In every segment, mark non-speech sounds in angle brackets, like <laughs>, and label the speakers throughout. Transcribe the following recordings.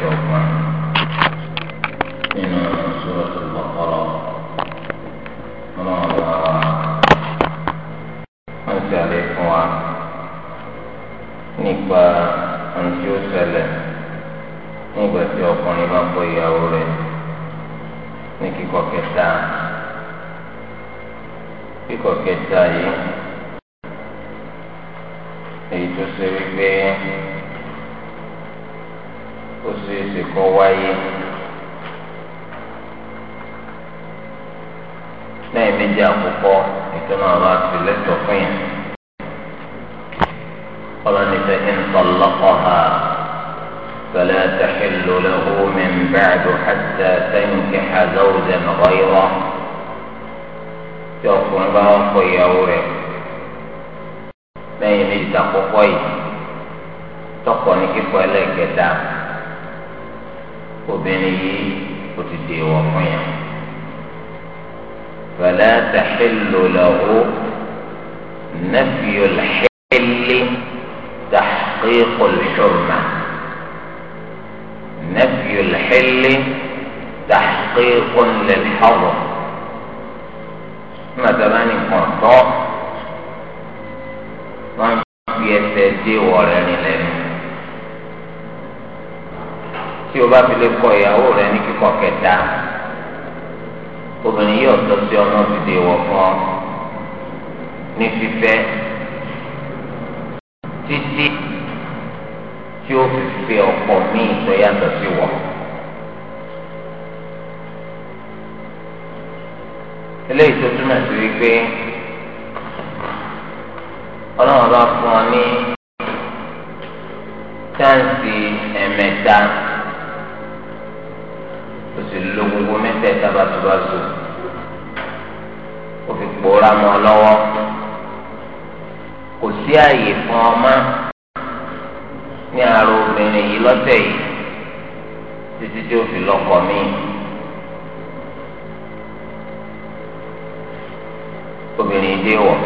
Speaker 1: kẹwàá nínú suratul Baqara ọlọ́run bá wa wọ́n ṣàlẹ̀ fún wa nípa ohun tí ó ṣẹlẹ̀ nígbà tí yìí èyí tó ṣe wípé. ó ṣeé ṣe kọ́ wáyé. lẹ́yìn méjì àkọ́kọ́ ìtọ́nà àwọn àtìlẹ́tọ̀ fún yẹn. قال فإن طلقها فلا تحل له من بعد حتى تنكح زوجا غيره تكون بابا يوري ما يجي تقوي تقوني كيف لك دام obìnrin yìí ó ti dè wọ̀ fún yàn. فلا تحل له نفي الحل تحقيق الحرمة نفي الحل تحقيق للحرم ما زمان كنت wọ́n fi ẹsẹ̀ dé wọ̀ rẹ̀ tí o bá fi lè kọ ìyàwó rẹ ní kíkọ kẹta obìnrin yóò tọ́ sí ọmọ fìdí wọ̀ fún ọ ní fífẹ́ títí tí ó fi fi ọ̀pọ̀ ní ìtọ́yàtọ̀ sí wọ̀. eléyìí tó túmọ̀ sí wípé ọlọ́run bá fún ọ ní chance ẹ̀mẹ́ta. tẹ tabatubatu kò fi kpòórá mọ́ lọ́wọ́ kò sí àyè fún ọmọ ní àrò obìnrin yìí lọ́tẹ̀ yìí títí tí ó fi lọ́kọ mi. obìnrin dé wọ̀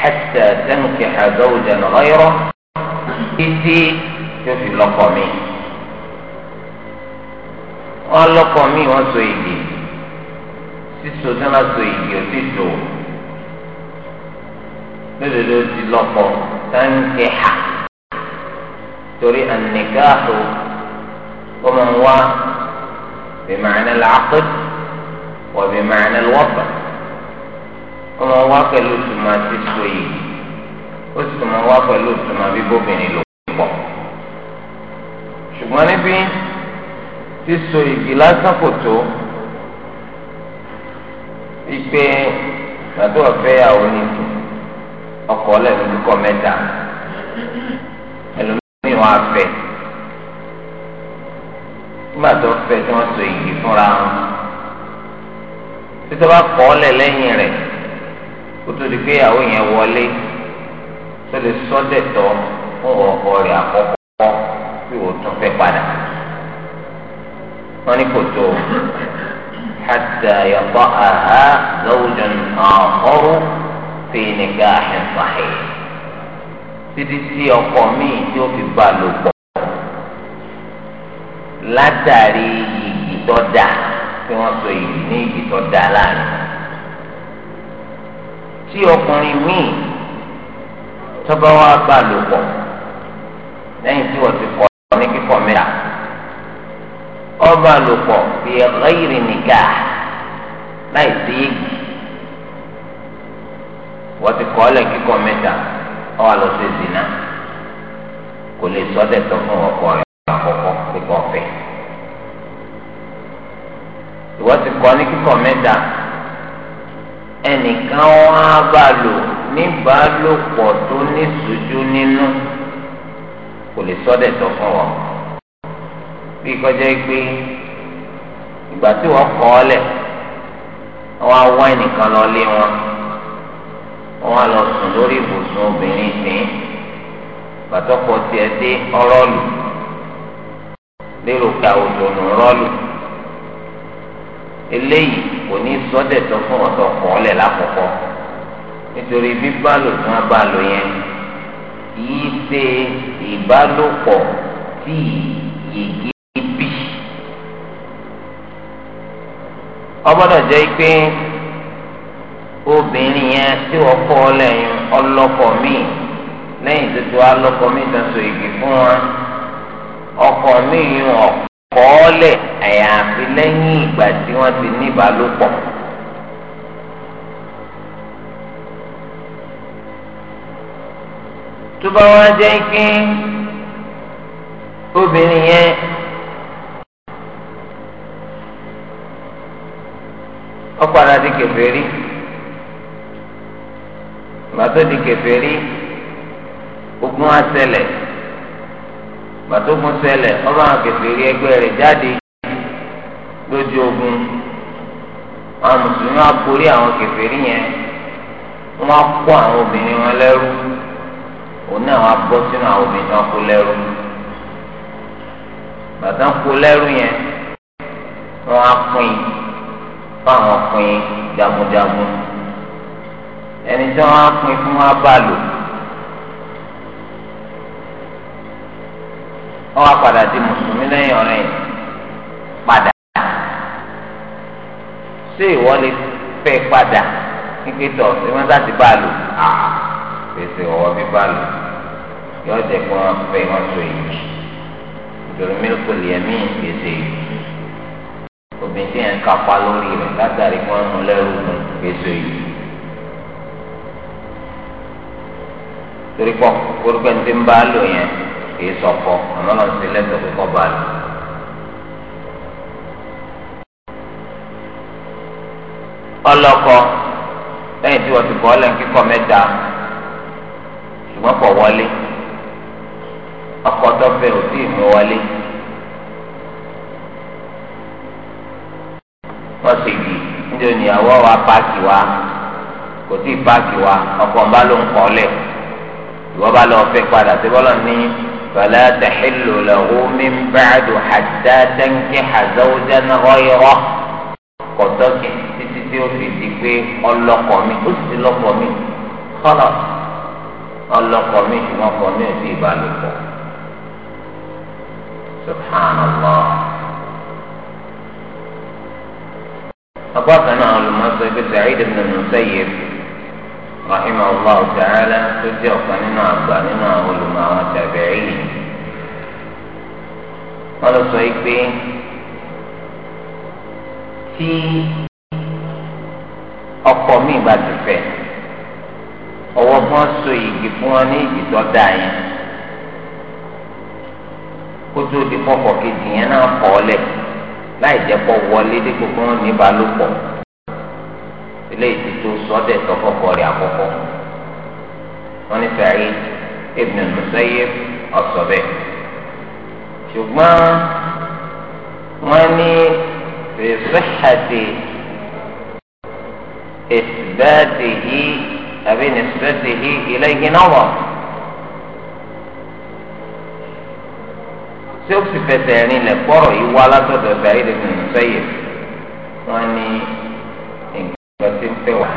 Speaker 1: hatta tankiha zawjan ghayra títí tí ó fi lọ́kọ mi wọn lọkọ mi wọn so igi sísọ tí wọn so igi òtí tó lódodo ti lọkọ táǹkì ha torí ànìkáàtò ó máa ń wá bìmọ̀ọ́nà làákùd wà bìmọ̀ọ́nà lọ́fà ó máa ń wá pẹ̀lú tùmọ̀ sísọ igi ó sì máa ń wá pẹ̀lú tùmọ̀ bíbóbìnrin lò pọ̀ ṣùgbọ́n níbí síso igi lásán kò tó ìpè gbàdó ọ̀fẹ́ yàwó ni ọkọ̀ lẹ́nu kọ́ mẹ́ta ẹlòmíràn wọn afẹ́ nígbà tó fẹ́ tí wọ́n so igi fúnra wọn títí wọ́n kọ́ lẹ̀ lẹ́yìn rẹ̀ kó tó di pé yàwó yẹn wọlé tó lè sọ́dẹ̀ tọ́ fún ọkọ rẹ̀ àkọ́kọ́ tí wọ́n tún fẹ́ padà wọn ní kò tó hatta yata'aha zawjun akhar fi nikahin sahih títí tí ọkọ míì tí ó fi bá lò pọ̀ látàrí yìgì tó dáa tí wọ́n sọ yìgì ní yìgì tó dáa láàrin tí ọkùnrin míì tó bá wá bá lò pọ̀ lẹ́yìn tí wọ́n ti kọ́ ní kíkọ́ mẹ́ta ọba àlòpọ̀ bí ghairi nikah láì sí igi wọ́n ti kọ́ ọ́lẹ̀ kíkọ́ mẹ́ta ọ́ wà lọ sí ìsìn náà kò lè sọ́dẹ̀ tó fún ọkọ rẹ̀ àkọ́kọ́ kíkọ́ fẹ́ ìwọ́n ti kọ́ ní kíkọ́ mẹ́ta ẹnìkan wọn bá lò níbàálòpọ̀ tó ní sùjú nínú kò lè sọ́dẹ̀ tó fún ọkọ bí kọjá pé ìgbà tí wọ́n kọ́ ọ lẹ̀ wọ́n á wá ẹnìkan lọ lé wọn wọ́n á lọ sùn lórí ibùsùn obìnrin tìǹ pàtọ́kọ tiẹ̀ dé ọ̀rọ̀lù lérò pé àwùjọ nù rọ́lù eléyìí kò ní sọ́dẹ̀tọ̀ fún ọ̀tọ̀ kọ́ ọ lẹ̀ lákòókò nítorí bíbá lò tí wọ́n bá lò yẹn yìí ṣe ìbálòpọ̀ tí yìí ọgbọ́dọ̀ jẹ́ pé obìnrin yẹn tí wọ́n kọ́ lẹ́yìn ọlọ́kọ míì lẹ́yìn tó ti wá lọ́kọ míì tó so ìgbì fún wa ọkọ míì wọn kọ́ lẹ̀ àyàfi lẹ́yìn ìgbà tí wọ́n ti ní ìbálòpọ̀. tó bá wá jẹ́ pé obìnrin yẹn. ọkpara dị kèfèrí gbàtó dị kèfèrí ogun asẹlẹ̀ gbàtó ogun ṣẹlẹ̀ ọba àwọn kèfèrí ẹgbẹ́ rẹ̀ jáde lójú ogun àwọn mùsùlùmí àwọn yẹn àwọn obìnrin wọn lẹ́rú òun náà sínú àwọn obìnrin wọn kó gbàtó kó yẹn fáwọn pin jagunjagun ẹni tí wọn á pin fún wa bá lò wọn wá padà di mùsùlùmí lẹ́yìn ọ̀rẹ́ yìí padà ṣé ìwọ lè fẹ́ padà kíkẹ tọ ṣé wọn sá ti bá lò á pèsè ọwọ́ bí bá lò yọọ jẹ kó wọn fẹ́ wọn sọ èyí nítorí mílíkù lèmi pèsè èyí obìnrin tí yẹn ń kápá lórí rẹ̀ látàrí kí wọ́n mú lẹ́rù fún èso yìí. torí pọ̀ orúkọ ẹni tí ń bá lò yẹn kì í sọ̀kọ àmọ́ lọ́n ti lẹ́sọ̀ pé bá lò. ọlọ́kọ lẹ́yìn tí wọ́n ti kọ́ lẹ́yìn kíkọ́ mẹ́ta ṣùgbọ́n kọ̀ wọlé ọkọ̀ tó ò tí ì mú wọlé. wọ́n sì bì nítorí ìyàwó wa páàkì wa kò tí ì páàkì wa ọkọ̀ ń bá ló ń kọ́lẹ̀ ìwọ́ bá lọ fẹ́ padà sí bọ́lọ̀ ní fala tahillu lahu min ba'du hatta tankiha zawjan ghayrahu kọ̀tọ́kì títí tí ó fi di pé ọlọ́kọ̀ mi ó sì lọ́kọ̀ mi kọ́lọ̀ ọlọ́kọ̀ mi ṣùgbọ́n kọ́ mi ò subhanallah. أقاطع مع المصري سعيد بن المسيب رحمه الله تعالى تجر صننا صننا علماء تابعين قال صيبي في ọkọ mi ìgbà ti fẹ ọwọ fún so igi fún wa ní igi tó láì jẹ́ kó wọlé dípò kí wọ́n ní ìbálòpọ̀ eléyìí ti tó sọ́dẹ̀ tọkọkọ rẹ̀ àkọ́kọ́ wọ́n ní Sa'id ibn al-Musayyib ọ̀sọ̀ ṣùgbọ́n wọ́n ní fèsìhàdì ìsìbẹ́ẹ̀dì yìí àbí nìsìbẹ́ẹ̀dì yìí ilé yìí náà wọ̀. tí ó fi fẹsẹ̀ rin lẹ̀ kpọ́rọ̀ yìí wá látọ̀dọ̀ Sa'id ibn Musayyib wọ́n ní nǹkan tí ń fẹ́ wà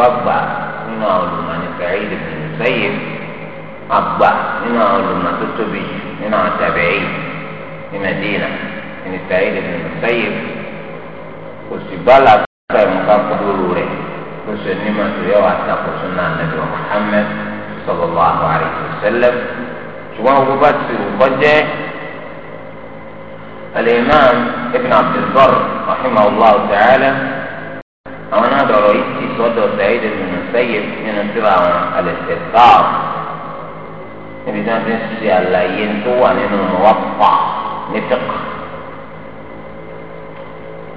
Speaker 1: lọ́gbà nínú àwọn olùmọ̀ọ́nì Sa'id ibn Musayyib àgbà nínú àwọn olùmọ̀ tó tóbi jù nínú àwọn tabi'in ní Madina ní Sa'id ibn Musayyib kò sì bá làkàtà ìmúká kúrò rẹ̀ kó sì ní màtò yẹ wà sàkóso ṣùgbọ́n owó bá ti wò kọjẹ́ alimam ibn abdulbar rahimahullah ta'ala àwọn náà dọ̀rọ̀ yìí ti sọ́dọ̀ sa'id ibn musayyib nínú síra àwọn al-istiqrar níbi tí wọ́n ti ń ṣe àlàyé tó wà nínú muwaffa ní fiqh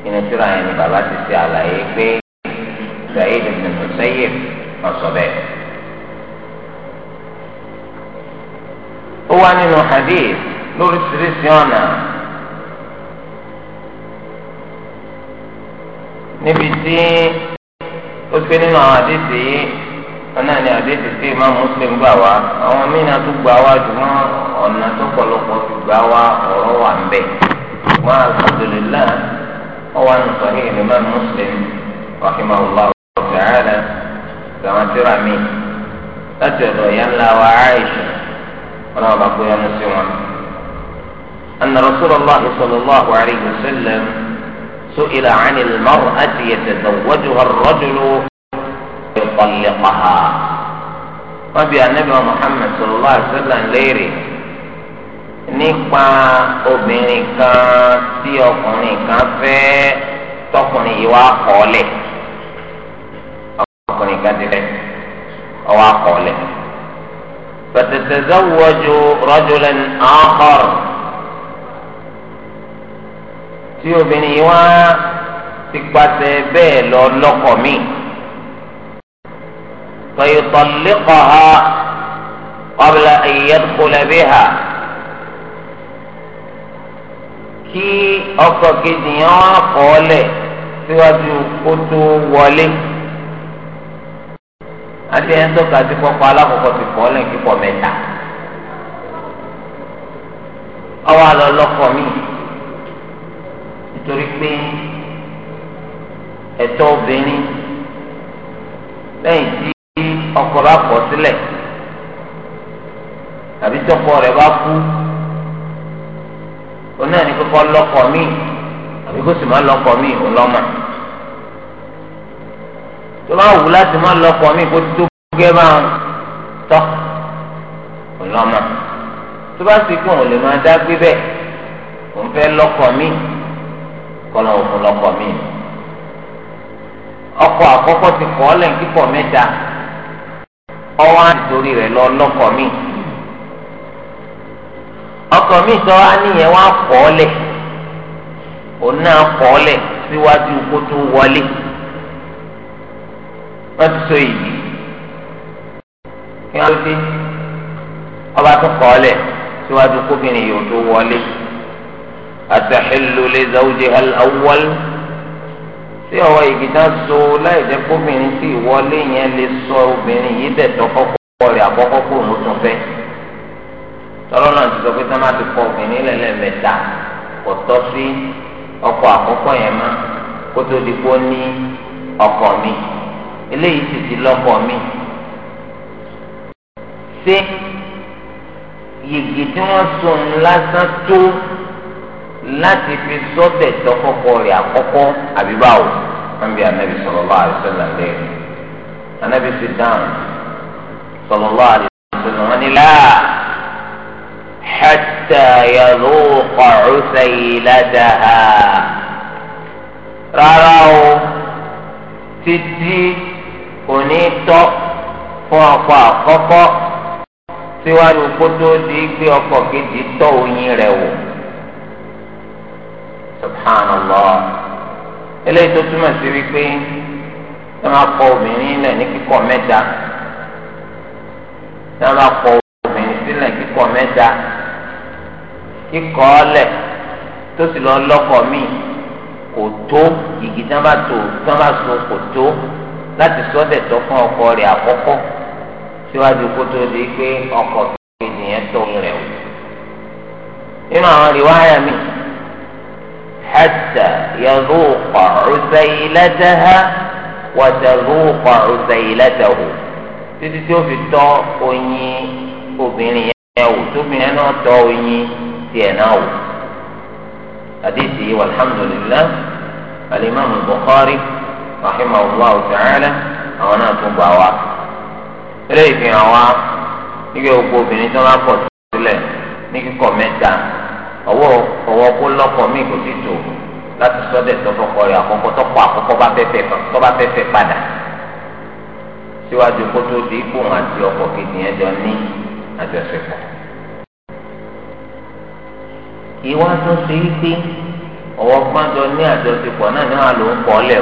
Speaker 1: nínú síra yẹn ni bàbá ti ṣe àlàyé pé sa'id ibn musayyib wọ́n sọ bẹ́ẹ̀. ó wá nínú hadith lóríṣiríṣi ọ̀nà níbi tí ó pé nínú àwọn hadith yìí ọ̀nà ni hadith tí Imam Muslim gbà wá àwọn mìíràn tó gbà wá jùmọ̀ ọ̀nà tó pọ̀lọpọ̀ tó gbà wá ọ̀rọ̀ wà ń bẹ̀ ṣùgbọ́n alhamdulillah ọwọ́ nù sọ̀hìn Imam Muslim rahimahullah ta'ala gbàmátìrà mi láti ọ̀dọ̀ ìyá ńlá wa Aisha. ولا بقوا مسلما أن رسول الله صلى الله عليه وسلم سئل عن المرأة يتزوجها الرجل يطلقها وبي النبي محمد صلى الله عليه وسلم ليري nípa obìnrin kan في ọkùnrin kan fẹ́ tọkùnrin yìí wá kọ́ ọ lẹ̀ kan ti lẹ̀ ọ wá kọ́ فتتزوج رجلا آخر تيو بني وا تكبات بيل لقمي فيطلقها قبل أن يدخل بها كي أفكي ديان قولي سواجو كتو وليه àti ẹni tó ka ti kọ́kọ́ alákọ̀ọ́kọ́ ti kọ́ lẹ́yìn kíkọ́ mẹ́ta ọwọ́ àlọ́ lọ́kọ̀ mi nítorí pé ẹ̀tọ́ obìnrin lẹ́yìn tí ọkọ bá kọ̀ sílẹ̀ àbí tọkọ rẹ̀ bá kú onáà ní kọ́kọ́ lọ́kọ̀ mi àbí kó sì má lọ́kọ̀ mi òun lọ́mọ tó bá wù láti má lọ́kọ mi kó tó gẹ́ bá ń tọ́ ọlọ́mọ tó bá sì kún òun lè máa dá gbé bẹ́ẹ̀ òun fẹ́ lọ́kọ mi kọ́nà òfin lọ́kọ mi ọkọ àkọ́kọ́ ti kọ́ ọ́ lẹ́yìn kíkọ́ mẹ́ta ọwọ́ àtìtorí rẹ̀ lọ lọ́kọ mi ọkọ mi sọ wá níyẹn wá kọ́ ọ lẹ̀ òun náà kọ́ ọ lẹ̀ síwájú kó tó wọlé. Si wọ́n ti so ìdí kí wọ́n ló dé ọba tó kọ́ ọ́lẹ̀ síwájú kóbìnrin yóò tó wọlé àtẹ̀hìlú lè zawúdí aláwọ́lù tí ọwọ́ igi náà so láì jẹ́ kóbìnrin tí ìwọlé yẹn lè sọ obìnrin yìí dẹ̀tọ́ kọ́kọ́ rẹ̀ àkọ́kọ́ kó òun tún fẹ́ tọ́lọ́ ti sọ pé sọ́mà ti kọ obìnrin lẹ́lẹ́mẹ̀ta kò tọ́ sí ọkọ àkọ́kọ́ yẹn mọ́ kó di kó ní ọkọ mi eléyìí sì ti lọ́kọ mi ṣé yìgì tí wọ́n so ń lásán tó láti fi sọ́bẹ̀ tọkọkọ rẹ̀ àkọ́kọ́ àbí báwo wọ́n bí anabi sallallahu alaihi wasallam lẹ́yìn anabi sì dáhùn sallallahu alaihi wasallam wọn ni láà hatta yaluqa usaylataha rárá o títí kò ní tọ́ fún ọkọ àkọ́kọ́ síwájú kó tó di gbé ọkọ kejì tọ́ oyin rẹ̀ wò subhanallah eléyìí tó túmọ̀ sí wípé ẹ máa kọ obìnrin lẹ̀ ní kíkọ mẹ́ta ẹ máa kọ obìnrin sílẹ̀ kíkọ mẹ́ta kíkọ ọlẹ̀ tó sì lọ lọ́kọ̀ míì kò tó ìgì tí wọ́n bá tó tí wọ́n bá so kò tó láti sọ́dẹ̀ tó fún ọkọ rẹ̀ àkọ́kọ́ síwájú kó tó di pé ọkọ kejì yẹn tó ń rẹ̀ o. nínú àwọn rìwáyà mi hatta yazuqa usaylataha wa tazuqa usaylatahu títí tí ó fi tọ́ oyin obìnrin yẹn wò tóbìnrin náà tọ́ oyin tiẹ̀ náà wò. àdéhìí walhamdulillah alimami Bukhari rahimahullah ta'ala àwọn náà tún gbà wá. eré ìfihàn wa nígbà gbogbo obìnrin tó máa pọ̀ sílẹ̀ ní kíkọ̀ mẹ́ta ọwọ́ ọwọ́ kó lọ́kọ̀ mí kò sí tò láti sọ́dẹ̀ tọ́kọ rẹ̀ àkọ́kọ́ tọ́kọ àkọ́kọ́ bá fẹ́ fẹ́ padà síwájú kótó di ipò àti ọkọ̀ kejì yẹn jọ ní àjọṣepọ̀. ìwà tó ṣe é pé ọwọ́ gbọ́njọ ní àjọṣepọ̀ náà ni wọ́n ń pọ̀ ọ́lẹ̀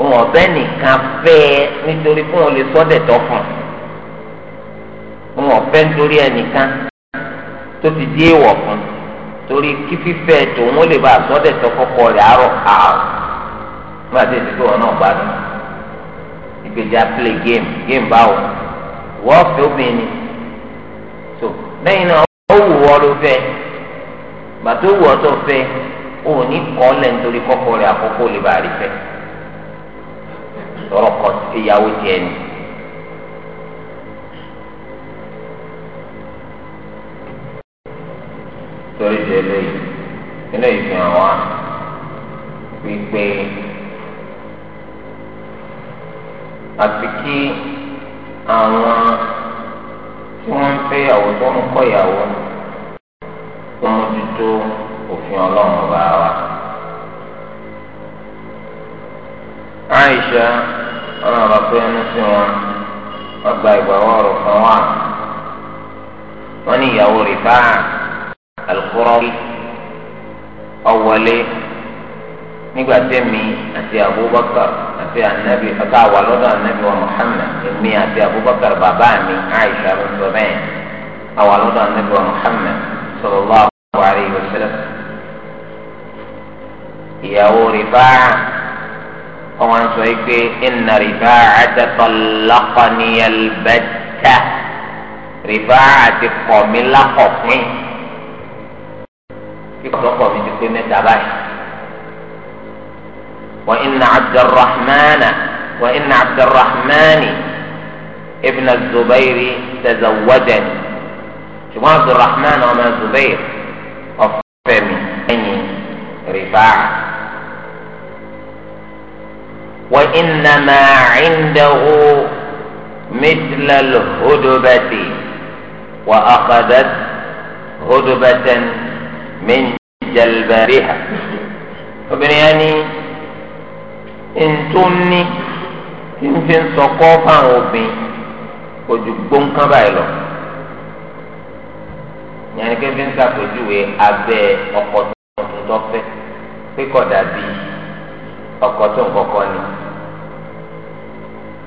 Speaker 1: òun ọ̀fẹ́ nìkan fẹ́ nítorí kí wọ́n lè sọ́dẹ̀ tọ́ fún un òun ọ̀fẹ́ nítorí ẹnìkan tó ti di èèwọ̀ fún torí kí fífẹ́ tòun ó lè bá sọ́dẹ̀ tọ́ kọ́kọ́ rẹ̀ àárọ̀ àárọ̀ nígbà tí èsì pé náà gbádùn ìgbèjà play game game báwo wọ́n fẹ́ obìnrin so lẹ́yìn náà ó wù wọ́n ló fẹ́ bàtó wù ọ́ tó fẹ́ òun ní kọ́ lẹ́ńtorí kọ́kọ́ rẹ̀ àkọ́kọ́ lè bá rí fẹ́ lọ́rọ̀ kọ́ ìyàwó tiẹ̀ ni. torí di eléyìí eléyìí fi hàn wá wípé àti kí àwọn tí wọ́n ń fẹ́ ìyàwó tó ń kọ́ ìyàwó tó mójútó òfin ọlọ́run bá wa. Aisha ọlọ́run bá pé ẹnu sí wọn wọ́n gba ìgbàwọ́ ọ̀rọ̀ kan wá wọ́n ní ìyàwó rẹ̀ bá alukórọ́wì ọ̀wọ́lé nígbà tẹ́mi àti Abubakar àti anabi ọ̀tá wà lọ́dọ̀ anabi wa Muhammad èmi àti Abubakar bàbá mi Aisha ló ń sọ bẹ́ẹ̀ àwa lọ́dọ̀ anabi wa Muhammad sallallahu alaihi wasallam ìyàwó rẹ̀ bá. ọmọ sọ yìí pé ẹnna rìbá àtẹtọ lọkọniyẹlbẹta rìbá àti kọmí lakọpin kíkọtọkọ mi ti pé mẹ́ta báyìí wà ẹnna abdulrahmana wà ẹnna abdulrahmani ibn zubairi tazawadan ṣùgbọ́n abdulrahman ọmọ zubairi ọ̀fẹ́ mi ẹ̀yìn rìbá. وإنما عنده مثل الهدبة وأخذت هدبة من جلبابها obìnrin yẹn ní ntúni tí ń fi ń sọkọ fáwọn obìnrin ojú gbóǹkan báyìí lọ yẹn ní kí n fi ń sàpèjúwe abẹ ọkọ tuntun tó fẹ́ pé kódà bíi ọkọ tó ń kọkọ ni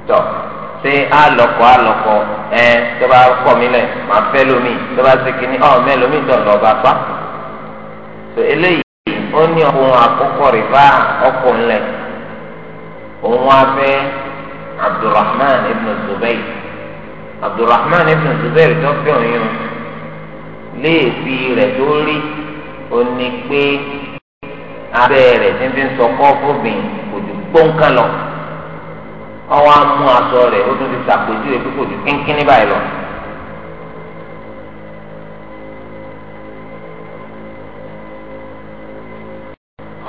Speaker 1: tọ ṣé alọkọ alọkọ ẹ tó bá kọ mi lẹ màá fẹ́ lómi tó bá ṣe kínní ọ mẹ lómi tó lọ bá pa tó eléyìí ó ní ohun àkọ́kọ́ rìbá ọkọ ńlẹ òun wá Abdulrahman ibn Zubair Abdulrahman ibn Zubair tó fẹ́ òun yìí léèfì rẹ̀ tó rí ó ní pé. abere rẹ̀ tí sọkọ́ fóbìn kò ju gbóǹkà lọ ọwọ́ amú aṣọ rẹ̀ ó tún fi ṣàpèjúwe pé kò ju kínkínní báyìí lọ.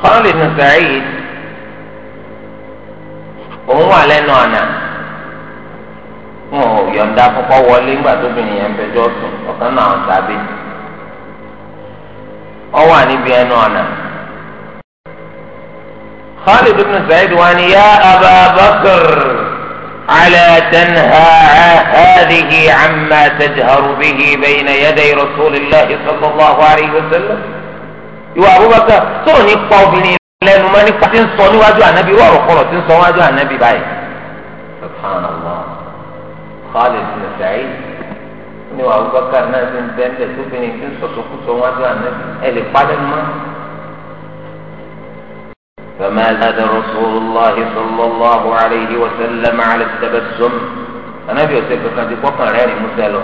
Speaker 1: Khalid bin Sa'id òun wà lẹ́nu ọ̀nà wọn yọ̀ǹda kọ́kọ́ wọlé nígbà tóbìnrin yẹn ń sùn ọ̀kan náà tàbí ọ wà níbi ẹnu Khalid ibn Sa'id wa ni ya Aba Bakr ala tanha hadhihi amma tajharu bihi bayna yaday rasulillah sallallahu alayhi wa sallam. ìwà Abubakar tó ní pa obìnrin lẹ́nu máa nípa tí ń sọ níwájú ànábì wọ́n ọ̀rọ̀kọ̀rọ̀ tí ń sọ níwájú ànábì báyìí. subhanallah Khalid ibn Sa'id ni wà Abubakar náà ti ń bẹ́ẹ̀ bẹ́ẹ̀ tóbi ní ti ń sọ̀sọ̀kú sọ wájú ànábì ẹ̀ lè pa lẹ́nu máa. فما زاد رسول الله صلى الله عليه وسلم على التبسم النبي وسلم كان يتوقع غير مسألة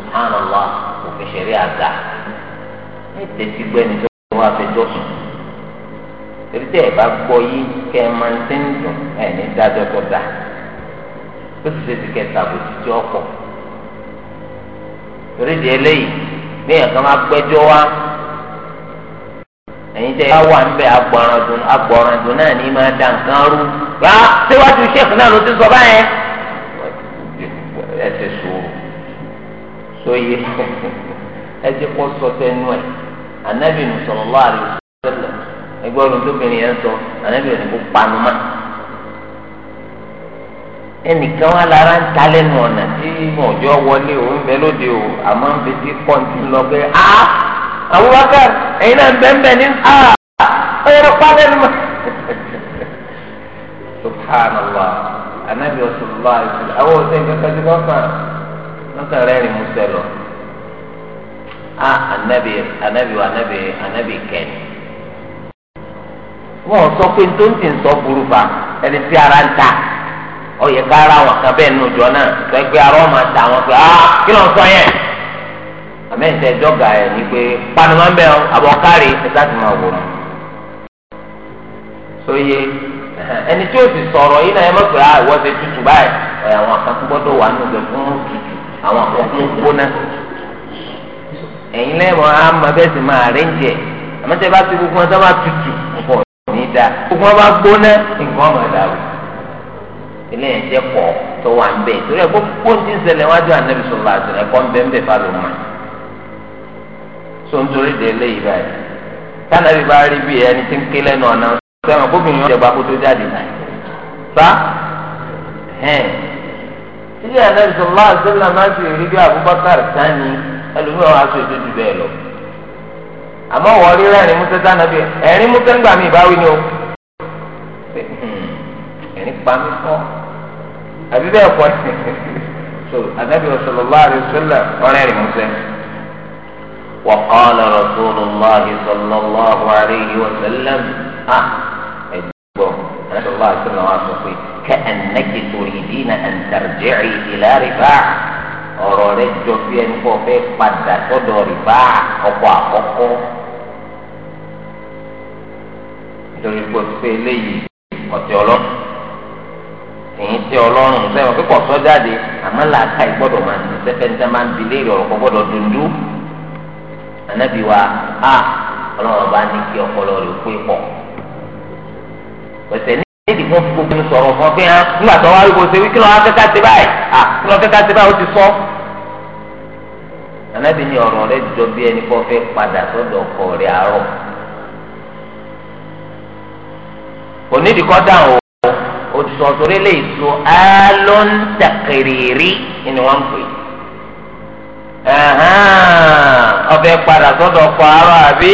Speaker 1: سبحان الله وفي شريعة ده tẹ̀sí gbẹ́ni tó wá fẹjọ́ sùn torí tẹ́ ẹ bá gbọ́ yìí kẹ́ ẹ máa ń tẹ́ ń dùn ẹ ní dájọ́ tó dáa ó sì ṣèṣì kẹta kò sí tí ọ̀pọ̀ torí di eléyìí bí èèyàn kan máa gbẹ́jọ́ wá ẹ̀yin tẹ́ ẹ wà ń bẹ agbọ̀ràndùn agbọ̀ràndùn náà ní máa da nǹkan rú rà síwájú sèkù náà ló ti sọ báyẹn ẹ ti sòrò sóye ẹ ti kó sọ tẹnu ẹ anabi sallallahu alaihi wasallam ẹgbẹ́ ọdún tóbìnrin yẹn sọ anabi òní kó panu mọ́ ẹnìkan wà lára ń ta lẹ́nu ọ̀nà tí mọ̀jọ́ wọlé òun bẹ lóde o àmọ́ ń fi ti pọ́ǹtì lọ pé á. Abubakar ẹ̀yin náà bẹ́ẹ̀nbẹ́ẹ̀ ní a ah, ọ̀yẹ́rọ pálẹ̀ ni mo. subhanallah anabi ọ̀sùnlá ìṣẹ̀lẹ̀ àwọn òṣèlú kankan ti kọ́kà lọ́kàn rẹ̀ rìn musẹ̀ lọ. a anabi anabi wa anabi anabi kẹ́ni. wọ́n sọ pé tó ń tì ń sọ burú ẹni tí ara ń ta ọ̀yẹ̀ká ara wọn kan bẹ́ẹ̀ nù jọ náà ìgbẹ́gbẹ́ ara wọn máa ta wọn pé a ah, kí ló ń sọ yẹn àmẹ́ǹtẹ̀ dọ́gà ẹ̀ ní pé panama ń bẹ̀ ọ́ àbọ̀kárì ẹ̀sà ti máa wò ó. sóye ẹni tí ó ti sọ̀rọ̀ yìí náà ẹ mọ̀ pé àwọ̀ ṣe tutù báyìí ẹ̀ àwọn kan gbọ́dọ̀ wà nù bẹ̀ fún tutù àwọn kan fún gbóná. ẹ̀yin lẹ́mọ̀ á mọ bẹ́ẹ̀ sì máa rẹ́ǹjì ẹ̀ àmẹ́ǹtẹ̀ bá ti gbogbo wọn sábà tutù pọ̀ ní da gbogbo wọn bá gbóná nǹkan ọmọ ẹ̀dá rẹ̀ eléyìí ẹ̀jẹ̀ pọ̀ tó wà ń bẹ̀ torí ẹ̀ gbogbo ti ń ṣẹlẹ̀ wájú ànábì tó ń torí de eléyìí báyìí tánàbí bá rí bí ẹni no ń ké lẹ́nu ọ̀nà sẹ́wọ̀n gómìnà ọ̀jọ̀gbá jadi. tó jáde sá hẹ́n títí ànábì sọlá àṣẹlá máa ń ṣe rí bí Abubakar sani ẹlòmíràn wàá sọ èdè jù bẹ́ẹ̀ lọ àmọ́ wọ́n rí rẹ́rìn mú sẹ́tà nàbí ẹ̀rín mú kẹ́ńgbà mi ìbáwí ni o hmm, ẹ̀rín pa mí kọ́ àbí bẹ́ẹ̀ kọ́ <laughs> so ànábì sọlá àṣẹlá ọ̀rẹ́ rìn mú sẹ́yìn. وقال رسول الله صلى الله عليه وسلم آه رسول الله صلى الله عليه وسلم كأنك تريدين أن ترجعي إلى رفاع ọ̀rọ̀ rẹ jọ bí ẹni kọ́ fẹ́ padà sọ́dọ̀ rìbá ọkọ̀ àkọ́kọ́ nítorí pé pé eléyìí ọ̀tẹ̀ ọlọ́run èyí tẹ ọlọ́run sẹ́wọ̀n kíkọ̀ sọ́jáde àmọ́ làákà ìgbọ́dọ̀ máa ń sẹ́fẹ́ ń tẹ́ máa ń bilé ìrọ̀rùn kọ́ gbọ́dọ̀ dundun ànábì wa a ọlọ́run bá ní kí ọpọlọ rẹ̀ pé pọ̀ pẹ̀sẹ̀ ní ìdí fún gbogbo ní sọ̀rọ̀ fún ọbẹ̀ hàn nígbà tó wá wípé wí kí ló wá kẹ́kẹ́ ti báyìí à kí ló kẹ́kẹ́ ti báyìí ó ti sọ. ànábì ní ọ̀rọ̀ rẹ̀ jọ bí ẹni kó fẹ́ padà sọ́dọ̀ ọkọ rẹ̀ àárọ̀ kò nídìí kọ́ dáhùn o òtítọ́ torí lè so alóńtàkìrìrì ni wọ́n ń pè é. ọbẹ̀ padà sọ́dọ̀ ọkọ̀ arọ àbí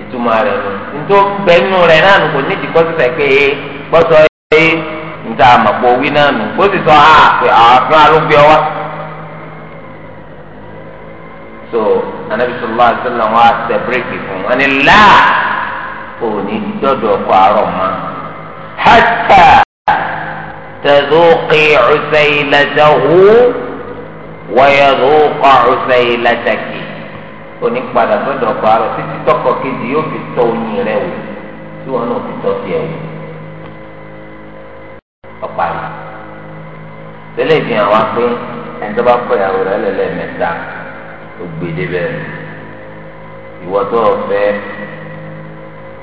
Speaker 1: ìtumọ̀ rẹ̀ nù ntọ́ bẹ́ẹ̀nu rẹ̀ náà nù kò ní ti kọ́sísẹ̀ pé nta àmàpọ̀ wí náà nù kó sì sọ àá pé àáfin arúgbó ọwá. so anabi sọlá sọlá wọn àtẹ bírèkì ni láà dọ́dọ̀ ọkọ̀ mọ́ hàtà kì í ọ̀sẹ̀ ìlẹ̀jẹ̀ ويذوق عسيلتك onípadà sọ́dọ̀ ọkọ àrò títí tọkọ kejì yóò fi tọ oyin rẹ wò tí wọn náà fi tọ tiẹ̀ wò ọ̀pá yìí tẹ́lẹ̀ ìfihàn wa pé ẹni tó bá kọ ìyàwó rẹ lẹlẹ mẹ́ta ó gbé débẹ̀ ìwọ tó o fẹ́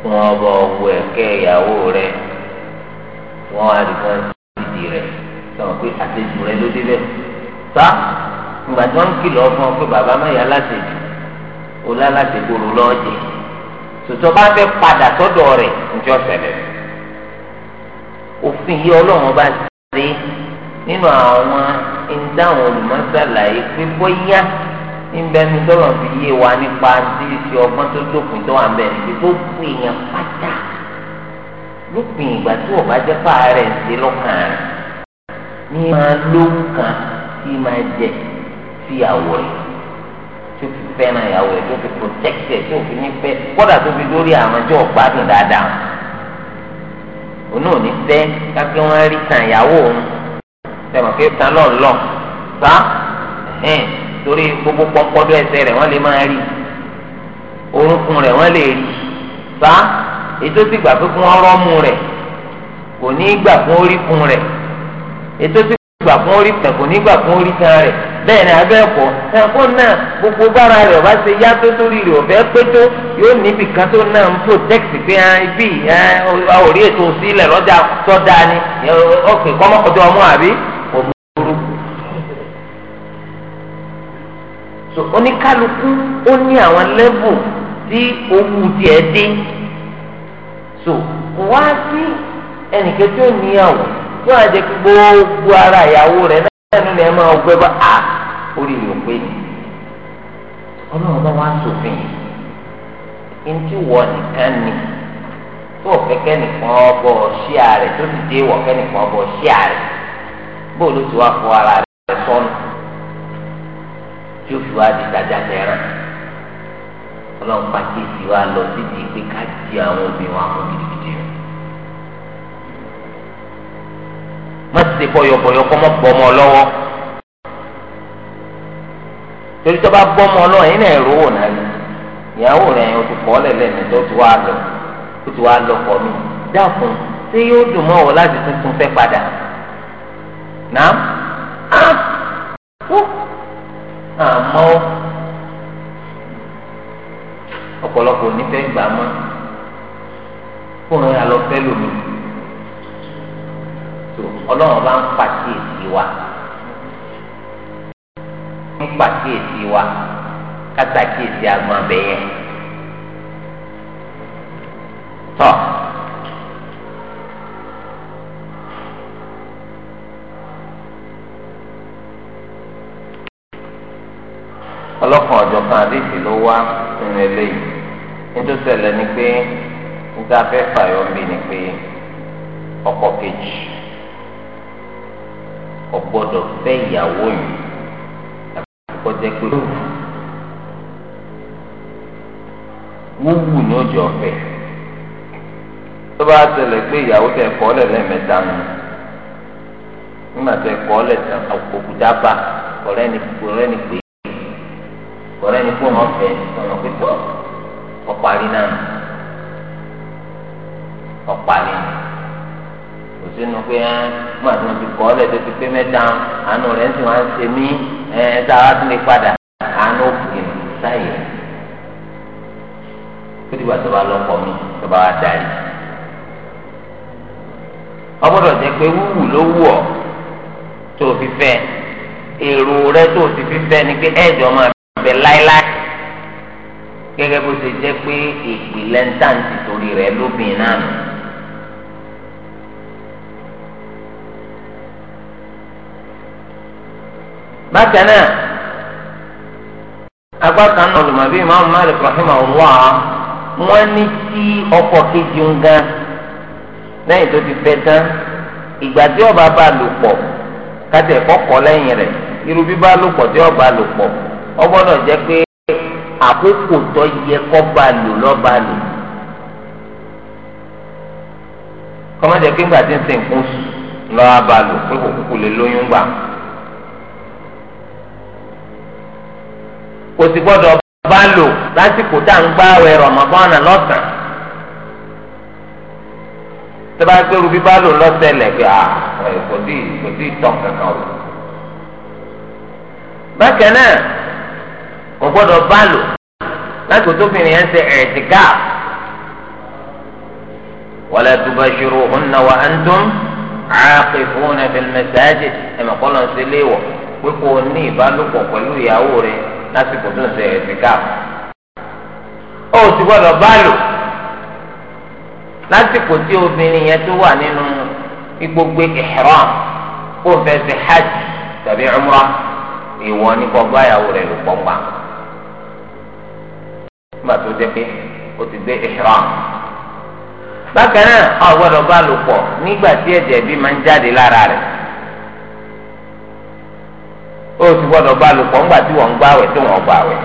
Speaker 1: wọn bọ ọwọ ẹkẹ ìyàwó rẹ wọn á dìgbọn ìdí rẹ sọ pé àtẹjù rẹ ló débẹ̀ sá ìgbà tí wọ́n ń kìlọ̀ fún ọ pé bàbá mẹ́yà láti jù ó lá láti gbòòrò lọ́ọ̀jẹ̀ tòtọ́ bá fẹ́ padà sọ́dọ̀ rẹ̀ níjọ́ sẹ̀lẹ̀ òfin yìí ọlọ́run bá rí nínú àwọn ìdáhùn olùmọ̀sálàyé pé bóyá níbẹ̀nu tọ́lọ̀ fi yé wa nípa tí ìṣe ọgbọ́n tó dópin tó wà ń bẹ̀ níbi tó kú èèyàn pátá lópin ìgbà tí ò bá jẹ́ fáà ṣe lọ́kàn rẹ̀ ní máa lókàn tí máa jẹ̀ sí ìyàwó rẹ̀ tó fi fẹ́ràn ìyàwó rẹ̀ tó fi protect ẹ̀ tó fi nífẹ̀ẹ́ kódà tó fi lórí àwọn ẹjọ́ gbádùn dáadáa òun ò ní fẹ́ kápẹ́ wọn rí tan ìyàwó òun tẹ̀mọ̀ pé tan lọ́n lọ́n sá ẹ̀hìn torí gbogbo pọ́npọ́dọ́ ẹsẹ̀ rẹ̀ wọ́n lè máa rí orúnkún rẹ̀ wọ́n lè rí sá ètò sì gbà pé kí wọ́n rọ́mú rẹ̀ kò ní í gbà fún oríkun rẹ̀ ètò sì gbà fún oríkun rẹ̀ kò ní í gbà fún oríkan rẹ̀. bẹ́ẹ̀ ni abẹ́ ẹ̀kọ́ ẹ̀kọ́ náà gbogbo bára rẹ̀ ọba ṣe yá tó torí rẹ̀ ọ̀bẹ pé tó yóò níbi kan tó náà ń protect pé ah, ibi orí ah, ètò sílẹ̀ lọ́jà tó dáa ni ọ̀pẹ̀ kọ́mọ́kọ́jọ́ ọmọ àbí òmùrú. so oníkálukú ó ní àwọn level tí owó tiẹ̀ dé so wá sí ẹnìkan tí ó níyàwó yóò àjẹkí gbogbo ara ìyàwó rẹ̀ náà nínú ẹ̀ máa orí mi ò pé ọlọ́run bá wá sòfin ntí wọ nìkan ni tó fẹ́ kẹ́nìkan ọbọ̀ ṣí ààrẹ tó ti dé wọ kẹ́nìkan ọbọ̀ ṣí ààrẹ bóòlù tí wàá fọ ara rẹ̀ sọnù tí ó fi wá di dájà tẹ́ràn ọlọ́run pàkíyèsí wa lọ síbi pé ká di àwọn obìnrin wa mú gidigidi rẹ̀ má ti ṣe bọ̀yọ̀bọ̀yọ̀ kọ́ mọ́ bọ́ ọmọ lọ́wọ́ torí tó bá bọ́ ọmọ náà yín náà ẹ̀rọ wò náà ni ìyàwó rẹ̀ yẹn o ti kọ́ lẹ̀lẹ́ ní tó ti wá lọ tó ti wá lọ kọ́ mi dákun ṣé yóò dùn mọ́ ọ láti tuntun fẹ́ padà náà
Speaker 2: á kú
Speaker 1: àmọ́ ọ̀pọ̀lọpọ̀ onífẹ́ gbà mọ́ fóònù yà lọ fẹ́ lómi tó ọlọ́run bá ń pàṣẹ èsì ń pàkíyèsí wa kásàkíyèsí àgbọn abẹ yẹn tọ. ọlọ́kan ọ̀jọ̀ kan àdéhìí ló wá nínú eléyìí nítorí ni pé níta fẹ́ fàyọ̀ ń ni pé ọkọ kejì ọ̀gbọ́dọ̀ fẹ́ ìyàwó yìí jẹ́ pé wúwú ni ó jọ ọ̀fẹ́ tó bá tẹlẹ̀ pé ìyàwó tẹ kọ́ lẹ̀ lẹ́ẹ̀mẹ́ta nù nígbà tẹ kọ́ lẹ̀ tẹ òkúta bá ọ̀rẹ́ ni ọ̀rẹ́ ni pé ọ̀rẹ́ ni fóun ọ̀fẹ́ ọ̀nà pípọ̀ ọ̀parí náà ọ̀parí kò sínú pé ẹ́ ah, nígbà tí wọ́n ti kọ́ tó ti pé mẹ́ta àánú rẹ̀ ń sì wá ń ṣe mí ẹ tá a wá tún lè padà àánú òkè sáyẹ kó dìgbà tó bá lọkọ mi tó bá wá darí ọgbọ́dọ̀ jẹ́ pé wúwù ló wù ọ́ tó fi fẹ́ èrò rẹ tó sì fi fẹ́ ni pé ẹjọ máa bẹ láéláé gẹ́gẹ́ bó ṣe jẹ́ pé ìpìlẹ̀ ń tàǹtì torí rẹ lóbìn náà nù. bákan náà agbá kan náà lùmọ̀ bí imaamu malik rahimahullah wọ́n ní tí ọkọ kejì ń gan lẹ́yìn tó ti fẹ́ tán ìgbà tí ọba bá lò pọ̀ kátẹ kọ́kọ́ lẹ́yìn rẹ̀ irú bíbá lò pọ̀ tí ọba lò pọ̀ ọ gbọ́dọ̀ jẹ́ pé àkókò tó yẹ kọba lò lò kọ́mọ́jẹ́ pé ńgbà tí ń sìn kún lò pé kò sì gbọ́dọ̀ bá lò lásìkò tá à ń gbá àwẹ̀ Ramadan lọ́sàn tó bá gbé rubí bá lò lọ́sẹ̀lẹ̀ ah, kò sí kò sí tọ́ kankan o. bákan náà kò bá lò lásìkò tó fi nìyẹn ṣe wa lọ́n lásìkò tó ń ṣe ẹ̀sìn káàpù ó sì gbọ́dọ̀ bá lò lásìkò tí obìnrin yẹn tó wà nínú igbógbé ihram kó fẹ́ ṣe hajj tàbí umrah ìwọ ní kó báyàwó rẹ̀ lò pọ̀npá nígbà tó jẹ́ pé ó ti gbé ihram bákan náà ó gbọ́dọ̀ bá lò pọ̀ nígbà tí ẹ̀jẹ̀ bí máa ń jáde lára rẹ̀. o ti gbọdọ bá lò pọ̀ ńgbà tí wọ́n ń gbàwẹ̀ tí wọ́n gbàwẹ̀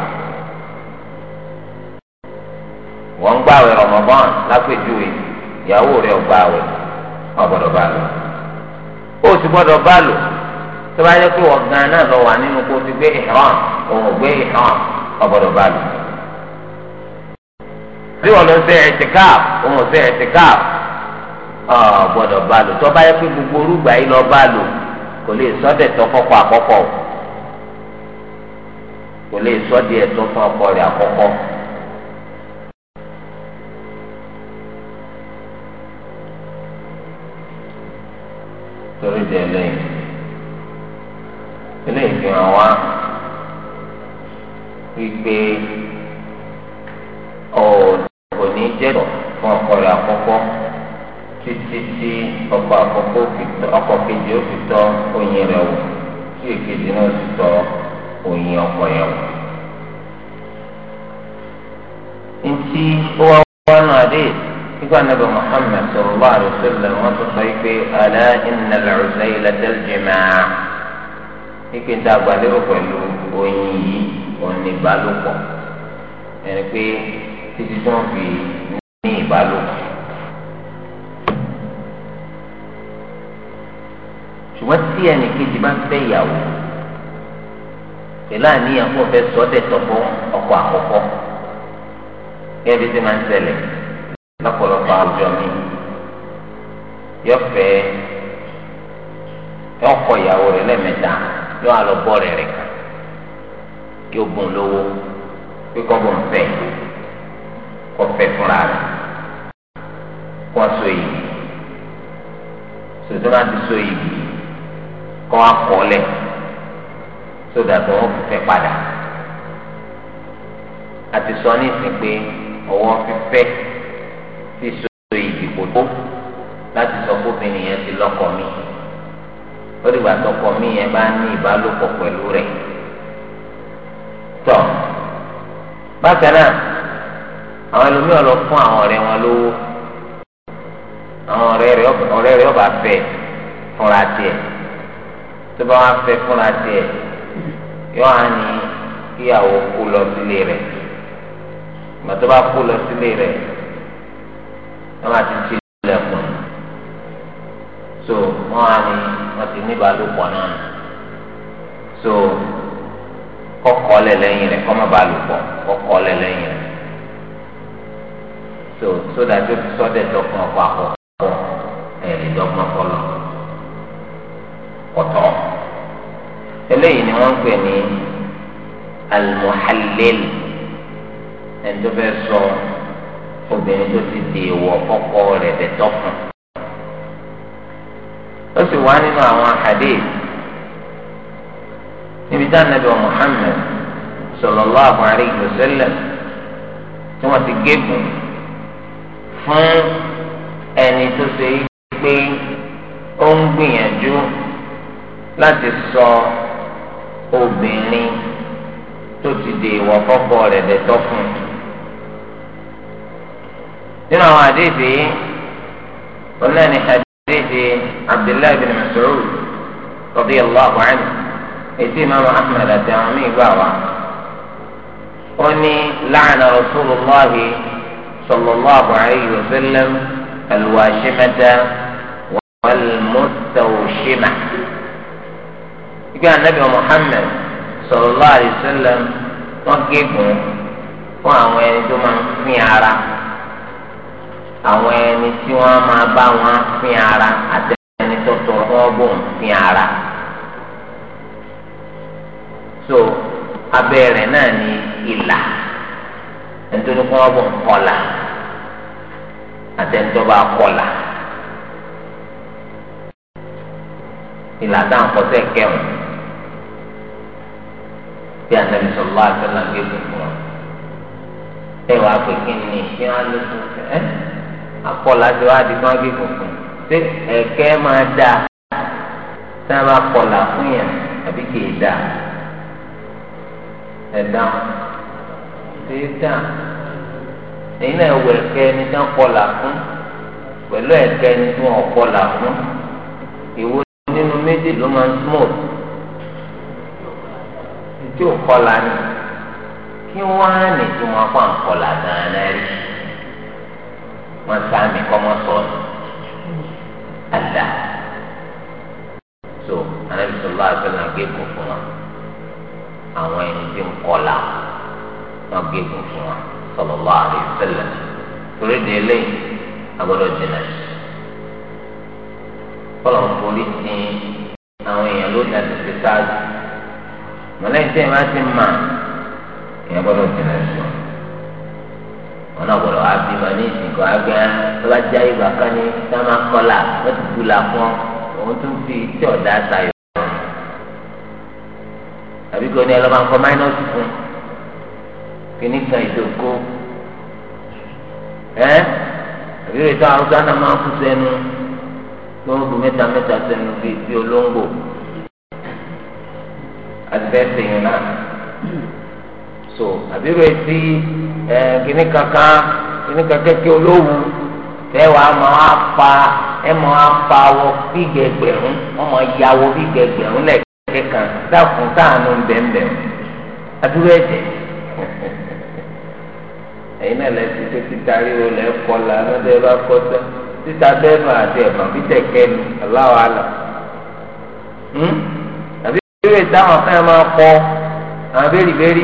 Speaker 1: wọ́n ń gbàwẹ̀ Ramadan lápèjúwe ìyàwó rẹ̀ gbàwẹ̀ wọ́n gbọ́dọ̀ bá lò ó ti gbọ́dọ̀ bá lò tó bá yẹ pé wọ́n gan náà lọ wà nínú kó ti gbé ihram òun ò gbé ihram wọ́n bá lò gbogbo orúgbà yìí lọ bá lò kò lè sọ́dẹ̀ kò lè sọ di ẹ̀tọ́ fún ọkọ rẹ̀ àkọ́kọ́. torí di ẹlẹ́yìn ilé ìfihàn wa wípé ọ̀ọ́dọ̀ ní jẹ́tọ̀ fún ọkọ rẹ̀ àkọ́kọ́ títí tí ọkọ àkọ́kọ́ ọkọ kejì ó fi tọ́ oyin rẹ̀ wò tí èkejì náà sì tọ́ ọ oyin ọkọ yẹn o. Ntí ó wá wá nù adé nígbà nàbẹ Muhammad sallallahu alaihi wasallam wọn tó sọ pé ala inna al-uzayla al-jima' pípé tá a gbà lérò pẹ̀lú oyin yìí òní ìbálòpọ̀ ẹni pé títí tó ń fi ní ìbálòpọ̀. ṣùgbọ́n tí ẹnì kejì bá ń fẹ́ ìyàwó pẹ̀lú àníyàn kó fẹ́ sọ́dẹ̀ tọ́gbọ́ ọkọ̀ àkọ́kọ́ gẹ́gẹ́ bí ti máa ń ṣẹlẹ̀ lọ́pọ̀lọpọ̀ àwùjọ mi yọ fẹ́ ọkọ ìyàwó rẹ̀ lẹ́mẹ̀ta yọ àlọ́ bọ́ rẹ̀ rẹ̀ kan kí o bùn lówó pé kọ́ bùn fẹ́ kọ́ fẹ́ fúnra rẹ̀ kọ́ so yìí sòtún láti so yìí kọ́ akọ́ lẹ̀ tó dàtọ̀ wọ́n fẹ́ padà àti sọ ní ìsìn pé ọwọ́ fífẹ́ ti so ìdìbò tó láti sọ fóbìnrin yẹn ti lọ́kọ mi ó dìgbà tọkọ mi yẹn bá ní ìbálòpọ̀ pẹ̀lú rẹ̀ tọ̀ bákan náà àwọn ẹlòmíràn lọ fún àwọn ọ̀rẹ́ wọn lówó àwọn ọ̀rẹ́ rẹ̀ ọba fẹ́ fúnra tiẹ̀ tó bá wá fẹ́ fúnra tiẹ̀ yóò hàn ní kíyàwó kú lọ sílé rẹ̀ gbàtọ́ bá kú lọ sílé rẹ̀ wọ́n máa ti ti lẹ́kùn so wọ́n hàn ní wọ́n ti ní ìbálòpọ̀ náà so kọ́kọ́ lẹ̀ lẹ́yìn rẹ̀ kọ́ má kọ́kọ́ lẹ̀ lẹ́yìn rẹ̀ so sódà tó fi sọ́dẹ̀ dọ́gbọ́n ọkọ̀ àkọ́kọ́ ẹ̀ lè kọ́ lọ kọ́tọ́ eléyìí ni wọ́n ń pè ní almuhalil ẹni tó fẹ́ sọ obìnrin tó ti di ìwọ ọkọ rẹ̀ dẹ̀tọ́ fún ó sì wá nínú àwọn hadith níbi tá nàbẹ Muhammad sallallahu alaihi wasallam tí wọ́n ti gégùn fún ẹni tó ṣe pé ó ń gbìyànjú láti sọ. So, obìnrin tó ti dè ìwọ kọkọ rẹ̀ dẹtọ fún un nínú àwọn àdéhìí onáni àdéhìí abdullahi bin mas'ud radiyallahu anhu ètí imaamu ahmed àti àwọn míì gbà wá ó ní láàánà rasulillahi sallallahu alayhi wa sallam alwashimata wal ìgbé anabi Muhammad sallallahu alaihi wasallam wọn gégùn fún àwọn ẹni tó máa ń pín ara àwọn ẹni tí wọn máa bá wọn pín ara àti ẹni tó tọrọ wọn bò ń pín ara so abẹ́rẹ́ náà ni ìlà ẹni tó ní kó wọn bò ń kọlà àti ẹni tó bá kọlà. ìlànà àkọsẹ kẹwọn bí anabi sọlá àtàlà ń gbé fún ọ ẹ wàá pè kí ni kí wọn lè fún ẹ akọlà tí wàá di kí wọn gbé fún fún ṣé ẹkẹ máa dà tí wọn bá kọlà fún yẹn àbí kì í dà ẹ dáhùn ṣé dà èyí náà wọ ẹkẹ ẹni tí wọn kọlà fún pẹ̀lú ẹkẹ ẹni tí wọn kọlà fún ìwo nínú méjì ló máa ń smooth tí ò kọ́la ni kí wọ́n á nì tí wọ́n kọ́ àǹkọ́la dáadáa rí wọ́n sáàmì kọ́ mọ́ sọ̀rọ̀ àdá so anabi sọlá àtọ́nà gégùn fún wa àwọn ẹni tí ń kọ́la wọn gégùn fún wa sallallahu alaihi wasallam torí de eléyìí agbọ́dọ̀ jìnnà sí kọ́lọ̀ ń forí sí àwọn èèyàn ló dàbí sí sáájú mọ̀lẹ́yìn tẹ́ ẹ̀ máa ti mà èèyàn gbọ́dọ̀ jìnà sí ọ. wọn náà gbọ́dọ̀ wá bímọ ní ìsìnkú agbẹ́ tó bá jẹ́ ìgbà kan ní sáma kọ́là wọ́n ti kú la fún ọ òun tún fi tí ọ̀dà sayọ. tàbí kí o ní ẹ lọ́ máa ń máínọ́ọ̀sì fún kíní kan ìdókó ẹ́ àbí rẹ̀ tó àwọn gánà máa kú sẹ́nu tó ń bu mẹ́ta mẹ́ta sẹ́nu bíi olóńgbò àtẹ̀sẹ̀ yẹn náà so àbírò etí ẹ kíní kankan kíní kankan kí olówó tẹ́wà máa fa ẹ máa fa wọ bí gẹgbẹ̀rún wọ́n máa ya wọ bí gẹgbẹ̀rún lẹ́kẹ̀kẹ́ kan dákun táànù bẹ́ẹ̀nbẹ́ẹ̀ àbírò ẹ̀jẹ̀ <laughs> ẹ̀yin náà lẹ́sí tó ti darí o lẹ́ kọ́la lọ́dọ̀ ẹ bá kọ́ sẹ́ títa bẹ́ẹ̀nù àti ẹ̀mọ́ bí tẹ̀kẹ́ ni aláwọ̀ àlọ́ ìbéèrè táwọn fẹ́ máa kọ àwọn béèrè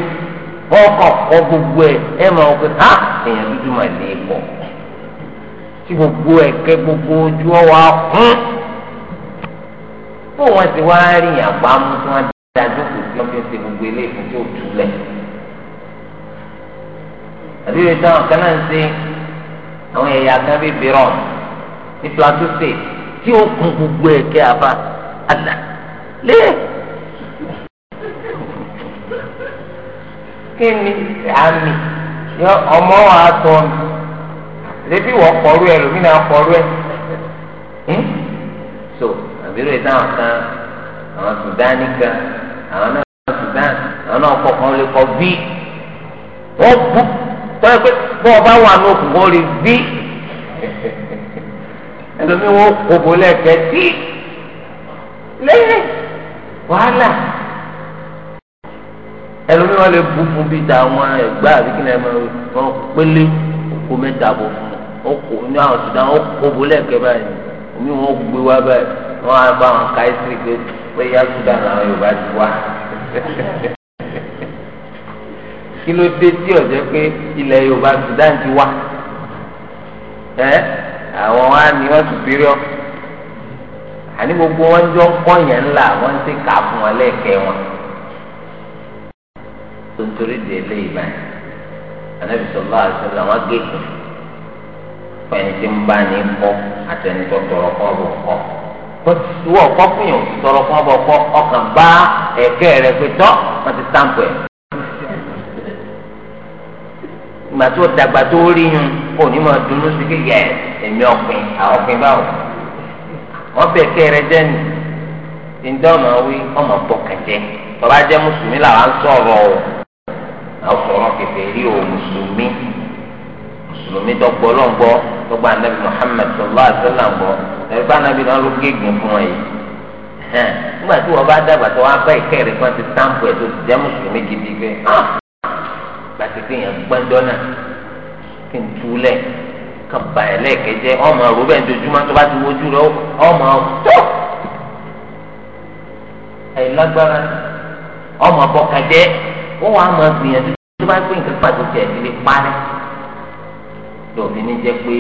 Speaker 1: ọkọ̀ kọ gbogbo ẹ̀ ẹ̀ máa wọ pé ha èèyàn dúdú máa lè kọ tí gbogbo ẹ̀kẹ́ gbogbo ojú ọwọ́ akún fún wọn ti wá rí àgbà mú tí wọn dájú kò sí ọjọ́ ti gbogbo ilé ìfún tí ó túlẹ̀ àbíwèé táwọn kan náà ń ṣe àwọn ẹ̀yà kan bíi biron ní plateau state tí ó kún gbogbo ẹ̀kẹ́ àbá àlà lé kéènì àmì yọ ọmọ wa sọ mi ṣébi wọ́n kọ́rú ẹ lómi náà kọ́rú ẹ hm? so àbílẹ̀ táwọn kan àwọn sudani kan àwọn náà sudan àwọn náà kọ̀ kan lè kọ́ bí wọ́n bú tọ́ ẹ pé bọ́ọ̀ bá wà ní òkùnkùn ó lè bí
Speaker 2: <laughs>
Speaker 1: ẹlòmíì wọ́n kò lẹ́ẹ̀kẹ́ tí lẹ́yìn wàhálà ẹlòmíì wọn lè bu fún bíi tàwọn ẹgbẹ́ àbíkí náà wọn pélé òkú mẹ́ta bò fún òkú ní àwọn sudan wọn kó bolẹ̀ kẹ́ báyìí omi wọn gbé wá báyìí wọn á bá wọn ká ẹsẹ̀ pé pé yá sudan làwọn Yorùbá ti wá <laughs> kí ló dé tí ọ̀jẹ́ pé ilẹ̀ Yorùbá sudan ti wá ẹ àwọn wa ni wọn superior àní gbogbo wọn jọ ń kọyàn ńlá wọn ti kà fún wọn lẹ́ẹ̀kẹ́ wọn tó ń torí di eléyìí báyìí anabi sọlá àṣẹlẹ àwọn agéèkùn fún ẹni tí ń bá ní kọ àti ẹni tó tọrọ kọ bọ kọ wọ́n kọ́ fún yàn tọrọ kọ́ bọ̀ kọ́ ọkàn bá ẹ̀kẹ́ rẹ̀ pé tọ́ wọ́n ti sáǹpù ẹ̀. ìgbà tó dàgbà tó rí yun kò ní mọ̀ dunú sí kíkẹ́ ẹ̀mí ọ̀pìn àwọn báwò. wọ́n bẹ̀ ẹ̀kẹ́ rẹ̀ jẹ́ ni ìdánwò wí ọmọ bọ̀kàn jẹ́ bàbá jẹ́ mùsùlùmí làwọn sọ̀rọ̀ o. àwòrán rí o mùsùlùmí mùsùlùmí dọgbọ lọgbọ dọgbọ anabi muhammed sallallahu alaihi gbọ anabi náà ló gégùn fún ẹ yìí nígbà tí wọn bá dàgbà tó wọn ti stamp ẹ tó ti jẹ mùsùlùmí gidi pé gbàtí pé yẹn gbọ́njọ́ náà kí n túlẹ̀ ọmọ tó bá ti wojú rẹ ọmọ tó lágbára ọmọ bọ́kadẹ́. wọ́n wàá máa gbìyànjú tó bá pé nǹkan pàtó tiẹ̀ ti lè parí lòfin ní jẹ́ pé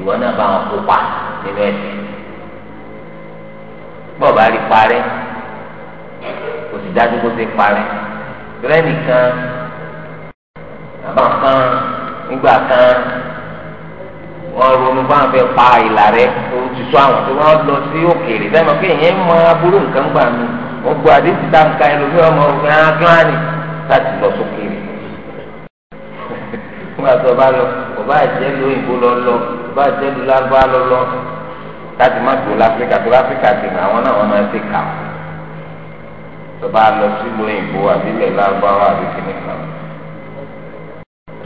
Speaker 1: ìwọ náà bá wọn kópa nínú ẹ̀sìn bọ́ọ̀ bá rí parí kò sì dájú kó ṣe parí rẹ́ nìkan àbá kan nígbà kan wọ́n ronú bá wọn fẹ́ pa ìlà rẹ̀ òtútù àwọn tó wọ́n lọ sí òkèèrè sẹ́nu pé ìyẹn mọ aburú nǹkan gbà mí wọ́n gbọ́ àdéhùn tá nǹkan ẹlòmíràn mọ̀ ọ́n kí wọ́n á ní láti lọ sókè rẹ̀ nígbà tó bá lọ bàbá àjẹlú òyìnbó lọ lọ bàbá àjẹlú lágbá lọ lọ láti má tó láfíríkà tó láfíríkà ti nà àwọn náà wọn máa ti kà tó bá lọ sílùú òyìnbó àbílẹ̀ lágbáwá àbí kìnìkan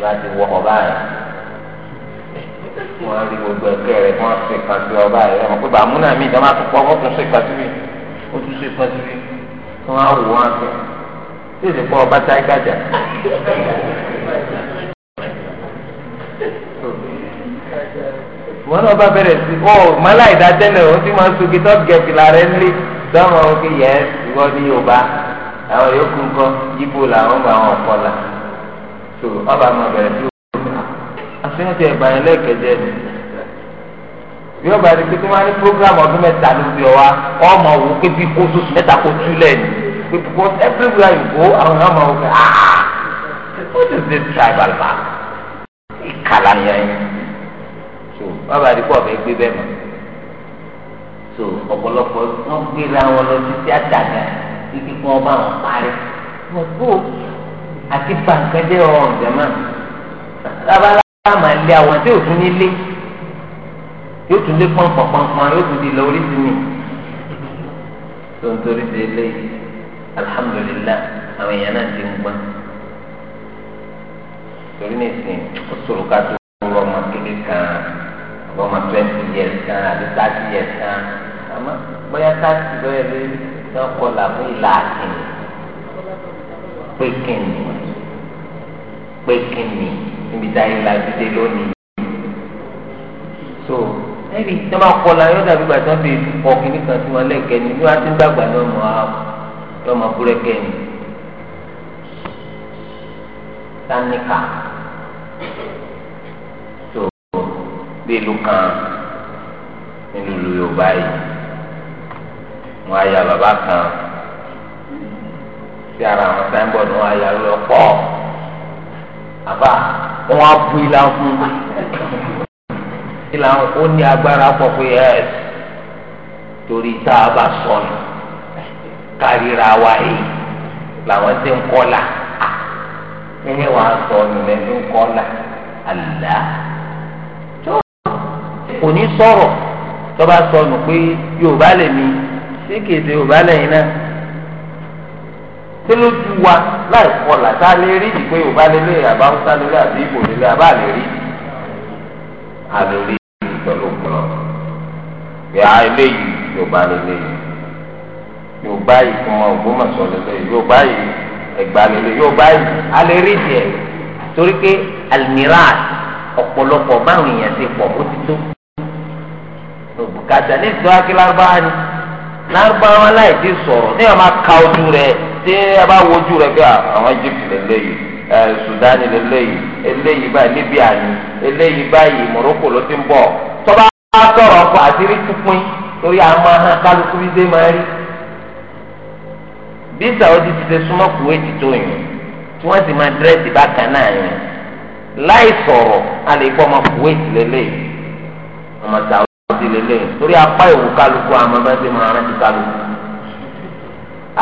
Speaker 1: láti wọ ọba yẹn wọn rí gbogbo ẹkẹ rẹ wọn ṣe kan sí ọba rẹ wọn pé bàmúnà mi ìjọba tó pọ wọn tún ṣe kan sí mi ó tún ṣe kan mi wọn á wò wọn á tí èsì pọ̀ ọba táyé gàjà.
Speaker 2: wọn náà bá bẹ̀rẹ̀ sí ọ mọ́lá ìdájẹ́lẹ̀ òun ti máa ń sogi tó gẹ̀ẹ́fì lára
Speaker 1: ẹ̀ lé dáhùn àwọn kí yẹ ìwọ ní yorùbá àwọn yòókù ńkọ ibo làwọn gba àwọn ọ̀pọ̀ la tó ọba máa bẹ̀rẹ̀ sí òun. Ah, àfihàn ti ẹ̀gbà yẹn lẹ́ẹ̀kẹ́jẹ́ ni bí ọba ti pé tí ní program ọdún mẹ́ta ló fi ọ wa ọmọ òun pé kó sóṣù mẹ́ta kó tú lẹ́yìn because everywhere you go àwọn ọmọ wọn fẹ́ ah what is this tribal man ìkàlà yẹn so bàbá àdìpọ̀ fẹ́ gbé bẹ́ẹ̀ mọ́ so ọ̀pọ̀lọpọ̀ wọ́n gbéra wọn lọ sí sí àdàgà títí kí wọ́n bá wọn parí wọ́n kó àti pàǹkẹ́jẹ́ ọ̀hún jẹ́mọ́ lábàlá máa lé àwọn tí ò tún nílé yóò tún lé pọ́npọ́npọ́npọ́n yóò tún di lọ orí sí mi tó ń torí de lé yìí alhamdulillah àwọn èèyàn náà ti ń gbọ́n torí nìsín ó ṣòro ká tó wúrọ ọmọ kékeré kan àbọ̀ ọmọ twenty years kan àbí thirty years kan àmọ́ bóyá thirty bóyá lè náà kọlà fún ìlà àkìní pé kìnnì pé kìnnì níbi tá ìlà dídé lónìí so ẹ̀rí tí wọ́n kọlà yóò dàbí gbàtọ́ bíi ọkùnrin kan tí wọ́n lẹ́kẹ̀ẹ́ ni bí wọ́n ti ń gbàgbà lọ́mọ àwọn yọmọ búrẹ́kẹ́ ni táníkà tó bí ìlú kan nínú ìlú Yorùbá yìí wọn àyà bàbá kan tí ara àwọn sáyẹnbọọdù wọn àyà lọ pọ àbá wọn á bu ilá fún ilá ó ní agbára pọ̀ pé ẹ torí tá a bá sọnù kárìíra wa yìí làwọn ti ń kọ́là ẹni wàá sọ ọ̀nùmẹ̀ ń kọ́là àlá tó kò ní sọ̀rọ̀ tó bá sọnù pé Yorùbá lè mi sí kèdè Yorùbá lẹ́yìn náà tí ló ju wa láì kọ́là tá a lè rí ìdí pé Yorùbá lè lè àbá ń sá lórí àbí ìbò lè lè àbá lè rí àlè rí pẹ̀lú yàrá eléyìí Yorùbá lè lè yìí yorùbá yìí fún ma Ògbómọ̀ṣọ́ lélẹ̀ yorùbá yìí Ẹ̀gbá lélẹ̀ yorùbá yìí alẹ́ rí tiẹ̀ torí pé alimiran ọ̀pọ̀lọpọ̀ báwọn èèyàn ti pọ̀ ó ti tó bùkátà ní ìtura kí lárúbáwá ni lárúbáwá láì ti sọ̀rọ̀ ní ọ̀ma ka ojú rẹ̀ tí a bá wojú rẹ̀ bí àwọn Egypt lélẹ̀ yìí Sudani eléyìí báyìí Libya ni eléyìí báyìí Morocco ló ti ń bọ̀ tọ́ba sọ̀rọ̀ fún àṣírí tuntun torí àwọn ahọ́n bí dé máa rí. bí Saudi ti ṣe súnmọ́ Kuwait tó yẹn tí wọ́n ti máa dírẹ́sì bákan náà yẹn láì sọ̀rọ̀ a lè kọ́ ọmọ Kuwait lélẹ̀ ọmọ Saudi lélẹ̀ torí apá ìwù kálukú àmọ́ bá máa rántí kálukú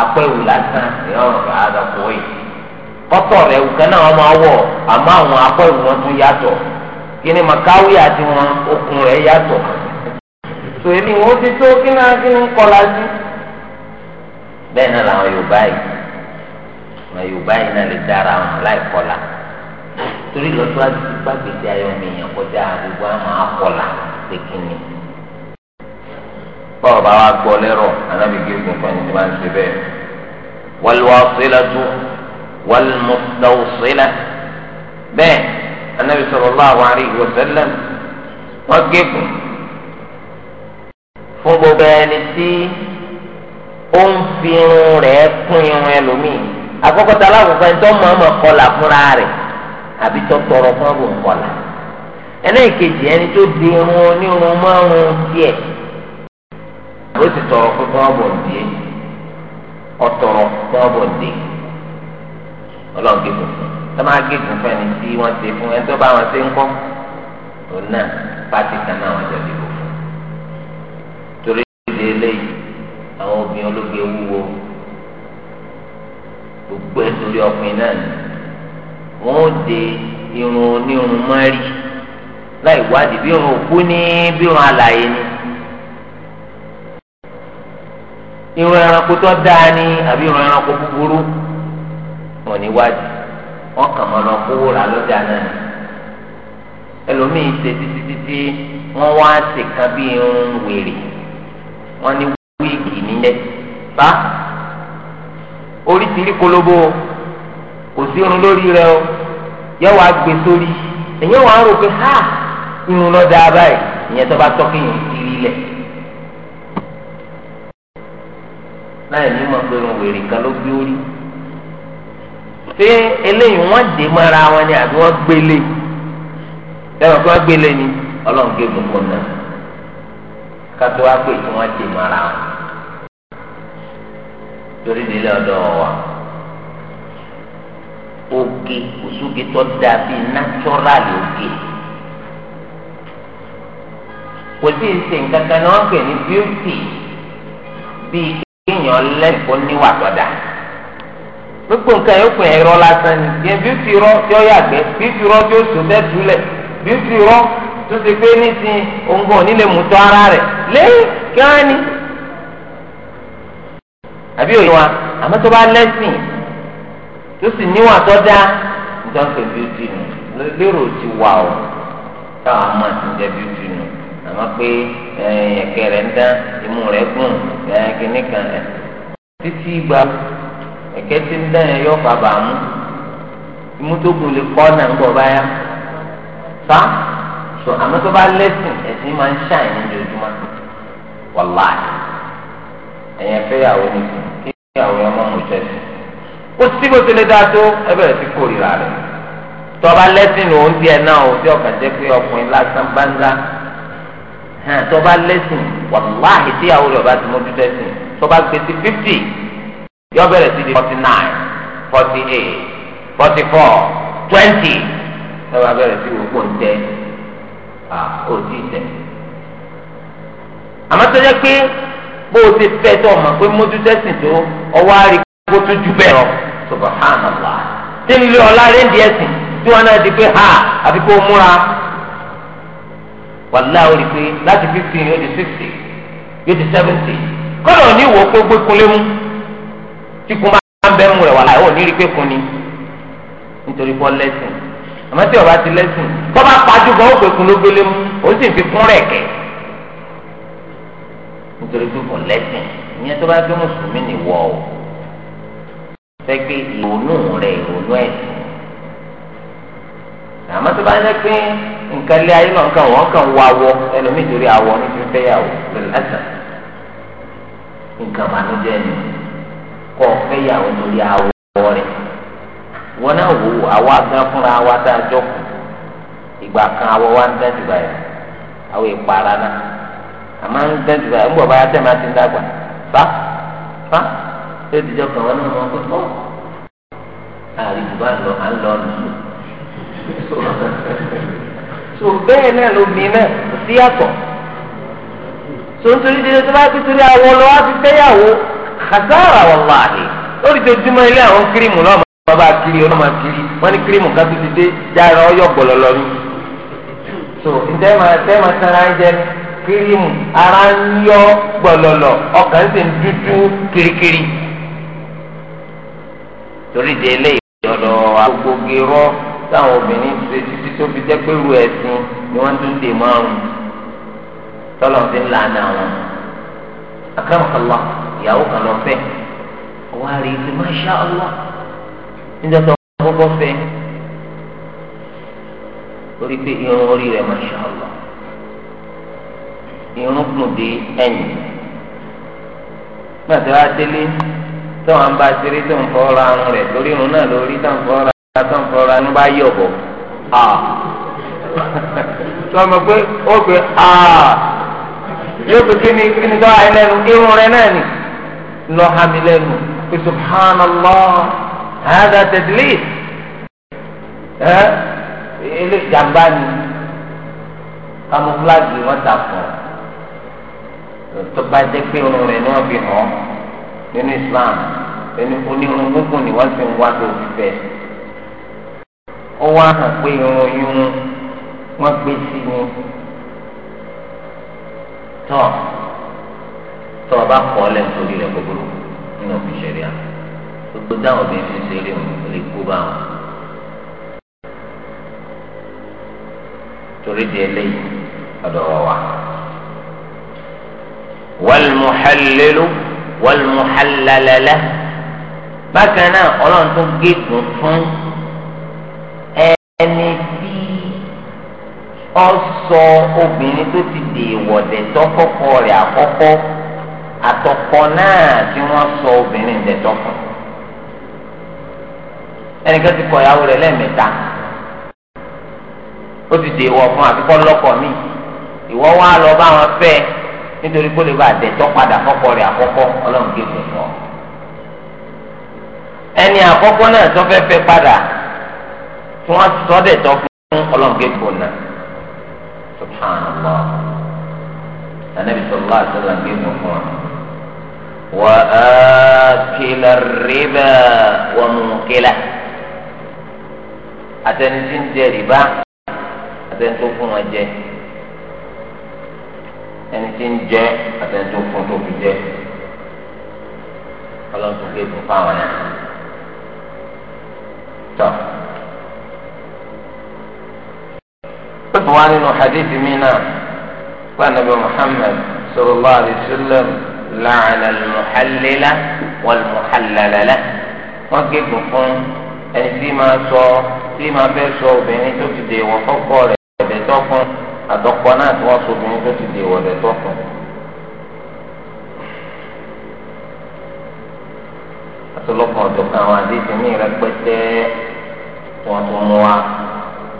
Speaker 1: apá ìwù lásán a lọ kọ́tọ̀ rẹ̀ ìwù kan náà wọ́n máa wọ̀ àmọ́ àwọn apá ìwù wọn tún yàtọ̀ kí ni makawi àti wọn okùn rẹ̀ yàtọ̀ bẹ́ẹ̀ náà làwọn yorùbá yìí àwọn yorùbá yìí náà lè dára wọn láì kọlà torí lọ́sọ́wájú ti gbàgbèsè ayọ̀mí yẹn kọjá gbogbo àwọn akọlà pé kíni. bọ́ọ̀ bá wa gbọ́ lẹ́rọ̀ anábìgé gbogbo ẹni tí wọ́n ń ṣe bẹ́ẹ̀. wal-wasilatu wal-mustawsila bẹ́ẹ̀ anábì sallallahu alayhi wa sallam wọ́n gé fún gbogbo ẹni tí ó ń fi irun rẹ̀ kún irun ẹlòmíì àkọ́kọ́ tá alákọ̀ọ́kọ́ ẹni tó mọ̀ ọmọ kọlà fúnra rẹ̀ àbí tó tọrọ fún ọ̀rùn kọlà ẹlẹ́ẹ̀kejì ẹni tó di irun onírun márùn-ún díẹ̀ ó sì tọrọ fún ọ̀rùn díẹ̀ ọ̀tọ̀rọ̀ fún ọ̀rùn díẹ̀ ọlọ́run gégùn fún ẹ máa gégùn fún ẹni tí wọ́n ti fún ẹni tó bá wọn ṣe ń kọ́ òun náà pátì náà wọ́n jọ dìbò. àwọn obìnrin ológe wúwo gbogbo ẹ̀ torí ọkùnrin náà ni wọ́n ó de irun onírun mọ́rí láì wádìí bí irun òkú ní bí irun alàyè ni irun ẹranko tó dáa ni àbí irun ẹranko búburú wọn ní wádìí wọn kàn máa lọ kówó rà lọ́jà náà ẹlòmíín ṣe títí títí wọ́n wá ṣèkan bí irun wèrè wọ́n ní jẹ fa orí ti rí kolobo kò sí irun lórí rẹ o yẹ wàá gbé sórí èyí wàá rò pé ha irun lọ dáa báyìí ìyẹn tó bá tọ́ kéèyàn kiri lẹ̀ láì ní mọ̀ pé irun wèrè kan ló gbé orí ṣé eléyìí dé mọ́ra wọn ni àbí wọ́n gbélé ẹ̀rọ gbélé ni ọlọ́run gé gbogbo náà kátó wá pé tí torí délé ọ̀dọ̀ wa oge òsúge tó dàbí nátúrálì oge kò sí ìsè nǹkankan ni wọ́n pè ní bíútì bíi kéèyàn lẹ́kọ̀ọ́ níwà tọ́da gbogbo nǹkan yóò pè ẹ̀rọ lásán ni yẹn bíútì rọ tí ó yàgbẹ́ bíútì rọ tí ó sùn bẹ́ẹ̀ túlẹ̀ bíútì rọ tó ti pé nísìnyí òǹgọ̀ nílé mú tọ́ ara rẹ̀ lẹ́yìn kí wọ́n á ní àbí òye wa àmọ́ tó bá lẹ́sìn tó sì níwà tó dá nítorí pé bíútì nù lérò ti wà ó táwọn ọmọ ti ń jẹ bíútì nù àmọ́ pé ẹ̀kẹ́ rẹ̀ ń dán imú rẹ̀ gùn kínní kan ẹ̀ títí gba ẹ̀kẹ́ tí ń dán yẹn yọ bàbà mú imú tó gùn lè kọ́ náà ń bọ̀ báyà fa so àmọ́ tó bá lẹ́sìn ẹ̀sìn máa ń ṣàyẹn ní wàláì ẹ̀yẹn fẹ́ yà wọ́n mi kí àwọn èèyàn máa mú ìtẹ́sí ó sì bó ti lè dáa tó ẹ bẹ̀rẹ̀ sí kórìíra rẹ̀ tọba lẹ́sìn ní òun tiẹ̀ náà òun tí ọkàn jẹ́ pé ọkùnrin lásán bánzá tọba lẹ́sìn wàláhì tí àwọn olùbá ti mójú tẹ́sìn tọba gbé sí fifty yọ bẹ̀rẹ̀ sí di forty nine forty eight forty four twenty tọba bẹ̀rẹ̀ sí gbogbo ń tẹ́ òtí tẹ́ àmọ́ tó jẹ́ pé. bó o ti fẹ́ tó ọmọ pé mójútẹ́sìn tó ọwọ́ àárí kó tó ju bẹ́ẹ̀ lọ tí lé ọlá rẹ̀ ń di tí náà di pé ha àfi kó múra wàlá o rí pé láti fifteen di sixty yóò di seventy kọ́nà ní gbé kunlé mú tí kun bá ń bẹ́ mú rẹ̀ wàlá ní rí pé kun ni nítorí pọ́ lẹ́sìn àmọ́ tí ọba ti lẹ́sìn kun nítorí pé kò lẹ́sìn ìyẹn tó bá gbé mùsùlùmí ní wọ o fẹ́ pé ìrònú rẹ̀ ìrònú ẹ̀sìn àmọ́ tó bá yẹ pé nǹkan lé ayé náà kàn wọ́n kàn wọ awọ ẹlòmíì torí awọ ní fífẹ́ yàwó pẹ̀lú ẹ̀sà nǹkan ìbànújẹ́ ni kọ́ fẹ́ yàwó torí awọ rẹ̀ wọn náà wò ó àwa fúnra wa dájọ́ ìgbà kan awọ wa ń dájú báyìí àwọn ìpara náà àmọ́ ń gbẹ́jú báyìí ń bọ̀ báyà tẹ̀ máa ti ń dàgbà fa fa ṣé ìdíjọ́ kan wọn náà wọn kò tó àrí ìdìbò àlọ́ àlọ́ lù so bẹ́ẹ̀ náà ló mi náà kò sí yàtọ̀ so nítorí dídé tó bá kíkiri àwọ̀ lọ́wọ́ ti fẹ́yàwó kàtàrà wàláhì lórí dojúmọ́ ilé àwọn kírímù lọ́mọ bàbá kiri ọlọ́mọ kiri wọ́n ní kírímù kátó ti dé jára ọyọ́ gbọ̀lọ́lọ́ ni so ǹjẹ́ máa tẹ́ máa tẹ́ra ẹ jẹ́ kírímù ara ń yọ gbọlọlọ ọkàn sì ń dúdú kirikiri torí de eléyìí ọ̀dọ̀ agbègbè rọ táwọn obìnrin ṣe títí tó fi jẹ́ pé ru ẹ̀sìn ni wọ́n tún dè mọ́ àrùn tọ́lọ̀ ń lànà àwọn akẹ́mọ̀kànlá ìyàwó kan lọ fẹ́ wọ́n á rí i pé masha Allah níjọ́ tó kọ́kọ́ fẹ́ orí pé irun orí rẹ̀ masha Allah irúnkùn di ẹ̀yìn gbàtí wàá délé tó wọn bá ṣeré tó ń fọwọ́ra arun rẹ̀ lórí irun náà lórí tó ń fọwọ́ra tó ń fọwọ́ra inú bá yọ̀ bọ̀ a tó ọmọ pé ó gbé a yóò fi kíni kíni tó àyè lẹ́nu irun rẹ̀ náà ni lọ ha mi lẹ́nu pé subhanallah hada tadlis ẹ ilé ìjàmbá ni kamuflagi wọn ta fún ọ tó bá jẹ́ pé irun rẹ̀ ni wọ́n fi hàn nínú Islam ẹni onírun gbogbo ni wọ́n fi ń wá tó fi fẹ́ ó wá hàn pé irun yún wọ́n gbé sí ni tọ́ tọ́ ọ bá kọ́ ọ lẹ́nu torí rẹ̀ gbogbo nínú òfin ṣẹ̀ríà gbogbo dáhùn bí fi ṣe eré mu lè kú bá wọn. torí di eléyìí ọ̀dọ̀ wọ̀ wá. والمحلل wàlmùhàlálálá bákan náà ọlọ́run tó gégùn fún ẹni tí ọ sọ obìnrin tó ti dèèwọ̀ dẹ̀tọ́ kọ́kọ́ rẹ̀ àkọ́kọ́ àtọkọ náà tí wọ́n sọ obìnrin dẹ̀tọ́ kan ẹnìkan ti kọ ìyàwó rẹ̀ lẹ́ẹ̀mẹ́ta ó ti dèèwọ̀ fún àfikọ́ lọ́kọ mi ìwọ wá lọ bá wọn fẹ́ ẹ nítorí kó lè bá àdẹ̀tọ́ padà kọ́kọ́ rẹ̀ àkọ́kọ́ ọlọ́run kí èkó lọ. ẹni àkọ́kọ́ náà tó fẹ́ fẹ́ padà tí wọ́n sọ dẹ̀tọ́ fún ọlọ́run kí èkó náà. subhanallah anabi sọlá àtọ́lá kí èkó fún wa. وآكل الربا وموكله أتنزل ربا أتنزل فما جه ẹni tí ń jẹ àtẹni tó fún tó fi jẹ ọlọ́run tó gé fún fáwọn náà tọ́. ó tún wá nínú hadith mi náà wà nàbẹ Muhammad sallallahu alaihi wasallam la'ana al-muhallila wal-muhallala wọ́n gé fún fún ẹni tí máa sọ tí máa fẹ́ sọ obìnrin tó ti dè wọ́n fọ́kọ́ rẹ̀ ẹ̀dẹ̀ tó fún àtọkọ náà tí wọ́n sobìnrin tó ti dè wọlé tọkùn. àtọlọpàá ọjọ́ kan àwọn àdéhùn ní ìrẹpẹtẹ tí wọ́n tún mú wa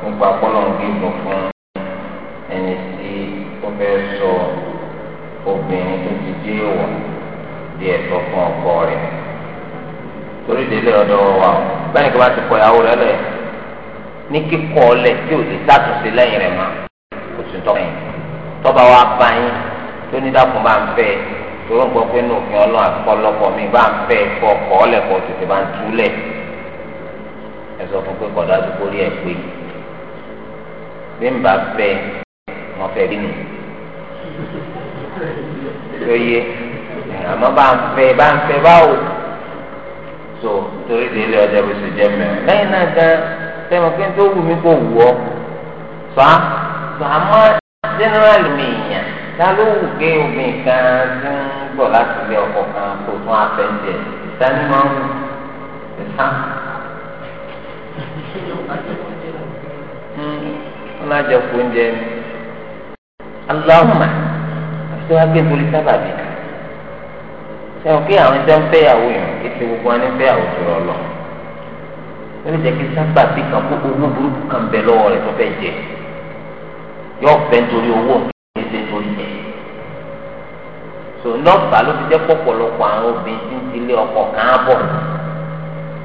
Speaker 1: nípa pọlọǹgì ìbùn fún ẹni tí ó fẹ́ sọ obìnrin tó ti dé wọ di ẹ̀tọ́ fún ọkọ rẹ̀ torí délé ọ̀dọ̀ wa báyìí kí wọ́n ti kọ ìyàwó rẹ̀ lẹ ní kíkọ ọlẹ tí ò lè sàtúnṣe lẹ́yìn rẹ̀ mọ́ sí tọ́kàn tọ́ba wa bá yín tó ní dákun bá ń bẹ́ẹ̀ torí nǹkan pé ní òfin ọlọ́run àkọlọ́kọ̀ mi bá ń bẹ́ẹ̀ fọ ọkọ̀ ọ̀lẹ́kọ̀ tètè bá ń túlẹ̀ ẹ sọ fún pé kọ̀dá tó kórè ẹ̀ pé bí ń bá bẹ́ẹ̀ wọ́n fẹ́ bínú
Speaker 2: tó yé àmọ́ bá ń fẹ́ bá ń fẹ́ báwo
Speaker 1: so torí délé ọjà bó ṣe jẹ́ mẹ́rin lẹ́yìn náà gan tẹ́wọ̀n pé tó wù mí kò wù ọ́ fa sọ àmọ́ general mi yàn ta ló wù pé obìnrin kan ti ń gbọ̀ láti ilé ọkọ̀ kan kó tún afẹ́ǹdẹ̀ ìdání máa ń wù ìsá. wọ́n á jẹ kó oúnjẹ mi. aláwùmá àti wá gbé bolí sábàbí ṣe o kí àwọn ẹjọ́ ń fẹ́yàwó yàn ètò gbogbo wọn ní fẹ́yàwó tó rọ lọ. ó lè jẹ́ kí sábàbí kan kó owó burúkú kan bẹ lọ́wọ́ rẹ̀ tó fẹ́ jẹ yóò fẹ́ nítorí owó kìí ṣe nítorí jẹ so nọ́ọ̀fà ló fi jẹ́ pọ̀pọ̀lọpọ̀ àwọn obìnrin tí ń tilé ọkọ̀ kan á bọ̀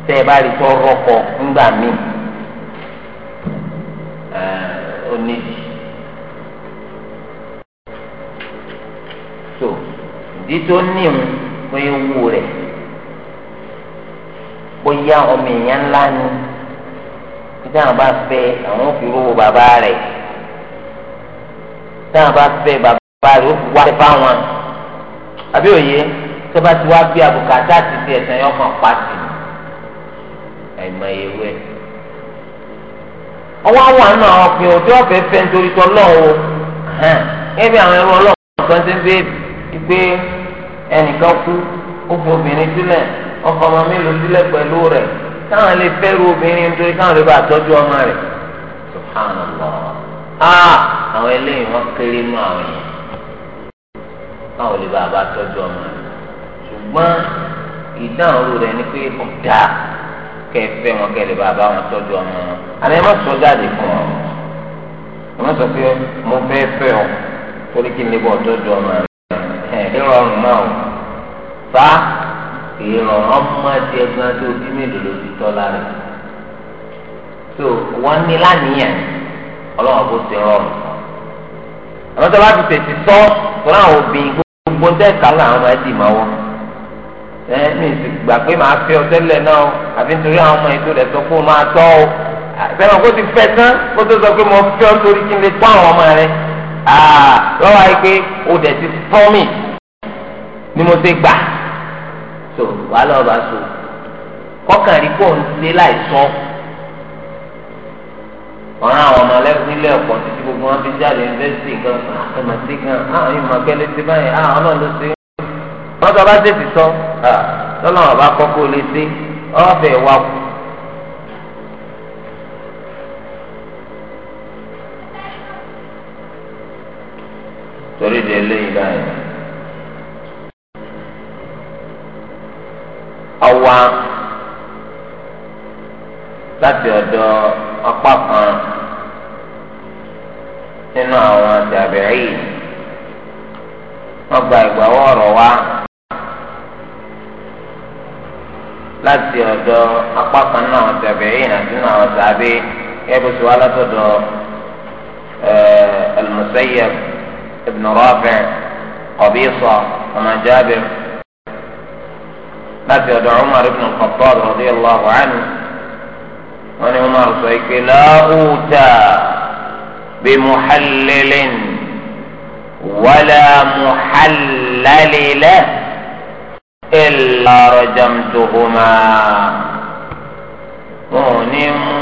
Speaker 1: tẹ́ ẹ bá rí tọ́ rọ́kọ̀ ńgbà míì onídìí so ìdí tó níhun pé wù rẹ̀ bóyá ọmọ èèyàn ńlá ni títí àwọn bá fẹ́ àwọn òfin rówó bàbá rẹ̀. a bá fẹ́ bàbá rẹ̀ ó wá ẹ bá wọn àbí òye bá ti wá bí àbùkátà ti di ẹ̀sán yọ kàn pàtì ẹ̀mọ ewu ẹ̀. ọwọ́ àwọn àna ọ̀pìn òde ọ̀fẹ́ fẹ́ nítorí tó lọ́wọ́ ẹ̀mí àwọn ẹ̀rọ ọlọ́run kan ti ọkọ ọmọ mélòó sílẹ̀ pẹ̀lú rẹ̀ lè obìnrin nítorí káwọn lè bá àtọ́jú ọmọ rẹ̀ àwọn eléyìí wọ́n kéré nú àwọn èèyàn báwo lè bá a bá tọ́jú ọmọ rẹ̀ ṣùgbọ́n ìdáhùn rẹ̀ ni pé ọ̀dà kẹfẹ́ wọn kẹ́ lè bá a bá wọn tọ́jú ọmọ wọn àmì ẹ má sọ jáde kàn ọ́ ẹ má sọ pé mo fẹ́ fẹ́ ọ torí kí n lè bọ̀ tọ́jú ọmọ rẹ̀ ẹ rọrùn mọ́ ọ fa ìrọ̀rùn ọmọ ẹgbẹ́ tó bí mélòó ló ti tọ́ lára tó wọ́n ní lánìyàn ọlọ́run kò ti rọrùn àwọn tó bá ti tètè sọ tọ́lá àwọn obìnrin gbogbo dẹ́ka làwọn máa dì máa wọ ẹ mi sì gbà pé màá fẹ́ ọ tẹ́lẹ̀ náà àfi nítorí àwọn ọmọ ètò rẹ̀ sọ pé ó máa tọ́ ọ àtẹnà kó ti fẹ́ tán kó tó sọ pé mo fẹ́ ọ torí kí n lè tọ́ àwọn ọmọ rẹ lọ́wọ́ ayé pé o dẹ̀ ti fọ́ mi ni mo ti gbà tó wàá lọ́ọ́ bá so kọ́kànlélọ́ọ̀ láì sọ ọ̀rọ̀ àwọn ọmọ alẹ́kùn ilé ẹ̀kọ́ títí gbogbo wọn fi jáde ẹ̀ńdẹ́sì gan ẹ̀mọ̀tì gan àwọn ìmọ̀ kẹ́lẹ́ ti báyìí àwọn ah, ọlọ́run ló ṣe. wọ́n sọ bá tètè sọ tọ́lọ́wọ́n ah, bá kọ́kọ́ lè ṣe ọ̀fẹ́ wa kù. torí di eléyìí báyìí. ọwọ́ láti ọ̀dọ̀ ọ̀pá kan nínú àwọn yìí wọ́n gba ìgbàwọ́ ọ̀rọ̀ wá láti ọ̀dọ̀ ọ̀pá kan nínú àwọn yìí náà nínú àwọn tàbí kẹ́bí tí wọ́n látọ̀dọ̀ المسيب ابن رافع قبيصة وما جابر láti ọ̀dọ̀ Umar ibn kọ̀tọ́ ọ̀dọ̀ radiyallahu anhu. wọn ni wọn máa sọ ìpè láwùtà bí muhallilin wàlà muhallalilẹ ìlàrọ jàmtòhùmá wọn ò ní mú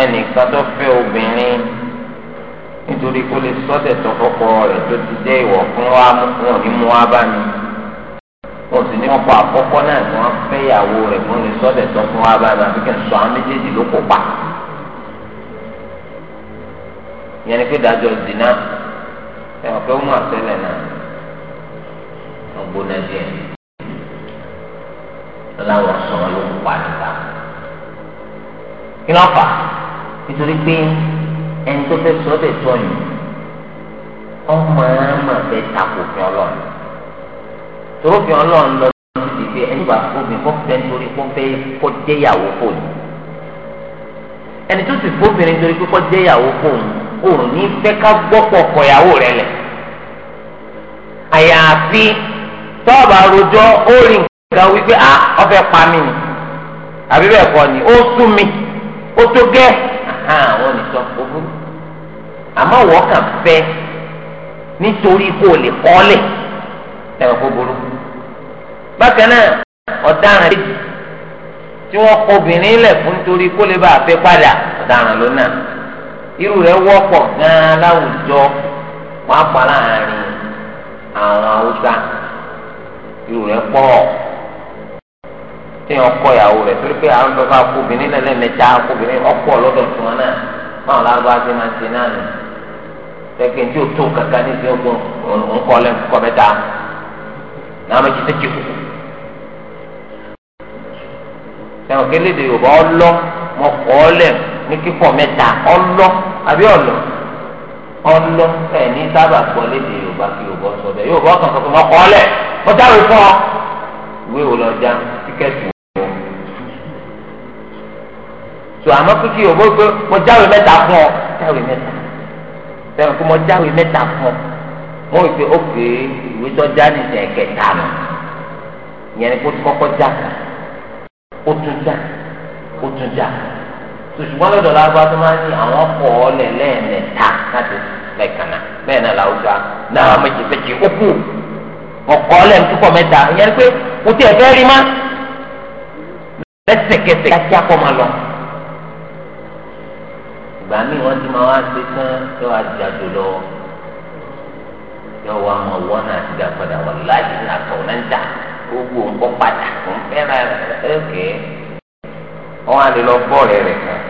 Speaker 1: ẹnìkan tó fẹ́ obìnrin nítorí kó lè sọ́dẹ̀ tó rẹ̀ tó ti jẹ́ ìwọ̀ fún wa wọn ò ní mú wa bá mi wọn sì ní ọkọ àkọ́kọ́ náà tí wọ́n fẹ́ ìyàwó rẹ̀ fún ní sọ́dẹ̀ tó fún wa báyìí àfi kẹ́ ń sọ àwọn méjèèjì ló kó pa. ìyẹn ni pé dájọ́ dìná ẹ̀wọ̀n pé ó mú àtẹ́lẹ̀ náà wọ́n gbóná díẹ̀
Speaker 2: láwọn sọ̀rọ̀ ló ń
Speaker 1: pa níta. kí ló fà nítorí pé ẹni tó fẹ́ sọ́dẹ̀ tọ́yìn ọmọ ẹ̀ máa fẹ́ takò fún ọlọ́run tòrófin ọlọ́run lọ sí pé ẹni bá fòfin fọ́fẹ́ nítorí pọ́npẹ́ kọ́ jẹ́yàwó fòun ẹni tó sì fòfin nítorí pé kọ́ jẹ́yàwó fòun òun ní fẹ́ ká gbọ́pọ̀ kọ̀yàwó rẹ lẹ̀ àyàfi tọ́ọ̀bù àròjọ ó rí nǹkan wípé a ah, ọfẹ́ pa mí ni àbí bẹ́ẹ̀ kọ́ ni ó sún mi ó tó gẹ́ àwọn onìtọ́ òfurufú àmọ́ wọ́n kàn fẹ́ nítorí kó o lè kọ́ lẹ̀ ẹ̀rọ kó burú. bákan náà ọ̀daràn lẹ́yìn tí wọ́n kọ obìnrin lẹ̀ fún torí kó lè bá a fẹ́ padà ọ̀daràn ló irú rẹ̀ wọ́pọ̀ gan-an láwùjọ pàápàá láàrin àwọn haúsá irú rẹ̀ pọ̀ tí wọ́n kọ ìyàwó rẹ̀ torí pé àwọn obìnrin náà ẹ̀wọ̀n kéléde yorùbá ọlọ́ mọ kọ́ọ́lẹ̀ ní kíkọ́ mẹ́ta ọlọ́ àbí ọ̀lọ́ ọlọ́ ẹ̀ ní sábà gbọ́ léde yorùbá kí yorùbá sọ bẹ́ẹ̀ yorùbá kan sọ pé mọ kọ́ọ́lẹ̀ mọ dáwé fún ọ ìwé wò lọ́jà tíkẹ́ẹ̀tì wò. tó àmọ́ kíkí yorùbá pé mọ jáwé mẹ́ta fún ọ jáwé mẹ́ta fẹ́ràn kó mọ jáwé mẹ́ta fún ọ mo rò pé ó pè é ìwé tó já nìjẹ́ kẹta nù ìyẹn ni kó kọ́kọ́ já kan ó tún já ó tún já ṣùgbọ́n lọ́dọ̀ lágbá tó máa ń ní àwọn ọkọ̀ ọ̀lẹ̀ lẹ́ẹ̀mẹ́ta láti lẹ́ẹ̀kanna bẹ́ẹ̀ náà làwùjọ náà méjì méjì ó kù ọkọ̀ ọ̀lẹ̀ ń túkọ̀ mẹ́ta ìyẹn pé kò tí ẹ fẹ́ rí má lẹ́sẹ̀kẹsẹ̀ kíákíá kọ́ máa lọ. ìgbà míì wọ́n ti máa wá ṣe tán tó a jà jù lọ yọ wá mọ̀ wọ́n náà ti dá padà wọ́n láyé náà ń dà owó ọkọ padà fún fẹ́ràn ẹ̀kẹ́ wọn á lè lọ bọ́ọ̀lù rẹ̀ kan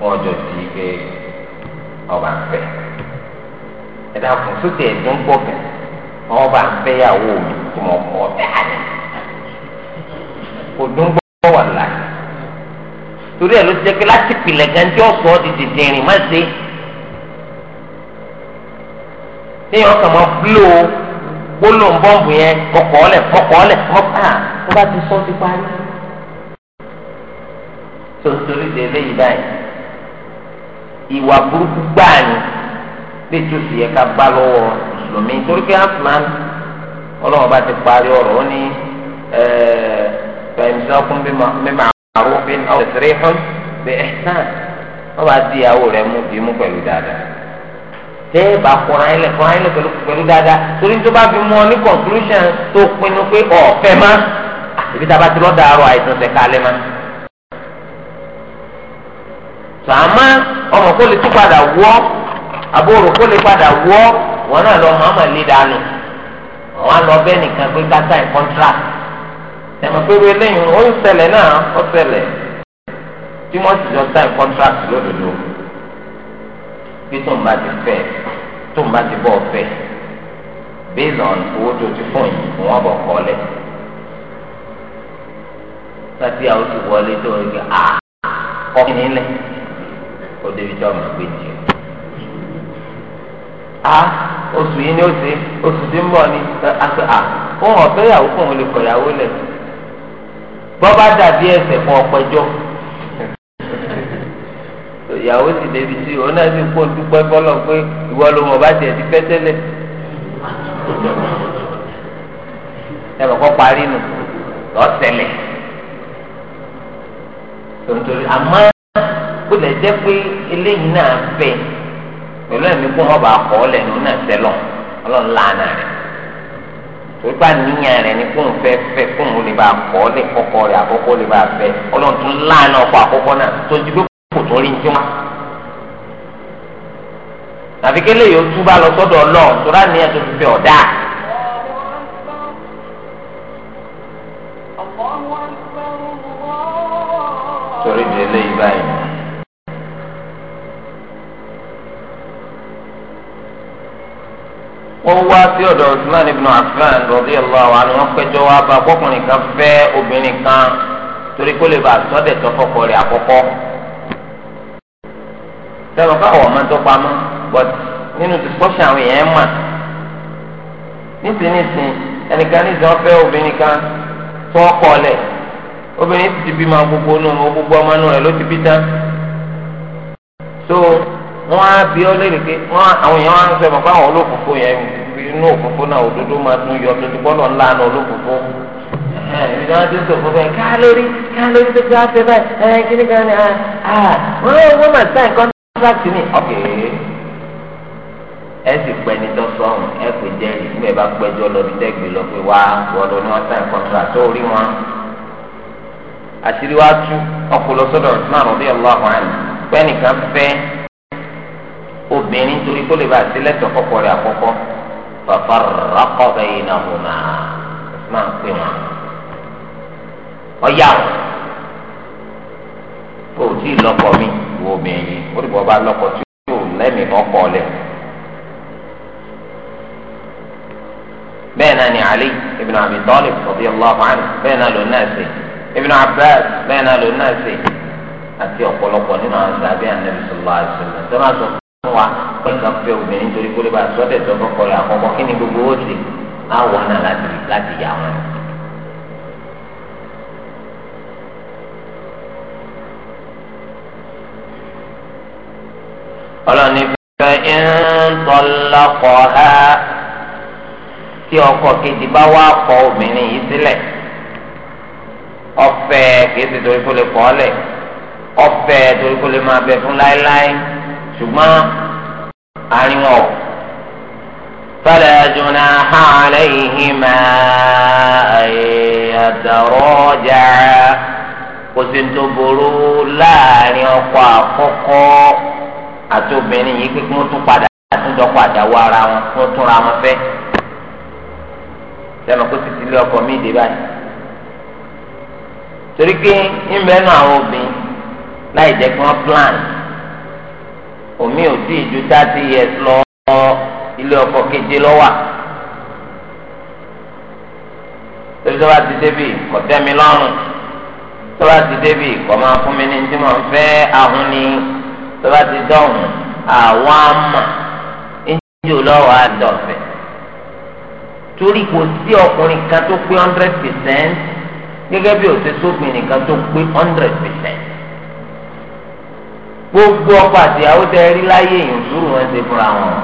Speaker 1: wọn jọ di pé ọba ń fẹ́ ẹ̀dá fún sókè ẹ̀dùn ń bọ̀ kẹ́ wọn bá ń fẹ́ yàwó mi tó mọ̀ kọ́ bẹ́ẹ̀ ni kò dùn bọ́ wà láì torí ẹ̀ ló ti jẹ́ pé láti pìlẹ̀ gánjẹ́ ọ̀sọ́ tètè rìn má ṣe. ní ọkàn mọ́ bílò gbólóhùn bọ́ǹbù yẹn kọkọ́ọ́lẹ̀ kọkọ́ọ́lẹ̀ mọ́pá tó bá ti sọ́ ti parí. tòtòrí de eléyìí báyìí ìwà burúkú gbáà ni bí tó sì yẹ ká bá lọ́wọ́ mùsùlùmí torí pé asman ọlọ́wọ́ bá ti parí ọ̀rọ̀ ó ní fẹ̀mísọ́kún bí màrúfin ọ̀sẹ̀rẹ̀hún bí ẹ̀sán wọ́n bá di ìyàwó rẹ̀ mú bí pẹ̀lú dáadáa tẹ́ bá kọ́ra ẹ̀ lẹ̀ kọ́ra ẹ̀ lẹ̀ pẹ̀lú pẹ̀lú dáadáa torí tó bá fi mú ọ ní conclusion tó pinnu pé ọ̀fẹ́ má ibi tá a bá ti lọ́ọ́ dàárọ̀ àìsàn ṣẹ̀ kalẹ̀ má. sàmá ọmọ kó lè tún padà wọ́ àbúrò kó lè padà wọ́ wọn náà lọ màmá lè dànù wọn lọ bẹ́ẹ̀ nìkan pé ká sign contract tẹ̀mọ̀ pé wọ́n eléyìí ó ń ṣẹlẹ̀ náà ó ṣẹlẹ̀ tí wọ́n sì jọ sign contract lódodo bí tó ń bá ti fẹ́ tó ń bá ti bọ́ fẹ́ based on owó tó ti fún yìí fún wọn bọ̀ kọ́lẹ̀ láti àwọn ti wọlé tó ń gbé a ah, ọkọ nílẹ̀ ó débi tí ọmọ gbé jù a ah, oṣù yìí ni ó ṣe oṣù tí ń bọ̀ ni àti a òun ọ̀fẹ́ yàwó fún òun lè kọ̀ yàwó lẹ̀ bọ́ bá dàbí ẹsẹ̀ fún ọpẹjọ́ ìyàwó sì débi sí òun náà sì kó dúpẹ́ bọ́lọ̀ pé ìwọ ló mọ̀ bá tiẹ̀ ti fẹ́ tẹ́lẹ̀ ẹ bọ̀ kọ́ parí nù lọ́sẹ̀lẹ̀ tòǹtòrì àmọ́ ó lè jẹ́ pé eléyìí náà fẹ́ pẹ̀lú ẹ̀mí kó ọba àkọ́ lẹ́nu náà sẹ́lọ̀ ọlọ́run lánàá rẹ̀ torí bá níyàn rẹ̀ ni kóun fẹ́ fẹ́ kóun lè bá kọ́ lè kọ́kọ́ rẹ̀ àkọ́kọ́ lè bá fẹ́ ọlọ́run tún lánàá ọkọ̀ àkọ́kọ́ náà tó kò tó rí tiwọn. tàbí kí eléyìí ó túbà lọ sọ́dọ̀ ọlọ́run tó rà níyà tó fi fi ọ̀dà. torí di eléyìí báyìí. wọ́n wá sí ọ̀dọ̀ Usman ibn Affan radiyallahu anhu wọ́n pẹ́jọ́ wá bá ọkùnrin kan fẹ́ obìnrin kan torí kó lè bá sọ́dẹ̀ tọ́fọ́kọ rẹ̀ àkọ́kọ́ sẹ́wọ̀n káwọ̀ ọ̀ma tó pamọ́ but nínú discussion àwọn èèyàn mà nísinsìnyí ẹnìkan ní ìsìn ọ̀fẹ́ obìnrin kan tó ọkọ̀ lẹ̀ obìnrin ti bí ma gbogbo nù gbogbo ọmọ nù rẹ̀ ló ti bí tán so wọ́n á bí ọ lérè wọ́n àwọn èèyàn á sọ ìmọ̀pá àwọn olókùnkùn yẹn inú òkùnkùn náà òdodo máa tún yọ tuntun bọ́lọ̀ ńlá náà olókùnkùn ìdí wọn ti ń fún láti ní ọ̀kẹ́ ẹ sì pẹ́ ní tọ́sọ̀hún ẹ pè jẹ́rìí nígbà bá pẹ́jọ́ lọ bí tẹ́gbẹ́ lọ pé wá wọ́lọ́ ní wọ́n sáì kọ́ńtà tó rí wọn. àṣírí wa tú ọkùnrin sọ́dọ̀ Usman rọ̀bí ọlọ́run àná pẹ́ nìkan fẹ́ obìnrin torí kó lè bá àti lẹ́tọ̀ kọ́kọ́ rẹ̀ àkọ́kọ́ bàbá rákọ́ bẹ́yìn náà mọ̀ náà Usman pè wọ́n. ọ̀yà o kò tí ì lọ́kọ̀ mi wo obìnrin ó dìbò ọba lọ́kọ tí yóò lẹ́mìí ọkọ lẹ̀. bẹ́ẹ̀ náà ni Ali ibn Abi Talib radiyallahu anhu bẹ́ẹ̀ náà ló náà ṣe ibn Abbas bẹ́ẹ̀ náà ló náà ṣe àti ọ̀pọ̀lọpọ̀ nínú àwọn sàbẹ̀ ànábì sallallahu alaihi wasallam tó máa sọ fún wa pé nǹkan fẹ́ obìnrin torí kó lè bá sọ́dẹ̀ tó kọ́kọ́ rẹ̀ àkọ́kọ́ kí ni gbogbo ó ti láwọn náà láti yà wọn. ọlọ́ni fẹ́ ìńtọ́lákọ̀ ha tí ọkọ kejì bá wá kọ obìnrin yìí sílẹ̀ ọfẹ kìí ṣe torí kó lè kọ́ ọ́lẹ̀ ọfẹ torí kó lè máa bẹ fún láéláé ṣùgbọ́n àárín wọn ò. فلا جناح عليهما أن يتراجعا kò sí ní tó burú láàrin ọkọ àkọ́kọ́ àti obìnrin yìí pé kí wọ́n tún padà àtúndọ́kọ̀ àdáwọ́ ara wọn kí wọ́n túnra wọn fẹ́ sẹ́nu kó sì ti lé ọkọ mi dé báyìí torí pé ń bẹ́nu àwọn obìnrin láì jẹ́ kí wọ́n plan omi ò tí ì ju thirty years lọ ilé ọkọ keje lọ́wà torí tó bá ti débi kò tẹ́ mi lọ́rùn tó ti débi kò máa fún mi ní tí mo fẹ́ ahun ni tó bá ti dọ̀hùn àwọn àmà ẹnjẹ́ olówó àdọ̀fẹ́ torí kò sí ọkùnrin kan tó pé hundred percent gẹ́gẹ́ bí òṣè sóbìnrin kan tó pé hundred percent gbogbo ọkọ àtìyàwó tẹ rí láyé èèyàn sùúrù wọn ṣe fúnra wọn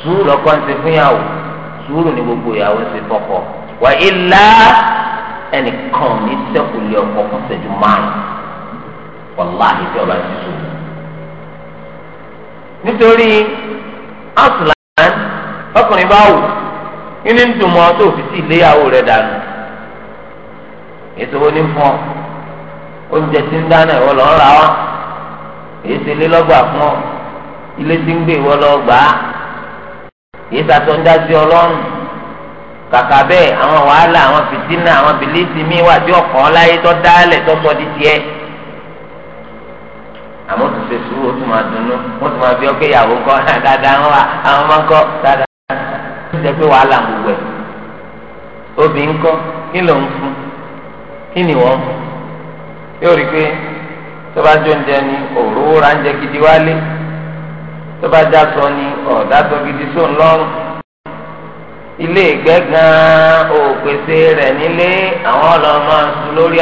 Speaker 1: sùúrù lọkọ ń ṣe fúnyàwó sùúrù ni gbogbo ìyàwó ṣe fọkọ wà ilá ẹnìkan ní sẹkùlẹ ọkọ kan márùn wàláhìí tí ọba ti sùúrù nítorí aslan ọkùnrin bá wù inú ń dùn mọ́ tó fi sí ìléyàwó rẹ̀ dànù ètò òní fún ọ oúnjẹ tí ń dáná ìwọ lọ ń ra ọ èyí ti lé lọ́gbà fún ọ ilé tí ń gbé ìwọ lọ gbà á èyí sàtọ́ ń dá sí ọlọ́run kàkà bẹ́ẹ̀ àwọn wàhálà àwọn fìtínà àwọn bìlíìsì míì wà tí ọkàn ọláyé tó dálẹ̀ tó sọ di tiẹ̀. àmọ́ tó ṣe sùúrù ó tún máa dunnú wọ́n tún máa fi ọkẹ́ ìyàwó kọ́ <laughs> dáadáa wọn wà àwọn ọmọ kọ́ dáadáa ó ti jẹ́ pé wàhálà ń gbogbo ẹ̀ kọ́ kí ló ń fún ọ̀dà gidi lọ́rùn gan-an òpèsè rẹ̀ nílé àwọn ọlọ́mọ sùn lórí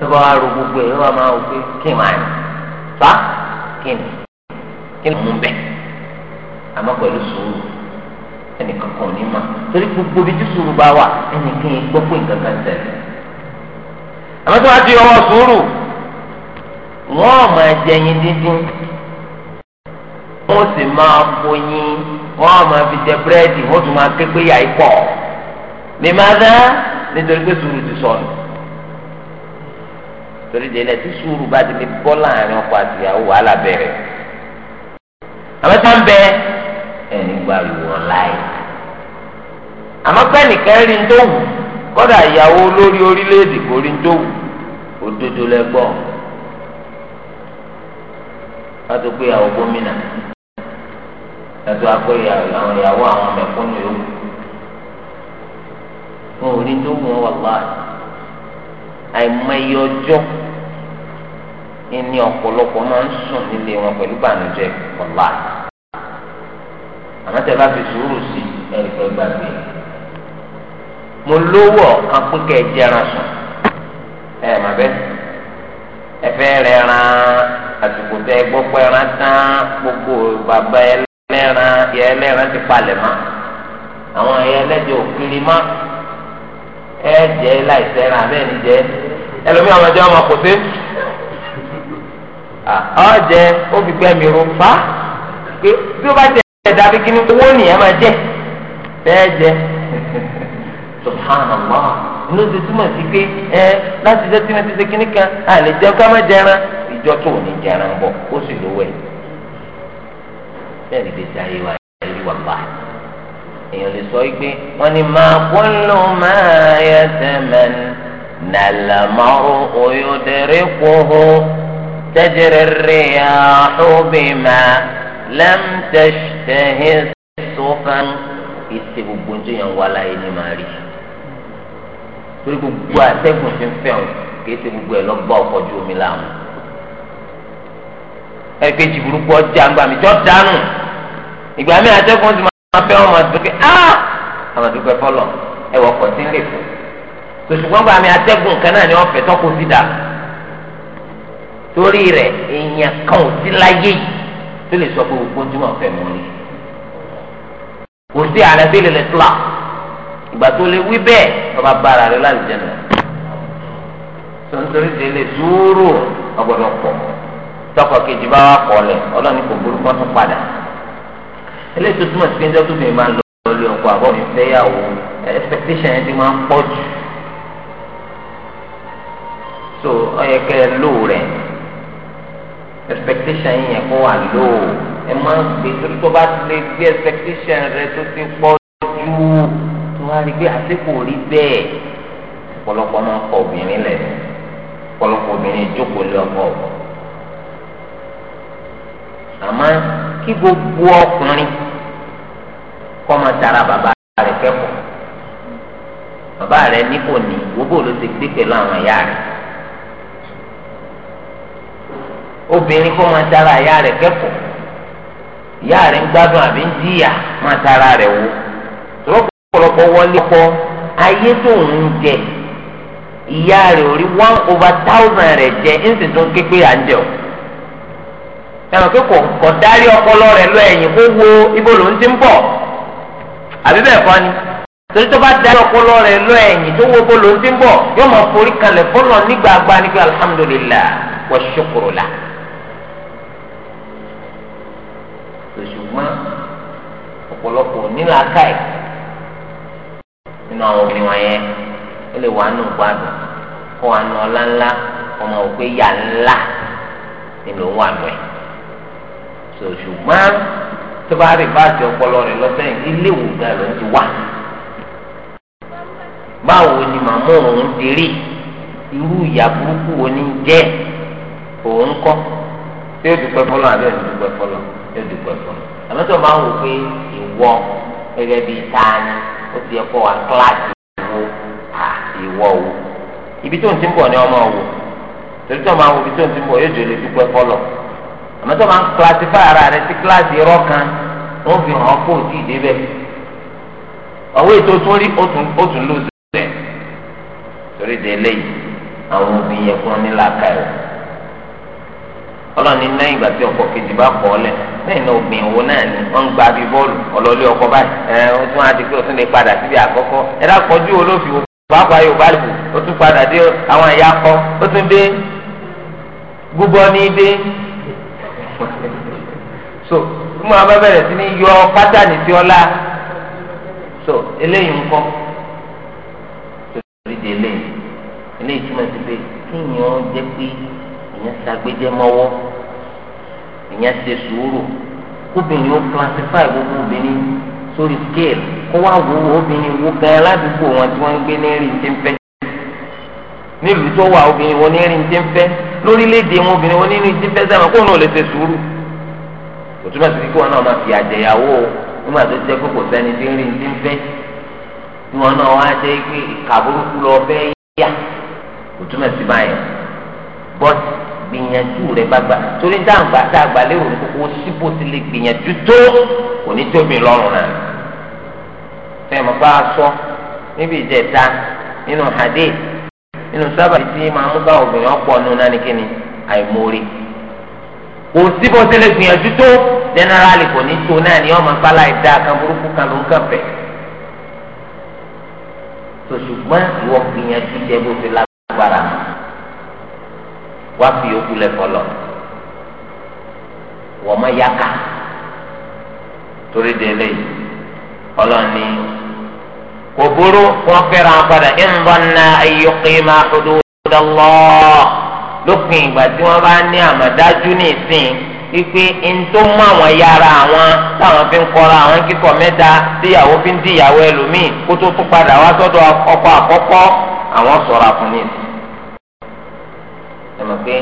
Speaker 1: tó bá wà ro gbogbo ẹ̀ wọ́n máa wò pé kí n máa ní fa kí ni kí ni mò ń bẹ̀ àmọ́ pẹ̀lú sùúrù ẹnìkan kan ò ní ma torí gbogbo ibi tí sùúrù bá wà ẹnìkan yẹn gbọ́ pé nǹkan kan ṣẹlẹ̀ àmọ́ tó bá ti ọwọ́ sùúrù wọ́n máa jẹ yín dídín wọ́n sì máa foyín wọ́n máa fi jẹ búrẹ́dì wọ́n sì máa ké pé yà í pọ̀ mímá dá nítorí pé sùúrù ti sọnù. torí délé tí sùúrù bá ti lè bọ́ láàrin àti ìyàwó wàhálà bẹ̀rẹ̀ àmọ́ ń bẹ ẹni gba ìwọ̀n láì àmọ́ pẹ́ẹ́nìkan rí ń tó wù kọ́dà ìyàwó lórí orílẹ̀-èdè kò rí ń tó wù òdodo látò pé àwọn gómìnà látò àpò àwọn ìyàwó àwọn ẹni ọ̀pọ̀lọpọ̀ máa ń sùn nílé wọn pẹ̀lú bànújẹ́ ọ̀la àmọ́ tẹ́ bá fi sùúrù sí ẹ̀rìkẹ́ gbàgbé mo lówó ọ̀kan pé kẹ́ ẹ jẹran sùn ẹ mà bẹ́ẹ̀ ẹ fẹ́ rẹ ran àsìkò tẹ gbọ́pọ̀ ẹran tán gbogbo bàbá ẹlẹ́ran yẹ ẹlẹ́ran ti palẹ̀ mọ́ àwọn ẹyẹ ẹlẹ́jẹ̀ òkiri mọ́ ẹ jẹ́ láìsẹ̀ ràn abẹ́ẹ̀ ní jẹ́ ẹlòmíràn ọmọdé ọmọ kò sí. ọjẹ ah, ah, ó fi gbẹ mi rún fa bí ó bá jẹ ẹ̀dá bí kíní owó nìyẹn máa jẹ bẹ́ẹ̀ jẹ <laughs> subhanallah inú ti túmọ̀ sí pé ẹ láti jẹ́ tíwọ́n ti ṣe kíní kan a lè jẹ́ ká má jẹran ìjọ tó ò ní jẹran bọ̀ ó sì lówó ẹ̀ bẹ́ẹ̀ ni gbèsè ayé wa ẹ̀ wa bá èèyàn lè sọ pé wọ́n ní máa ló máa yẹ kó تجري الرياح بما لم تشتهي السفن ìsè gbogbo ń jẹyàn wà láyé ní màá rí torí gbogbo àtẹ̀gùn ti ń fẹ́ o kìí ṣe gbogbo ẹ̀ lọ́gbà ọkọ̀ ju omi láàmú ẹ̀kejì burúkú ọjà ń gbà mí jọ́ dánù ìgbà mi àtẹ̀gùn ti máa fẹ́ wọn máa dúkẹ́ á àwọn àdúgbò ẹ̀fọ́ lọ ẹ̀wọ̀ ọkọ̀ ti ń lè fún tòṣùgbọ́n gbà mí àtẹ̀gùn kan náà ni wọ́n fẹ́ tọ́kù sí dànù torí rẹ̀ èèyàn kan ò sí láyé yìí tó lè sọ pé gbogbo tí wọ́n fẹ́ mú ni kò sí àlẹ́bí lè lè tla ìgbà tó lè wí bẹ́ẹ̀ ọba bára rẹ̀ lálùjẹ́nà tó ń torí délé zúúrù ọgbọ́dọ̀ pọ̀ tọkọ kejì bá wà pọ̀ lẹ̀ kò burú kọ́ padà eléyìí tó túmọ̀ sí pé ẹjọ́ tó máa ń lọ lórí ọkọ àbọ̀ mi fẹ́yàwó expectation yẹn ti máa ń pọ̀ jù so ọ yẹ kẹ́ ẹ expectation yín yẹn kó wà lóò ẹ máa ń gbé torí tó bá lè gbé expectation rẹ tó ti pọ̀ jù tó wá rí pé àsìkò rí bẹ́ẹ̀ ọ̀pọ̀lọpọ̀ máa ń kọ obìnrin lẹ̀ ọ̀pọ̀lọpọ̀ obìnrin jókòó lé ọkọ ọ̀pọ̀ àmọ́ kí gbogbo ọkùnrin kọ́ máa tara bàbá rẹ̀ kẹ́kọ̀ọ́ bàbá rẹ̀ nípò ní gbogbo ló ti gbé pẹ̀lú àwọn ìyá rẹ̀. obìnrin kó máa tara ìyá rẹ̀ kẹ́kọ̀ọ́ ìyá rẹ̀ ń gbádùn àbí ń jìyà máa tara rẹ̀ wò lọ́pọ̀lọpọ̀ wọlé kọ́ ayé tó ń jẹ ìyá rẹ̀ ò rí one over thousand rẹ̀ jẹ ń sì tún ké pé o ẹnu pé kò kò dárí ọpọlọ rẹ̀ lọ ẹ̀yìn kó wo ibo ló ń ti ń bọ̀ àbí bẹ́ẹ̀ kọ́ ni torí tó bá dárí ọpọlọ rẹ̀ lọ ẹ̀yìn tó wo ibo ló ń ti ń bọ̀ yóò máa forí kalẹ̀ fọlọ́ nígbà agbá nígbà alhamdulillah wa shukuru la. ọ̀pọ̀lọpọ̀ nílàáká ẹ̀ nínú àwọn òbí wọn yẹn ó lè wà nù gbádùn kó wà nù ọlá ńlá ọmọ òpé yà ńlá nínú òun wà nù ẹ̀ so ṣùgbọ́n tó bá rí báàsì ọpọlọ rẹ̀ lọ́bẹ̀ ilé ìwò gan ló ń ti wà báwo ni màmú òun ti rí irú ìyá burúkú wo ni jẹ́ òun kọ́ tí ó dúpẹ́ fọlọ́ àbí ẹ̀ dúpẹ́ fọlọ́ ẹ̀ dúpẹ́ fọlọ́ àmọ́ tó máa ń wò pé ìwọ gẹ́gẹ́ bíi tani ó ti yẹ kó wa kíláàsì ìwọ ìwọ wò ibi tó ń ti ń bọ̀ ni ọmọ wò torí tó máa ń wò ibi tó ń ti ń bọ̀ yóò jòlè dúpẹ́ fọlọ̀ àmọ́ tó máa ń kíláàsìfà ara rẹ sí kíláàsì irọ́ kan ó fi hàn kó o tí ì débẹ̀ ọwọ́ ètò tó rí ó tún lóṣù rẹ̀ torí de eléyìí àwọn òbí yẹ kó ní làákàyè ọlọ́run ní lẹ́yìn ìgbà tí ọkọ kejì bá kọ́ ọ lẹ̀ lẹ́yìn náà obìnrin wo náà ni wọ́n ń gba bí bọ́ọ̀lù ọlọ́lé ọkọ báyìí ẹ ó tún á di pé ó tún lè padà síbi àkọ́kọ́ ẹ dákọjú olófin pàápàá yorùbá lù ó tún padà dé àwọn ẹ̀yà kọ́ ó tún dé gbogbo ní dé so fún wa bá bẹ̀rẹ̀ sí ní yọ pátánì sí ọlá so eléyìí ń kọ́ torí di eléyìí eléyìí túmọ̀ sí pé kíyàn ìyẹn ṣàgbéjẹ mọ́wọ́ ìyẹn ṣe sùúrù kóbìnrin ó classify gbogbo obìnrin sórí scale kó wá wo obìnrin wo gan aládùúgbò wọn tí wọ́n ń gbé ní rí ti ń fẹ́ nílùú tó wà obìnrin wọn ní rí ti ń fẹ́ lórílẹ̀‐èdè wọn obìnrin wọn ní rí ti ń fẹ́ sáwọn kó náà lè ṣe sùúrù kò túmọ̀ sí kí wọn náà máa fi àjẹyàwó nígbà tó jẹ́ pé kò sẹ́ni tí ń rí ti ń fẹ́ tí wọn náà wá jẹ́ pé ìkà lọ fẹ́ yá kò túmọ̀ sí báyẹn bọ́tì gbìyànjú rẹ bá gbà torí dáǹgbà dáǹgbà lérò ní kókó síbò ti lè gbìyànjú tó kò ní tóbi lọ́rùn náà ẹ mọ̀ bá a sọ níbi ìjẹta nínú hadith nínú sábà tí máa ń bá obìnrin ọ̀pọ̀ nù náà ní kíni àìmórí kò síbò ti lè gbìyànjú tó jẹnẹrali kò ní tó náà ni ọmọ nǹkan láìda kan burúkú kan ló ń kàn fẹ́ tòṣùgbọ́n ìwọ gbìyànjú jẹ bó ti lágbára mọ́. wá fi yòókù lẹ fọlọ wọ́n mọ yaka torí délé ọlọ́ni kò burú wọn kẹra padà ìnbọnà ayọkẹ́mà ọdọọdọlọ lópin ìgbà tí wọ́n bá ní àmàdájú ní ìsìn ipe ntó mú àwọn yàrá àwọn táwọn fi ń àwọn kíkọ tíyàwó fi ń díyàwó ẹlòmíì tó padà wá ọkọ àwọn sọ̀rọ̀ ẹ mọ̀ pé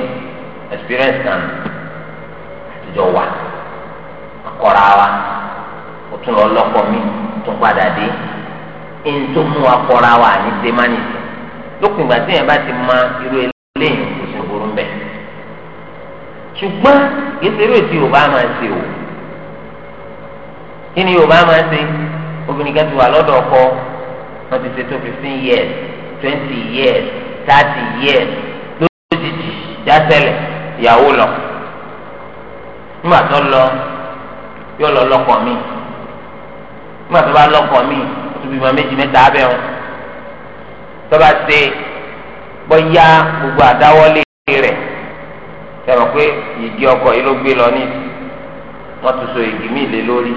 Speaker 1: experience náà àtijọ́ wa akọ́ra wa ó tún lọ lọ́kọ̀ mi tún padà dé ẹni tó mú akọ́ra wa ní sèmánìsì lópin ìgbà tí yẹn bá ti ma irú eléyìí kò sí burú mbẹ ṣùgbọ́n ìṣeré tí Yorùbá máa ṣe o kí ni Yorùbá máa ṣe obìnrin kan ti wà lọ́dọ̀ ọkọ wọn ti ṣe fifteen years twenty years thirty years jásẹ̀lẹ̀ ìyàwó lọ nígbà tó lọ yóò lọ lọkọ mi nígbà tó bá mi o bímọ méjì mẹ́ta abẹ́ wọn tó bá ṣe gbogbo àdáwọ́lé rẹ̀ sẹ́wọ̀n pé ìdí ọkọ yìí ló gbé lọ ní wọ́n tún so igi mi lé lórí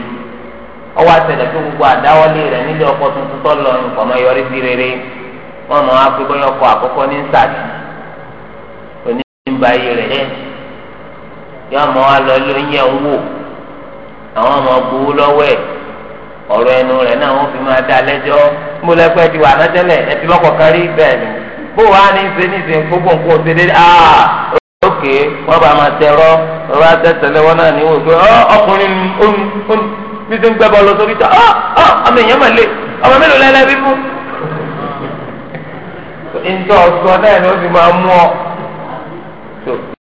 Speaker 1: pé gbogbo àdáwọ́lé rẹ̀ nílé ọkọ tuntun tó lọ nǹkan mọ́ yọrí sí rere wọ́n nígbà ayé rẹ̀ jẹ́ yọ ọmọ wa lọ àwọn ọmọ gbowó lọ́wọ́ ẹ̀ ọ̀rọ̀ ẹnu rẹ náà wọn fi máa dá lẹ́jọ́ mo lẹ́pẹ́ ti wà nátẹ́lẹ̀ ẹ ti kárí bẹ́ẹ̀ ni bó wa ní ṣe ní ṣe gbogbo nǹkan ọ̀sẹ̀ dé aa ah! bá máa wọn náà ọkùnrin ń sórí ta ọmọ èèyàn ọmọ mélòó lẹ́lẹ́ bí fún. <laughs> ọ̀sán náà ni ó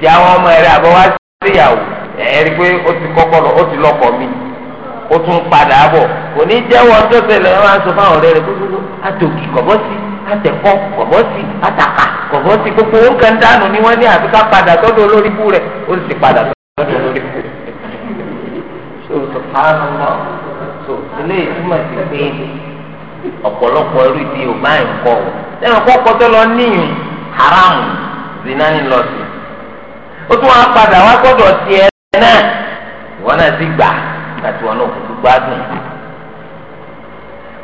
Speaker 1: ti àwọn ọmọ rẹ àbọ̀ wá síyàwó ẹ̀rí pé ó ti kọ́kọ́ lọ ó ti lọ́kọ̀ mi ó tún padà bọ̀ kò ní jẹ́wọ́ ọjọ́ tẹ̀lé wọn máa sọ fáwọn ọ̀rẹ́ rẹ gbogbo àtòkì kọ̀bọ́ sí àtẹ̀kọ́ kọ̀bọ́ sí àtàkà kọ̀bọ́ sí gbogbo ó kàn dànù ni wọ́n ní àfi ká padà sọ́dọ̀ olórí ikú rẹ̀ ó sì padà sọ́dọ̀ olórí ikú rẹ̀. so sọ̀kàrọ̀ lọ eléyìí túmọ̀ sí pé ọ̀pọ̀lọpọ̀ ẹrú ìdí ò bá ń kọ́ ọ̀ kọ́kọ́ tó lọ níyùn haram zinani ni lọ sí ó tún wá padà wá ti tiẹ̀ náà ìwọ náà sì gbà àti wọn náà kúkú gbádùn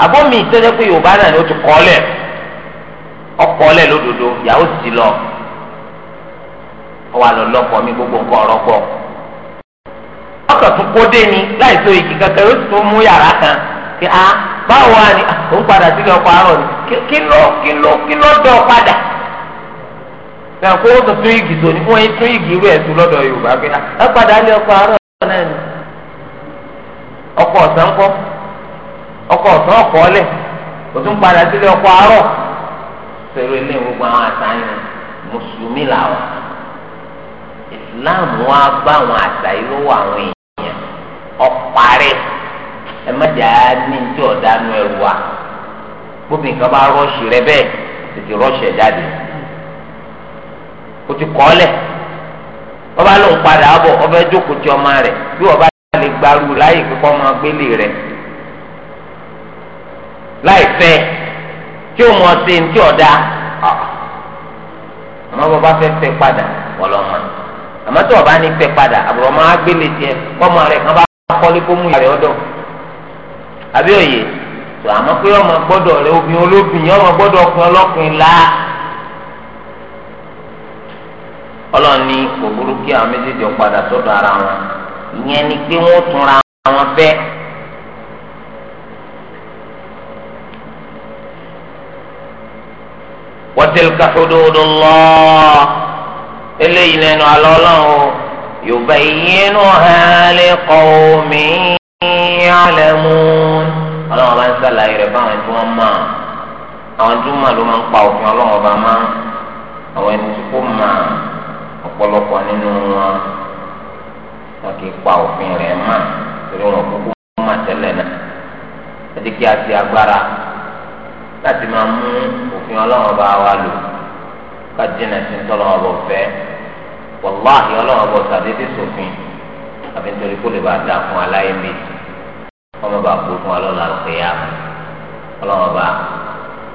Speaker 1: àbọ̀mí pé yorùbá náà ni ó ti kọ́lẹ̀ ọkọ̀ọ́lẹ̀ lódodo ìyàwó sì lọ mi gbogbo nǹkan ọkọ pọ̀ tún kó dé ni láì tó igi kankan yóò tún mú yàrá kan kí a báwo wá ni ó ń padà sílẹ̀ ọkọ̀ àárọ̀ ni kí ló na kó tuntun igi tó ní fún tún igi irú tó lọ́dọ̀ yorùbá pé ah, ẹ padà ọkọ àárọ̀ náà ni ọkọ ọ̀sán kọ́ ọkọ ọkọ arọ kò tún padà ọkọ gbogbo àwọn àtàyàn mùsùlùmí làwọn islam wa bá àwọn àwọn èèyàn ẹ rẹ tètè o ti kọ́ lẹ̀ wọ́n bá lóun padà bọ̀ wọ́n fẹ́ ti ọmọ rẹ̀ gbaru láyè kíkọ́ ọmọ rẹ̀ láìpẹ́ tí o mọ̀ ní tí ah, àmọ́ bọ́ bá fẹ́ fẹ́ padà àmọ́ tí ọba ní fẹ́ padà àbúrò ọmọ agbélé tiẹ̀ kọ́mọ rẹ̀ kan bá kọ́lé kó mú ìyàrá ọ̀dọ̀ àbí òye àmọ́ pé ọmọ gbọ́dọ̀ rẹ̀ obìnrin olóbìnrin ọmọ gbọ́dọ̀ ọkùnrin ọlọ́run ní kò burú kí àwọn méjèèjì padà sọ́dọ̀ ara wọn ìyẹn ni pé wọ́n tún ra wọn fẹ́. wọ́tílkà hududu Allah eléyìí lẹ́nu àlọ́ ọlọ́run yubayyinuha liqawmin ya'lamun ọlọ́run bá ń sàlàyé rẹ̀ báwọn tí wọ́n mọ̀ àwọn tí wọ́n mọ̀ ló máa ń pa òfin ọlọ́run ọba máa àwọn ẹni tí kò mọ̀ ọ̀pọ̀lọpọ̀ nínú wọn wọn kì í pa òfin rẹ̀ mọ́ torí wọn kúkú mọ̀ tẹ́lẹ̀ náà ẹtí kí a ti agbára láti máa mú òfin ọlọ́wọ́n bá wa lò ká jìnnà sí ntọ́lọ́wọ́n bọ̀ fẹ́ wàláhì ọlọ́wọ́n bọ̀ sàdédé sòfin àfi nítorí kó lè bá dáa fún aláyé méjì ọmọ bá kú fún ọlọ́lá òkè yá ọlọ́wọ́n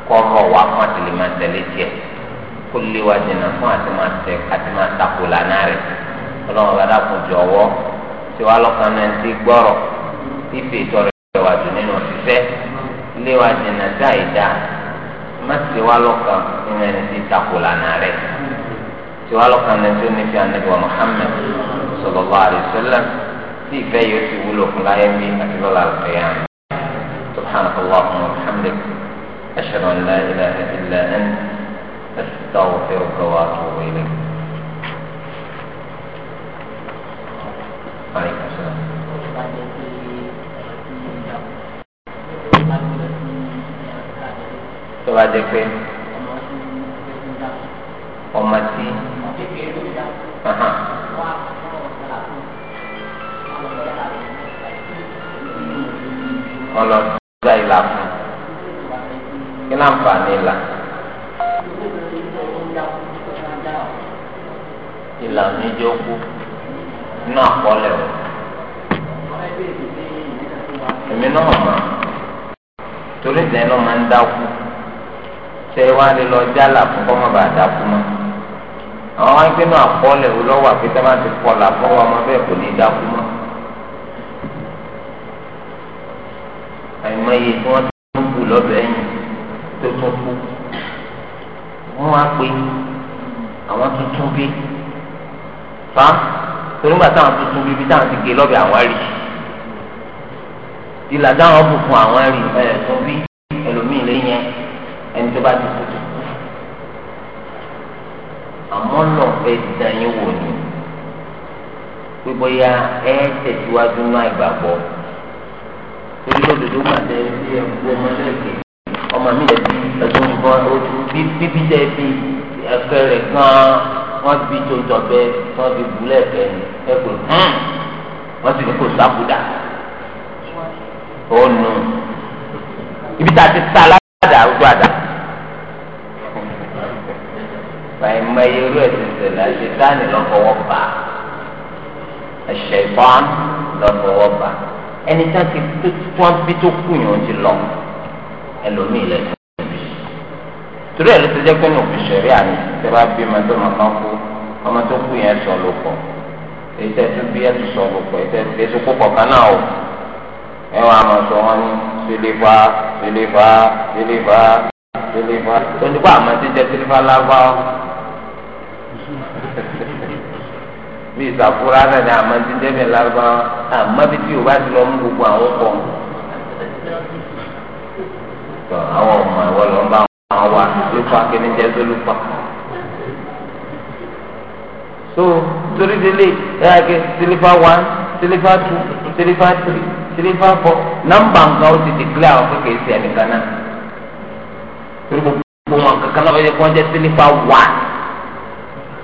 Speaker 1: kọ́ ọ̀rọ̀ wá fún àtìlẹ́mọ̀ tẹ́lẹ̀ tiẹ̀ kó lé wa jìnnà fún àti máa tẹ àti máa tako lànà rẹ̀ ọlọ́run bá dàkún jọ̀wọ́ tí wàá lọ́kàn náà ti gbọ́rọ̀ fífi ìtọ́rọ̀ ìjọ wà jù nínú fífẹ́ lé wa jìnnà dáìda má ti nínú ẹni tí tako lànà rẹ̀ tí wàá náà tí ní fi ànábì Muhammad sallallahu alaihi wasallam tí ìfẹ́ yóò ti wúlò fún láyé mi àti lọ́la àlùfẹ́yà subhanakallahumma wa bihamdik ashhadu an la ilaha illa anta أستغفرك وأتوب إليك عليكم السلام tó bá jẹ pé ọmọ tí
Speaker 2: ọlọ́dún ìlà fún kí náà fà ní ìlà. ìlànà
Speaker 1: ìjọ kú nínú àkọọ́lẹ̀ o. èmi náà mọ̀ torí ìdẹ́nu máa ń dákú ṣé wá lè lọ jálà fún kọ́ mọ́ bàá dákú mọ́ àwọn wáyé pé náà àkọọ́lẹ̀ o lọ́wọ́ àpẹtẹ́ máa ti kọlà fún ọmọ bẹ́ẹ̀ kò ní dákú mọ́. àìmọye tí wọ́n fa torígbà táwọn tuntun bíbí táwọn ti gé lọ́bì àwọn rí ìlà táwọn bù fún àwọn rí ẹ̀ tó rí ẹlòmíì lé yẹn ẹni tó bá ti kú tó kú àmọ́ náà fẹ́ dán yín wò ni pé bóyá ẹ tẹ̀síwájú náà ìgbàgbọ́ torí lódodo máa tẹ ẹ bí ẹ kú ọmọdé ẹ̀kẹ́ ọmọ mi lẹ́bi ẹ̀dùn nǹkan ojú bíbí jẹ́ bí ẹ̀kẹ́ rẹ̀ gan wọ́n bí tó ń jọbẹ wọ́n fi bu lẹkẹ ẹ kò hàn hmm. wọ́n sì ní kò sábùdà ó nu ibi tá a ti sa aládàá ojú àdá báyìí mọ iye irú ẹsẹ ìṣẹ̀lẹ̀ àti sáàni lọfọwọ bá ẹsẹ ìbọn lọfọwọ bá ẹni tá a ti tó wọn bí tó kù yàn ó ti lọ ẹlòmíì lẹsẹ torí ẹ̀ ló ti jẹ́ pé mo fi ṣẹ̀rí àná tẹ́ bá bí ọmọ tó mọ̀ kán kú ọmọ tó kú yẹn sọ ló pọ̀ èyí tẹ́ tún bí ẹ̀ tún sọ ló pọ̀ èyí tẹ́ tún kó pọ̀ kan náà o ẹ wọn àmọ̀ sọ wọn ní sílífà sílífà sílífà sílífà tó ní kó àmọ́ ti jẹ́ lágbá o bí ìsàkúrà náà ni àmọ́ ti mi lágbá o àmọ́ bí tí o bá ti lọ mú gbogbo àwọn
Speaker 2: pọ̀ àwọn ọmọ ìwọ lọ ń bá àwọn wa lóko akínníjẹ lólùpà
Speaker 1: so torí délé ẹ yà kí sílífà one sílífà two sílífà three sílífà four nọ́mbà nǹkan ó ti dìklẹ́ àwọn kékeré sí ẹnìkan náà torí gbogbo wọn kankan náà wọ́n wọ́n jẹ́ sílífà one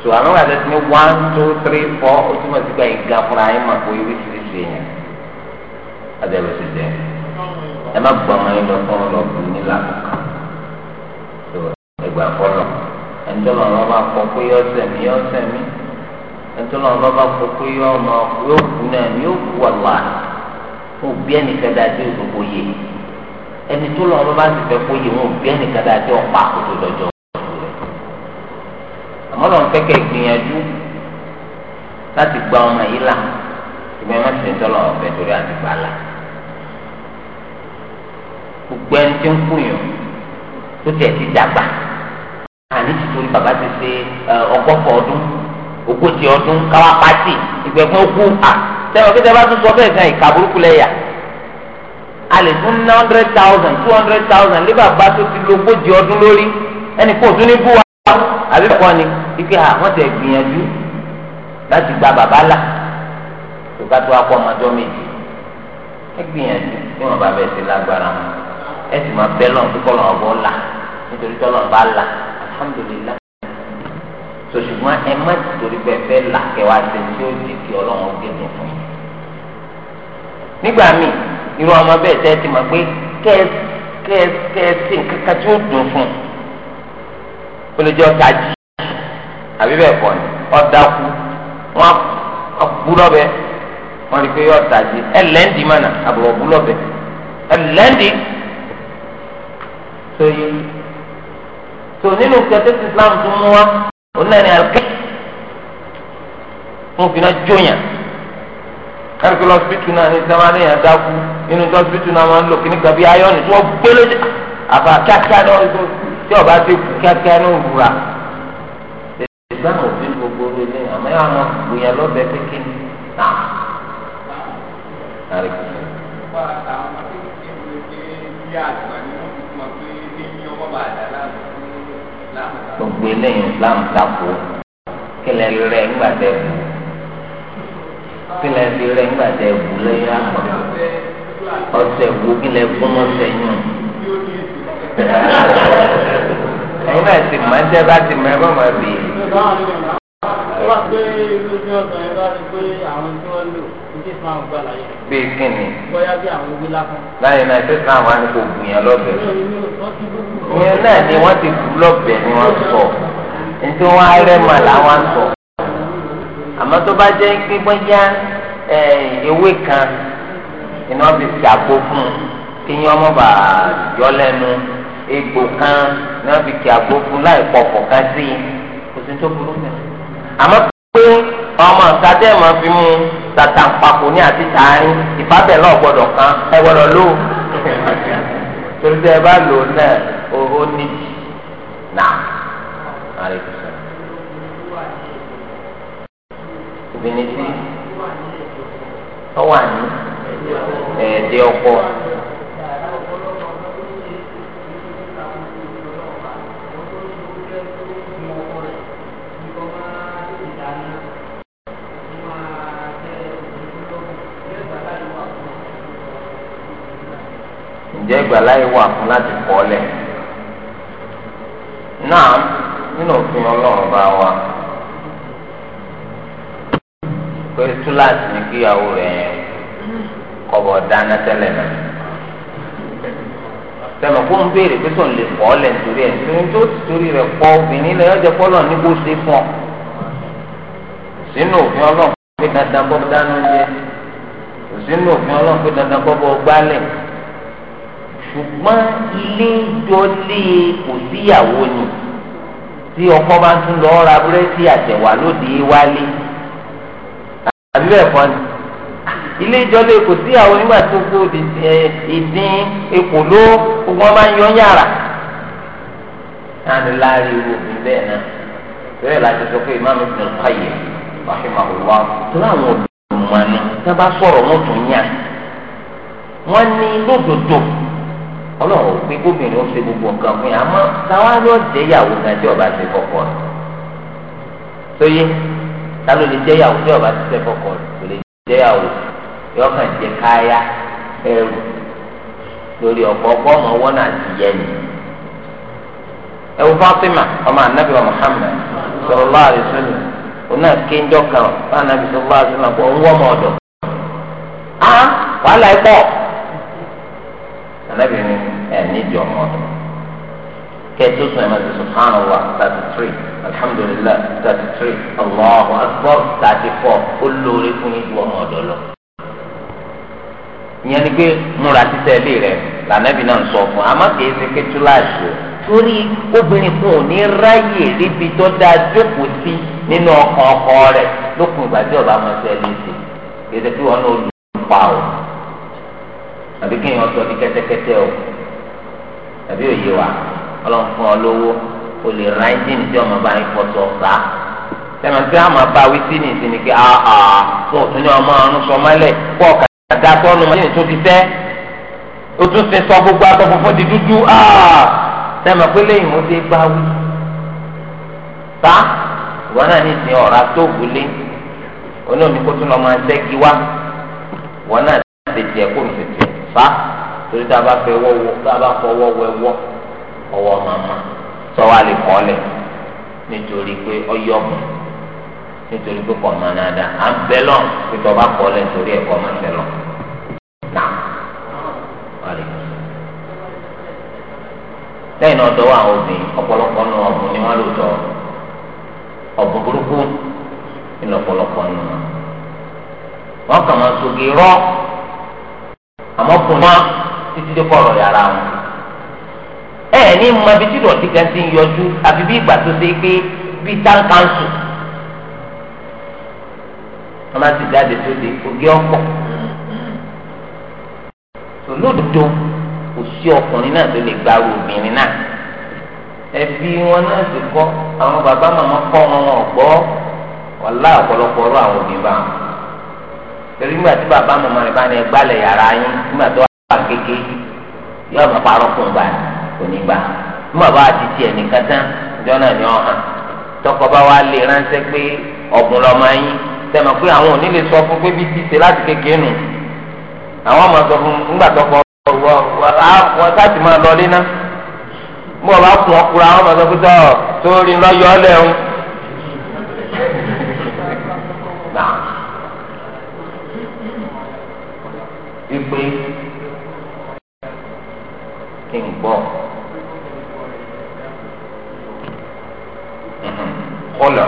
Speaker 1: so àwọn wà lẹ́sìn ní one two three four ó túmọ̀ sí ká ìga fúnra yín máa kó oríṣiríṣi yẹn adẹ́rù sí jẹ́ ẹ má gbọ́ ọmọ yín lọ fún ọ lọ fún nílà kankan gbà fọlọ ẹnitọ́nà wọn bá kọ pé yọ sẹ̀mí yọ sẹ̀mí ẹnitọ́nà wọn bá kọ pé yọ ọmọ yóò kú náà yóò kú ọ̀la wọn ò bí ẹnìkan dáa tí yóò gbogbo yé ẹni tó lọ ti fẹ́ kó yé wọn bí ẹnìkan dáa ọ̀pá àkótó àmọ́ lọ́n kẹ́kẹ́ gbìyànjú láti gba ọmọ yìí là ìgbà wọn ti tọ́lọ̀ ọ̀fẹ́ torí àti gbàlà gbogbo ẹni tí ń kú yàn tó tẹ̀ ti dàgbà àní tuntun bàbá ti ṣe ọgọ́fọ̀ ọdún ogójì ọdún káwá pàtì ìgbẹ̀gbọ́n okú à sẹ́wọ̀n kí sẹ́wọ́n tún sọ bẹ́ẹ̀ gan ìka burúkú lẹ́yà a lè fún ní hundred thousand two hundred thousand lé bàbá tó ti lo ogójì ọdún lórí ẹnì kó tún ní bú wa àbí kọ́ ni ike à wọ́n tẹ̀ gbìyànjú láti gba bàbá là tó ká tó akọ ọmọdé méjì ẹ gbìyànjú bí wọn bá bẹ̀ sí lágbára ẹ sì máa bẹ́ lọ́n kó kọ́ lọ́n ọgbọ́n là nítorí tọ́lọ́n bá là alhamdulilah so ṣùgbọ́n ẹ má ti torí bẹ́ẹ̀ fẹ́ là kẹwàá ṣe tí ó di kí ọlọ́run gé tó fún yín. nígbà míì irú ọmọ bẹ́ẹ̀ tẹ́ ti mọ̀ pé kẹ́ẹ̀sì kankan tí ó dùn fún un ó lè jẹ́ ọ̀tá jì àbí bẹ́ẹ̀ kọ́ ni ọ̀dà kú wọ́n bú lọ́bẹ̀ wọ́n rí i pé ọ̀tá jì ẹ lẹ́ǹdì mọ̀nà àbúrò bú ẹ lẹ́ǹdì tó nínú kẹtẹ tí islam tó mú wa òun náà ní alkẹ́ fún fina jóyàn kárìkì lọ́sibítù náà ní sẹ́wọ́n yẹn dákú nínú lọ́sibítù náà máa ń lò kíní gàbí ayọ́nù tí wọ́n gbélé àbá kíákíá náà tí ọba ti kú kíákíá náà wúra islam ò fi gbogbo rẹ ní àmọ́ yà máa gbìyàn lọ́bẹ̀ kékeré náà. Kárìkì gbogbo eléyìí islam tako kílẹ̀ rẹ̀ ńgbà tẹ̀ bù kílẹ̀ rẹ̀ ńgbà tẹ̀ bù lẹ́yìn àpọ̀
Speaker 2: ọ̀sẹ̀ wo kílẹ̀ fún ọ̀sẹ̀ yìí ẹ̀yin náà ti mọ̀ ẹ́ tẹ́ bá ti mọ̀ ẹ́ bá mọ̀ ẹ́
Speaker 1: bí kíni. láyé náà ṣe fún àwọn àníkò gbìyàn lọ́bẹ̀.
Speaker 2: ìyẹn náà ni wọ́n ti kú lọ́bẹ̀ ni wọ́n sọ. nítorí wọ́n á rẹ́ mà láwọn sọ.
Speaker 1: àmọ́ tó bá jẹ́ pé bóyá ewé kan iná fi ṣàgbo fún un kí yín ọmọ bá yọ lẹ́nu egbò kan iná fi ṣàgbo fún un láì pọ̀pọ̀ kan sí i kò sí tó burú mẹ́rin àmọ́ pé ọmọ nǹkan tẹ́ mọ̀ fi mú tata papò ní àti tààrin ìfábẹ́ náà gbọ́dọ̀ kan ẹ gbọ́dọ̀ lò <laughs> torí tẹ́ ẹ bá lò náà ó níbi náà àríkùsọ. obìnrin tí ọ wà ní ẹ̀ẹ́dẹ́ ọkọ. ǹjẹ́ ìgbàláyé wà fún láti kọ́ lẹ̀ náà nínú òfin ọlọ́run bá wa pé túláàsì ní kíyàwó rẹ̀ yẹn kọ́bọ̀ dáná tẹ́lẹ̀ náà tẹmọ kó ń béèrè pé sọ̀n lè kọ́ lẹ̀ nítorí ẹ̀ nítorí tó torí rẹ̀ kọ́ obìnrin ọjọ́ ní ṣe fún ọ sínú òfin ọlọ́run pé dandan bọ́ dáná sínú òfin ṣùgbọ́n ilé jọlé e, kò síyàwó ni tí ọkọ bá tún lọ ra búrẹ́dì àtẹ̀wà lóde wálé àbí bẹ́ẹ̀ kọ́ ni ilé ìjọlé e, kò síyàwó nígbà tó kó ìdín epo ló gbogbo ọmọ yọ yàrá láàrin láàrin irú mi bẹ́ẹ̀ náà bẹ́ẹ̀ láti sọ pé ìmáàmù Ibn Qayyim rahimahullah tó láwọn olùmọ̀ọ́nù tí wọ́n bá sọ̀rọ̀ wọn tún yàn wọ́n ní lódodo ọlọ́run ò pé gómìnà ó ṣe gbogbo nǹkan fún yà àmọ́ táwa ni ó jẹ́ ìyàwó náà tí ọba ṣe kọ̀kọ́ rẹ̀ sóyè ta ló lè jẹ́ ìyàwó tí ọba ti ṣe kọ̀kọ́ rẹ̀ kò lè jẹ́ ìyàwó yọ kàn jẹ́ káyà ẹrù lórí ọ̀pọ̀ ọgọ́rùn-ún náà ti yẹ ni. ẹ wo ọmọ anabi wa Muhammad sallallahu alaihi wasallam òun náà ké kan fún anabi sallallahu alaihi wasallam kó ń wọ́ ọmọ ọ̀dọ̀ anabi ni ẹ nídìí ọmọ ọdọ kẹtù sùn ẹ máa ti subhana wa thirty three alhamdulilah thirty three allahu akbar thirty four ó lóore fún yín ju ọmọ ọdọ lọ ìyẹn ni pé múra títẹ ilé rẹ lànàbì náà ń sọ fún un àmọ́ kìí ṣe kẹtù láàṣù torí obìnrin kan ò ní ráyè ríbi tó dáa jókòó sí nínú ọkàn ọkọ rẹ lókun ìgbà tí ọba máa ṣe kìí ṣe kí wọn náà lù ú pa ọ àbí kí èèyàn sọ di kẹ́tẹ́kẹ́tẹ́ o àbí òye wa ọlọ́run fún ọ lówó o lè ra ẹ́ńjìnì tí ọmọ bá yín fọṣọ ọ̀sá tẹ̀mọ̀ tí a máa bá wí sí ní ìsinmi kí aa tó o tún ní ọmọ ọ̀run sọ mọ́lẹ̀ pọ̀ kàdá tó ọ̀nà tó ti tẹ́ o tún ti sọ gbogbo aṣọ funfun di dúdú aa tẹ̀mọ̀ pé lẹ́yìn mo ti bá wí tá ìwọ náà ní ìsìn ọ̀rá tó wulé oní omi kó tún lọ́ máa tẹ́gi wá ìwọ náà ti tiẹ̀ kó mi fa torí tá a bá fẹ́ wọ́wọ́ tá a bá fọwọ́ wẹwọ́ ọwọ́ màmá sọ́wọ́ àlè kọ́lẹ̀ nítorí pé ọyọ́ mọ̀ nítorí pé kọ̀ máa náà dá à ń bẹ́ lọ pé tọ́ bá kọ́lẹ̀ nítorí lọ. lẹ́yìn náà dọ́wọ́ àmọ́ kùn ní títí dé kọ̀rọ̀ yàrá wọn. ẹ ẹ ní mọ ibi tí dọ̀tí kan ti ń yọjú àfi bí ìgbà tó ṣe pé bí de wọn máa ti jáde sóde ògé ọ̀pọ̀ tòlódodo kò sí ọkùnrin náà tó lè gba obìnrin náà ẹbí wọn náà ti kọ àwọn bàbá màmá kọ wọn wọn torí nígbà tí bàbá màmá rẹ̀ bá ní ẹgbàlẹ̀ yàrá yín nígbà tó wà kéke yóò máa parọ́ fún gbà kò ní gbà wa lè ránṣẹ́ pé ọ̀gùn lọ́mọ yín tẹ̀mọ̀ pé àwọn ò ní lè sọ fún pé bí ti láti kéke nù kí n gbọ́. kọlọ.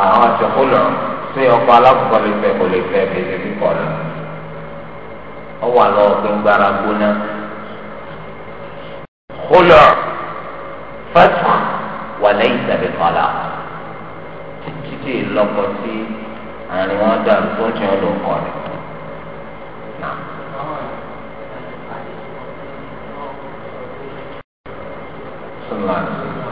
Speaker 1: àwọn àtẹ̀kù lọ sí ọkọ̀ alákọ̀ọ́kọ́ lè fẹ́ kò lè fẹ́ bèbè kíkọ̀ lọ. ọwọ́ àlọ́ ọ̀gbìn gbára gbóná kólọ̀ fásitì wà lẹ́yìn tàbí kọ́lá títí tí ìlọ́kọ sí àárín wọn dàrú tó ń tiẹ̀ lò kọ́ rẹ̀.
Speaker 2: Sọ́nà àti sọ́nà.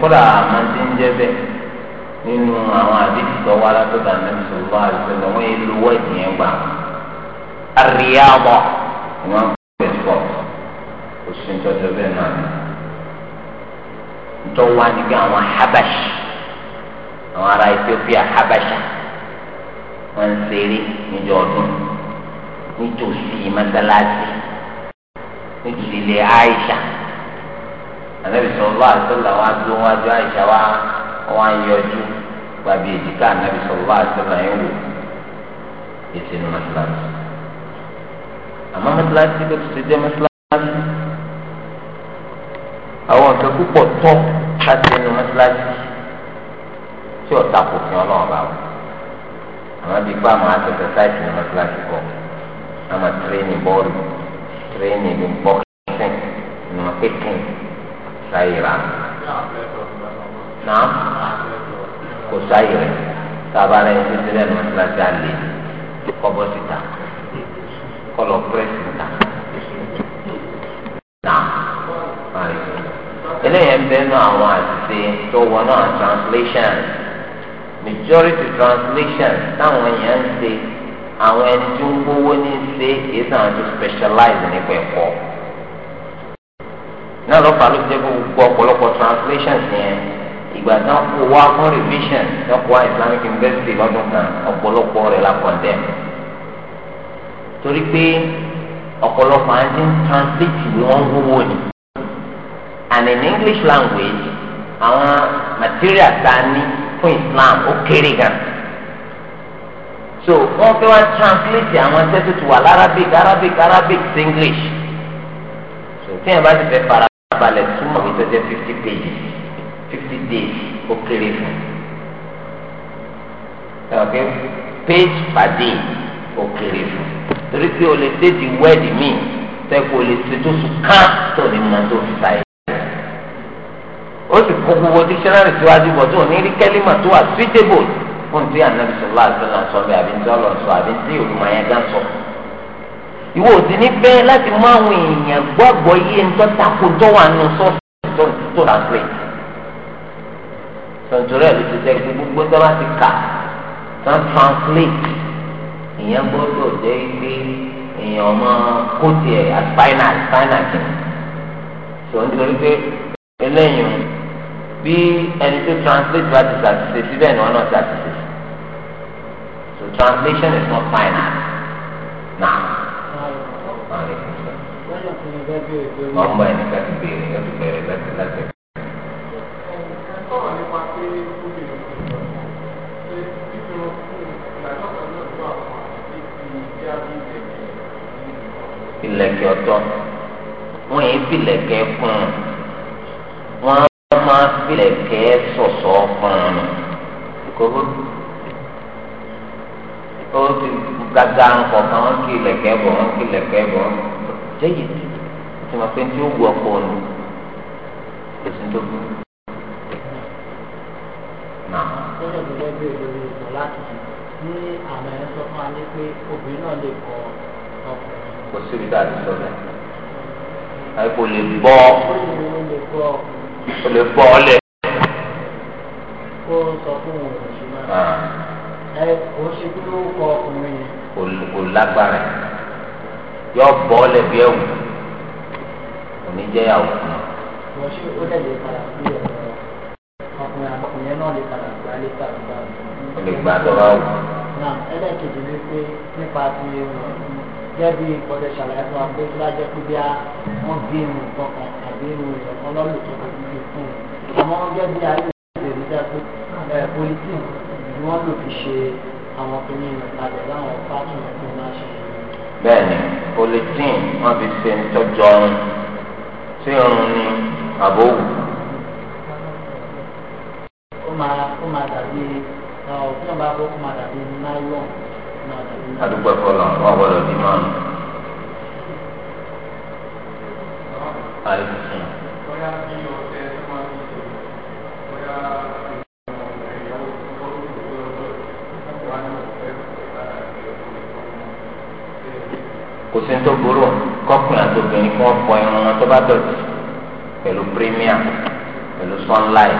Speaker 1: kódà àmọ́ ti ń jẹ́ bẹ́ẹ̀ nínú àwọn àdéhùn tó wá látọ̀dà nàbì sọ̀rọ̀ àdìsọ̀rọ̀ wọ́n yẹn lo wọ́ọ̀dì yẹn gbà. àríyáwọ̀ wọn pẹ̀ sport oṣù tọ́jọ́ bẹ́ẹ̀ náà ni. ntọ́ wá níbi àwọn habash àwọn ará Ethiopia habasha wọ́n ń ṣeré níjọ ọdún nítòsí mọ́sálásí nítòsí ilé Aisha anabi sọlọ àtọlà wa tó wọn adó àyíṣà wa wọn yọjú gbàbí èjìká anabi sọlọ àtọlà yẹn wò ètò ìnú mọ́tíláṣí àmọ́ mọ́tíláṣí tó ti jẹ́ mọ́tíláṣí àwọn nǹkan púpọ̀ tọ́ láti ẹnu mọ́tíláṣí tí ọ̀tá kò fi ọlọ́run bá wọn àwọn bíi pa àwọn àtẹ̀tẹ̀ sáìtì ní mọ́tíláṣí kọ́ àwọn tírẹ́nì bọ́ọ̀lù tírẹ́nì bọ́ọ̀lù ní mọ́tíláṣí sáyé rà náà kò sáyé rẹ tábàárẹ̀ ní títí lẹ́nu ìfúnnájà lè kọ́bọ́ síta kọ́lọ̀ pírẹ́sì ta náà eléyẹn bẹ́ẹ̀ náà àwọn àṣìṣe tó wọ náà translation majority translation táwọn èèyàn ń ṣe àwọn ẹni tí ń gbówó ní ṣe kì í sàn tó specialize nípa ẹ̀kọ́ náà lọ́ọ́ fàá ló jẹ́ kó gbogbo ọ̀pọ̀lọpọ̀ translations yẹn ìgbà tí wọ́n kó wá fún revision lọ́kọ̀ wá Islamic University lọ́dún kan ọ̀pọ̀lọpọ̀ rẹ̀ la condemn torí pé ọ̀pọ̀lọpọ̀ à ń translate ìwé wọn wúwo ni and in English language àwọn material tá a ní fún Islam ó kéré gan so wọ́n fẹ́ wá translate àwọn tẹ́tù tó wà lárabic arabic arabic sí English so tí yẹn bá ti fẹ́ fara farabalẹ̀ túmọ̀ mi tó jẹ́ fifty pages fifty days ó kéré fún ok page per day ó kéré fún torí pé o lè dé di wẹ́ẹ̀dì míì tẹ́kọ̀ o lè ṣe tó sùn ká tó ní mọ́ tó fi sáyé ó sì kó gbogbo dictionary síwájú bọ̀ tó ní rí kẹ́límà tó wà suitable fún tí ànábìsọ̀lá àti ọ̀nà sọ̀bẹ̀ àbí ń tọ́lọ̀ àbí ń olùmọ̀ yẹn gán sọ̀rọ̀ ìwọ ò sì ní fẹ́ láti mú àwọn èèyàn gbọ́gbọ́ yé ń tọ́ta kó tó wà nù sọ́ọ̀tì tó tó pé. tọ́jú rẹ̀ ló ti jẹ́ pé gbogbo tó bá ti kà tó ń translate èèyàn gbọ́dọ̀ jẹ́ pé èèyàn ọmọ kó tiẹ̀ àspáínà àspáínà kì í. sọ pé eléyìí bí ẹni tó translate bá ti ṣàtìṣe síbẹ̀ ni wọ́n náà ṣàtìṣe. so translation is not final. now. Nah ọmọ ẹ̀ nìkan ti béèrè yóò ti bẹ̀rẹ̀ lẹ́sẹ̀ lẹ́sẹ̀.
Speaker 2: ìlẹ̀kẹ̀ ọ̀tọ̀
Speaker 1: wọ́n yìí fìlẹ̀kẹ̀ fún un wọ́n á máa fìlẹ̀kẹ̀ sọ̀sọ̀ fún un ìkókó ó gàgà nǹkan wọ́n kì í bọ̀ wọ́n kì í bọ̀ jẹ́yìí tí wọ́n pé tí ó wù ọ̀pọ̀ ọ̀nù èsì tó kù. ní àmọ́ ẹ̀ sọ fún wa ní pé obìnrin náà lè kọ ọkùnrin. kò síbi tá a ti sọ bẹ́ẹ̀. àìkò lè bọ́ kò lè bọ́ ọ lẹ̀. sọ fún òun ṣùgbọ́n ẹ kò ṣe kí ló kọ ọkùnrin yẹn. kò lágbára yọ bọ́ ọ bí ẹ̀wù ní jẹ́yàwó fún un.
Speaker 2: wọ́n ṣe lè gba lè padà
Speaker 1: ẹlẹ́kejì ni pé nípa ti jẹ́bi ìkọ̀dẹ̀ ṣàlàyé fún wa pé tó bá jẹ́ pé bí wọ́n gé irun kankan àbí irun rẹ̀ ọlọ́lù tó kọjú fi fún un. àmọ́ jẹ́bi ayé ìṣèlú jẹ́ pé politin ni wọ́n lò fi ṣe àwọn kìnìún ìpàdé láwọn
Speaker 2: fásitì tó máa
Speaker 1: ṣe. bẹ́ẹ̀ni politin wọn fi ṣe ń tọjọ ọrùn. sí irun ni àbò wù. ó máa ó máa dàbí ọ̀ tí wọ́n máa dàbí náírọ̀n. adúgbò ẹ̀fọ́ lọ wọ́n gbọ́dọ̀ bí máa
Speaker 2: àìsàn. bóyá bí tó máa ń bí bóyá.
Speaker 1: kò sí tó burú kọkùnrin àti obìnrin kí wọ́n fọ irun wọn tó bá dọ̀tí pẹ̀lú premium pẹ̀lú sunlight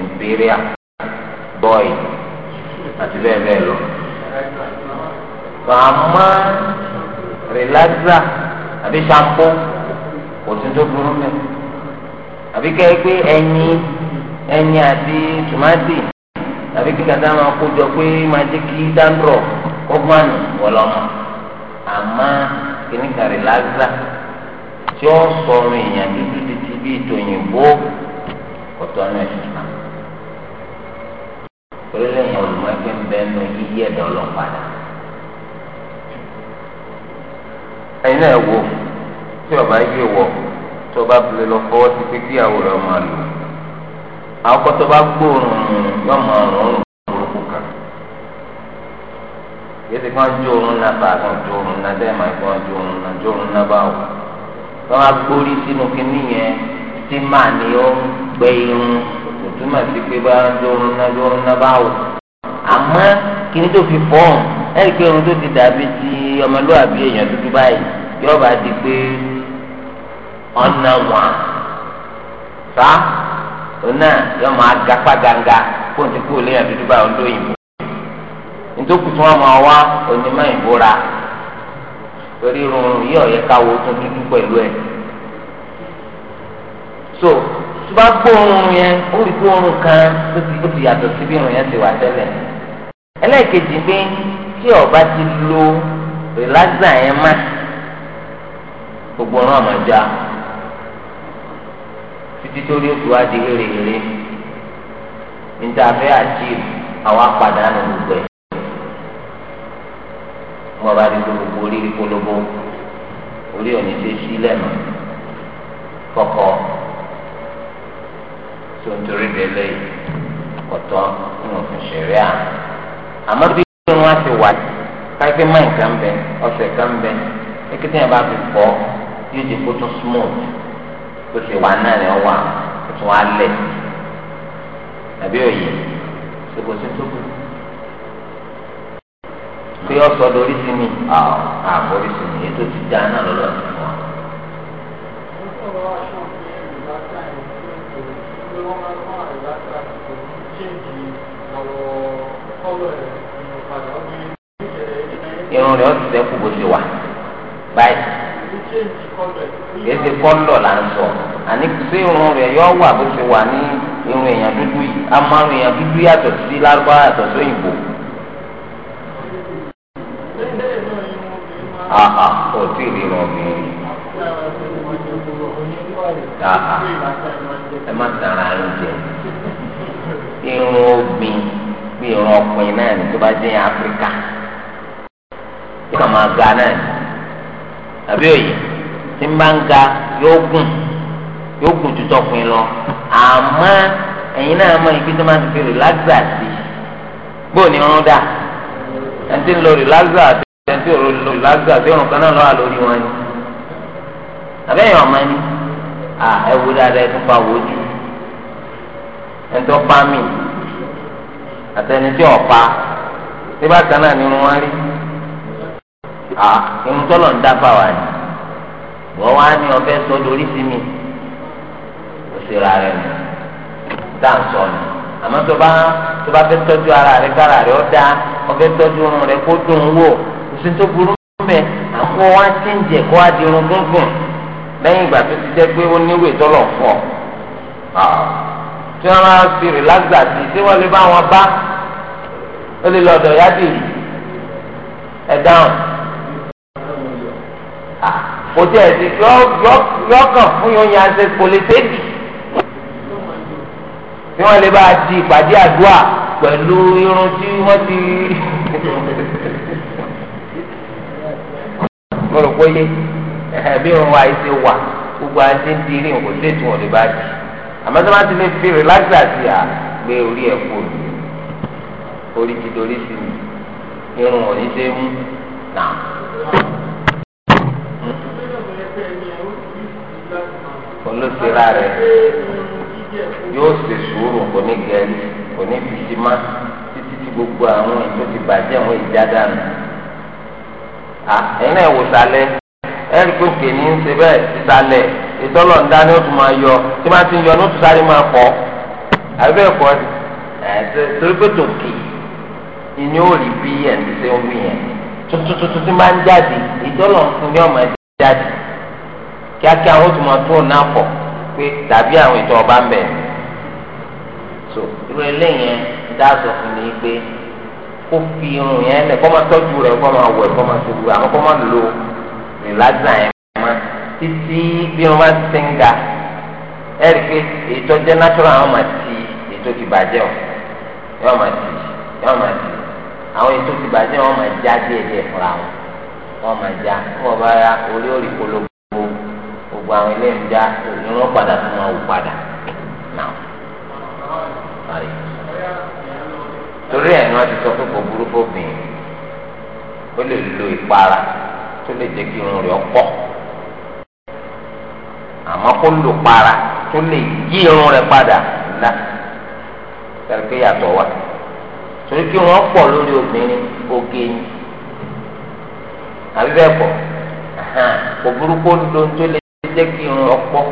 Speaker 1: imperial boy àti bẹ́ẹ̀ bẹ́ẹ̀ lọ. màmá relaxer àbí shampoo kò sí tó burú mẹ́ àbí kẹ́gbẹ́ ẹyin ẹyin àti tòmátì àbí kíkàtà máa kó jọ pé máa jẹ́ kí dáńdọ̀rọ̀ kọ́gbọ́n àná wọ́n lọ́mọ àmọ́ kìnnìkan rìláxà tí ó sọ̀rọ̀ èèyàn dúdú títí bí ìtòyìnbó ọ̀tọ̀ ní ẹ̀sìn náà. torí lẹ́yìn olùmọ̀ ẹgbẹ́ ń bẹ nínú yíyí ẹ̀dọ̀ ọlọ́padà. ẹ̀yin náà wò tí ọba yé wọ tí ọba bilẹ̀ lọ fọwọ́ sí pé kíyàwó rẹ̀ máa lò. àwọn kọ́tọ́ bá gbóòórùn yọ̀ máa rọrùn. yéésì kan jó oorun náà bá kan jó oorun náà dẹ́ẹ̀ máa kan jó oorun náà jó oorun náà bá wò wọ́n á gbórí sínú kínní yẹn tí màá ní ó ń gbẹ irun kò túmọ̀ sí pé bá jó oorun náà jó oorun náà bá wò àmọ́ kínní tó fi fọ́ọ̀n ẹ̀rí pé irun tó ti dàbí ti ọmọlúwàbí èèyàn dúdú báyìí yóò bá di pé ọ̀nà wọn sá òun yóò máa gapá ganga kó n ti kú ilé dúdú báyìí ọ̀dọ́ òyìnbó nítòkù tí wọ́n máa wá onímọ̀ ìbora torí irun yìí ọ̀yẹ́ káwo tó dúdú pẹ̀lú ẹ̀ so tó bá gbọ́ oorun yẹn ó rí pé oorun kan ó ti ó ti yàtọ̀ sí bí irun yẹn ti wà tẹ́lẹ̀ ẹlẹ́ẹ̀kejì pé tí ọba ti lo relaxer yẹn má gbogbo ọ̀ràn àmọ́já títí tó rí òkú wá di hérehère níta fẹ́ àti àwọn apàdánù gbogbo ẹ̀ wọn bá rí gbogbo orí polówó orí òní ṣe sí lẹ́nu kọ́kọ́ tó ń torí délé ọ̀tọ̀ nínú òfin ṣẹ̀ríà
Speaker 2: àmọ́ bí wọ́n ti wà
Speaker 1: káyọ̀pé máa nǹkan bẹ ọ̀sẹ̀ kan bẹ ẹ̀kẹ́tẹ́ yẹn bá fi fọ́ yóò di kó tún smooth kó sì wà náà ni ọ wà kó tún wà lẹ̀ tàbí òye ṣe kò sí tó kù pé ọsọ lórí sí mi àbọ̀ lórí sí mi ètò ti dá náà lọ́lọ́ sí
Speaker 2: fún
Speaker 1: irun rẹ̀ ọ̀sẹ̀ kù bó ti wà báyìí
Speaker 2: gbèsè kọ́ńdọ̀ là ń sọ àní sí irun rẹ̀ yọ wà
Speaker 1: bó ti wà ní irun èèyàn dúdú yìí a máa ń irun èèyàn dúdú yàtọ̀ sí lárúbáwá yàtọ̀ sí àhà kò tí ì rí wọn bí.
Speaker 2: àhà ẹ má tara ẹ jẹ
Speaker 1: irun obìn bí irun ọkùnrin náà ní tó bá jẹ́ áfíríkà yóò kàn máa ga náà àbí òye tí ń bá ń ga yóò gùn yóò gùn ju tọkùnrin lọ àmọ́ ẹ̀yin náà mọ ibi tó máa ti fi rìlágbà sí bóò ní irun dà ẹni tí ń lo rìlágbà àti ẹni tí òru lò lágbà tí òrùn kan náà lọ́wọ́ lórí wọn ni àbẹ́yẹn ọmọ ni à ẹ wo dáadáa ẹ tún pa wò jù ẹni tó pa mí àtẹni tí ò pa tí bá kan náà nínú wọn rí à irun tọ́lọ̀ ń dáfà wá ni wọ́n wá ní ọbẹ̀ sọ lórí sí mi òṣèré rẹ ni dáǹsọ ni àmọ́ tó bá tó bá fẹ́ tọ́jú ara rẹ kára rẹ ó dáa ó tọ́jú irun rẹ kó dùn ún wò òsì tó burú mbẹ àwọn wá ti ń jẹ kó wá di irun gúngùn lẹ́yìn ìgbà tó ti jẹ́ pé ó níwèé tọ́lọ̀ fọ́ ah, tí wọ́n máa fi rìlágbà sí i tí wọ́n lè bá wọn bá ó lè lọ́dọ̀ yádì ẹ̀ dáhùn ah, kò tí ẹ̀ sì yọkàn fún yóò yan ṣe pòlítẹ́ẹ̀dì tí wọ́n lè bá di ìpàdé àdúrà pẹ̀lú irun tí wọ́n ti. <laughs> mo rò pé bí irun wa yìí ṣe wà gbogbo àti ń di rí nǹkan tó ètò wọn lè bá jì àmọ́ tó bá ti lè fi rìláxà sí à gbé orí ẹ̀ kó lù orí ti dorí sí mi irun ò ní ṣe mú nà.
Speaker 2: olóṣèlá rẹ yóò ṣe sùúrù kò ní gẹ̀ẹ́lì
Speaker 1: kò ní fìsímá títí tí gbogbo àwọn ètò ti bàjẹ́ àwọn ìjà dànù ẹ̀yin náà wò sálẹ̀ ẹ̀rí pé òkè ní ń ṣe bẹ́ẹ̀ sísàlẹ̀ ìtọ́lọ̀ ń dání ó tún máa yọ tí máa ti yọ ní oṣù sáré máa pọ̀ àbẹ́ ẹ̀kọ́ torí pé tòkè ni ó rí bí ẹ̀ ń ṣe omi yẹn tuntun tuntun tí máa ń jáde ìtọ́lọ̀ ń fún yọ̀ọ̀mọ̀ ẹ̀ jáde kíákíá àwọn oṣù máa tún náà pọ̀ pé tàbí àwọn ìtọ́ ọba ń bẹ̀ so irú eléyẹn dáàsọ kó fi irun yẹn lẹ̀ kó máa tọ́jú rẹ̀ kó máa wẹ̀ kó máa tóbi àmọ́ kó máa lo rìláza yẹn mọ́ títí bí irun bá ti ń ga ẹ̀rí pé ètò jẹ́ natural àwọn máa ti ètò ti bàjẹ́ o yóò máa ti yóò máa ti àwọn ètò ti bàjẹ́ wọn máa já díẹ̀ díẹ̀ fúnra wọn wọn máa já wọn bá ya orí òrì polówó gbogbo àwọn ilé ìjà òní wọn padà tún máa wò padà náà torí ẹ̀ ni wọ́n ti sọ pé kò burúkú obìnrin ó lè lo ìpara tó lè jẹ́ kí irun rẹ̀ pọ̀ àmọ́ kó lò para tó lè yí irun rẹ̀ padà ńlá tẹ̀lé pé yàtọ̀ wà torí kí wọ́n pọ̀ lórí obìnrin oge ni àbí bẹ́ẹ̀ pọ̀ kò burúkú ló ń tó lè jẹ́ kí irun rẹ̀ pọ̀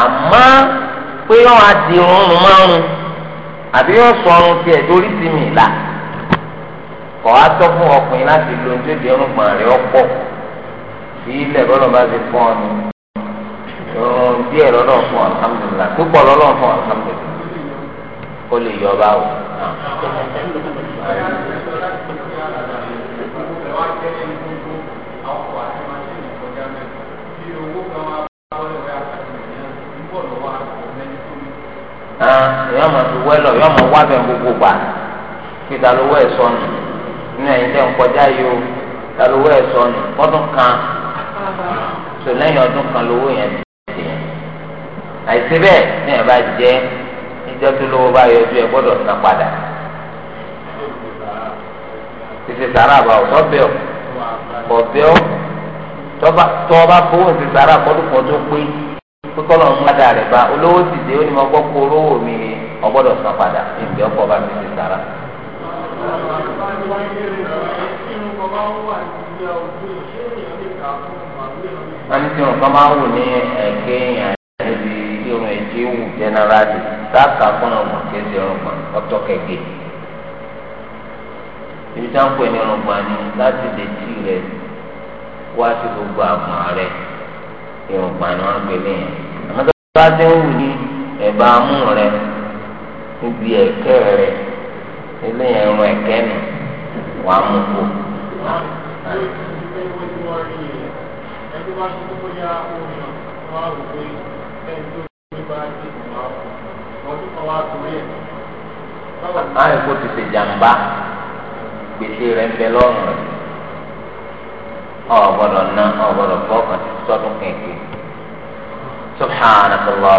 Speaker 1: àmọ́ pé wọ́n á di irun márùn-ún àbí yóò sọ ọrùn tiẹ̀ torí sí mi là kọ́ á tọ́ fún ọkùnrin láti lo ní tóbi ọlọ́gbọ̀n rẹ̀ ọ̀pọ̀ sí ilẹ̀ lọ́dọ̀ bá ti fún ọ ní irun díẹ̀ lọ́dọ̀ fún alhamdulillah púpọ̀ lọ́dọ̀ fún alhamdulillah ó lè yọ ọba o.
Speaker 2: èèyàn máa fi wẹ́lọ̀ èèyàn máa wá bẹ́ẹ̀ gbogbo gbà kí ìdálówó ẹ̀ sọnù nínú ẹ̀yìn tẹ̀ ń kọjá
Speaker 1: yìí o ìdálówó ẹ̀ sọnù ọdún kan sọ lẹ́yìn ọdún kan lówó yẹn ti yẹn àìsí bẹ́ẹ̀ ní ẹ̀ bá jẹ́ ìjọ tó lówó bá yọjú ẹ̀ gbọ́dọ̀ san padà tètè sàrà àbá ọ̀tọ́ bẹ́ẹ̀ ọ̀bẹ́ ọ tọ́ba fowó ti sàrà kọ́dún kan tó pé. ikú tọ́lọ̀ ń padà rẹ̀ bá olówó sì dé ó ní mo gbọ́ kó olówó mi ọgbọ́dọ̀ san padà ìgbẹ́ ọkọ̀ bá mi ti sára.
Speaker 2: wọ́n ní tí nǹkan máa ń wù ní ẹ̀kẹ́
Speaker 1: ẹ̀jẹ̀ wù jẹ́nẹ́ráàdì fún ọmọ kéde ọ̀tọ̀ kẹ̀kẹ́. ibi táwọn pè ní ni láti lè tì rẹ̀ wá sí gbogbo àgbọ̀n rẹ̀. irun pa ni wọ́n ń pè léyìn àmọ́ tó bá dé wù ní ẹ̀bá amú rẹ níbi ẹ̀kẹ́ rẹ eléyìn irun ẹ̀kẹ́ nì wà á mú kú. Báyọ̀ ti ṣe jàmbá gbèsè rẹ̀ ń bẹ lọ́rùn rẹ̀ ọ̀gbọ́dọ̀ ná ọ̀gbọ́dọ̀ fọkàn sọdún kẹ̀kẹ́ subhanahu wa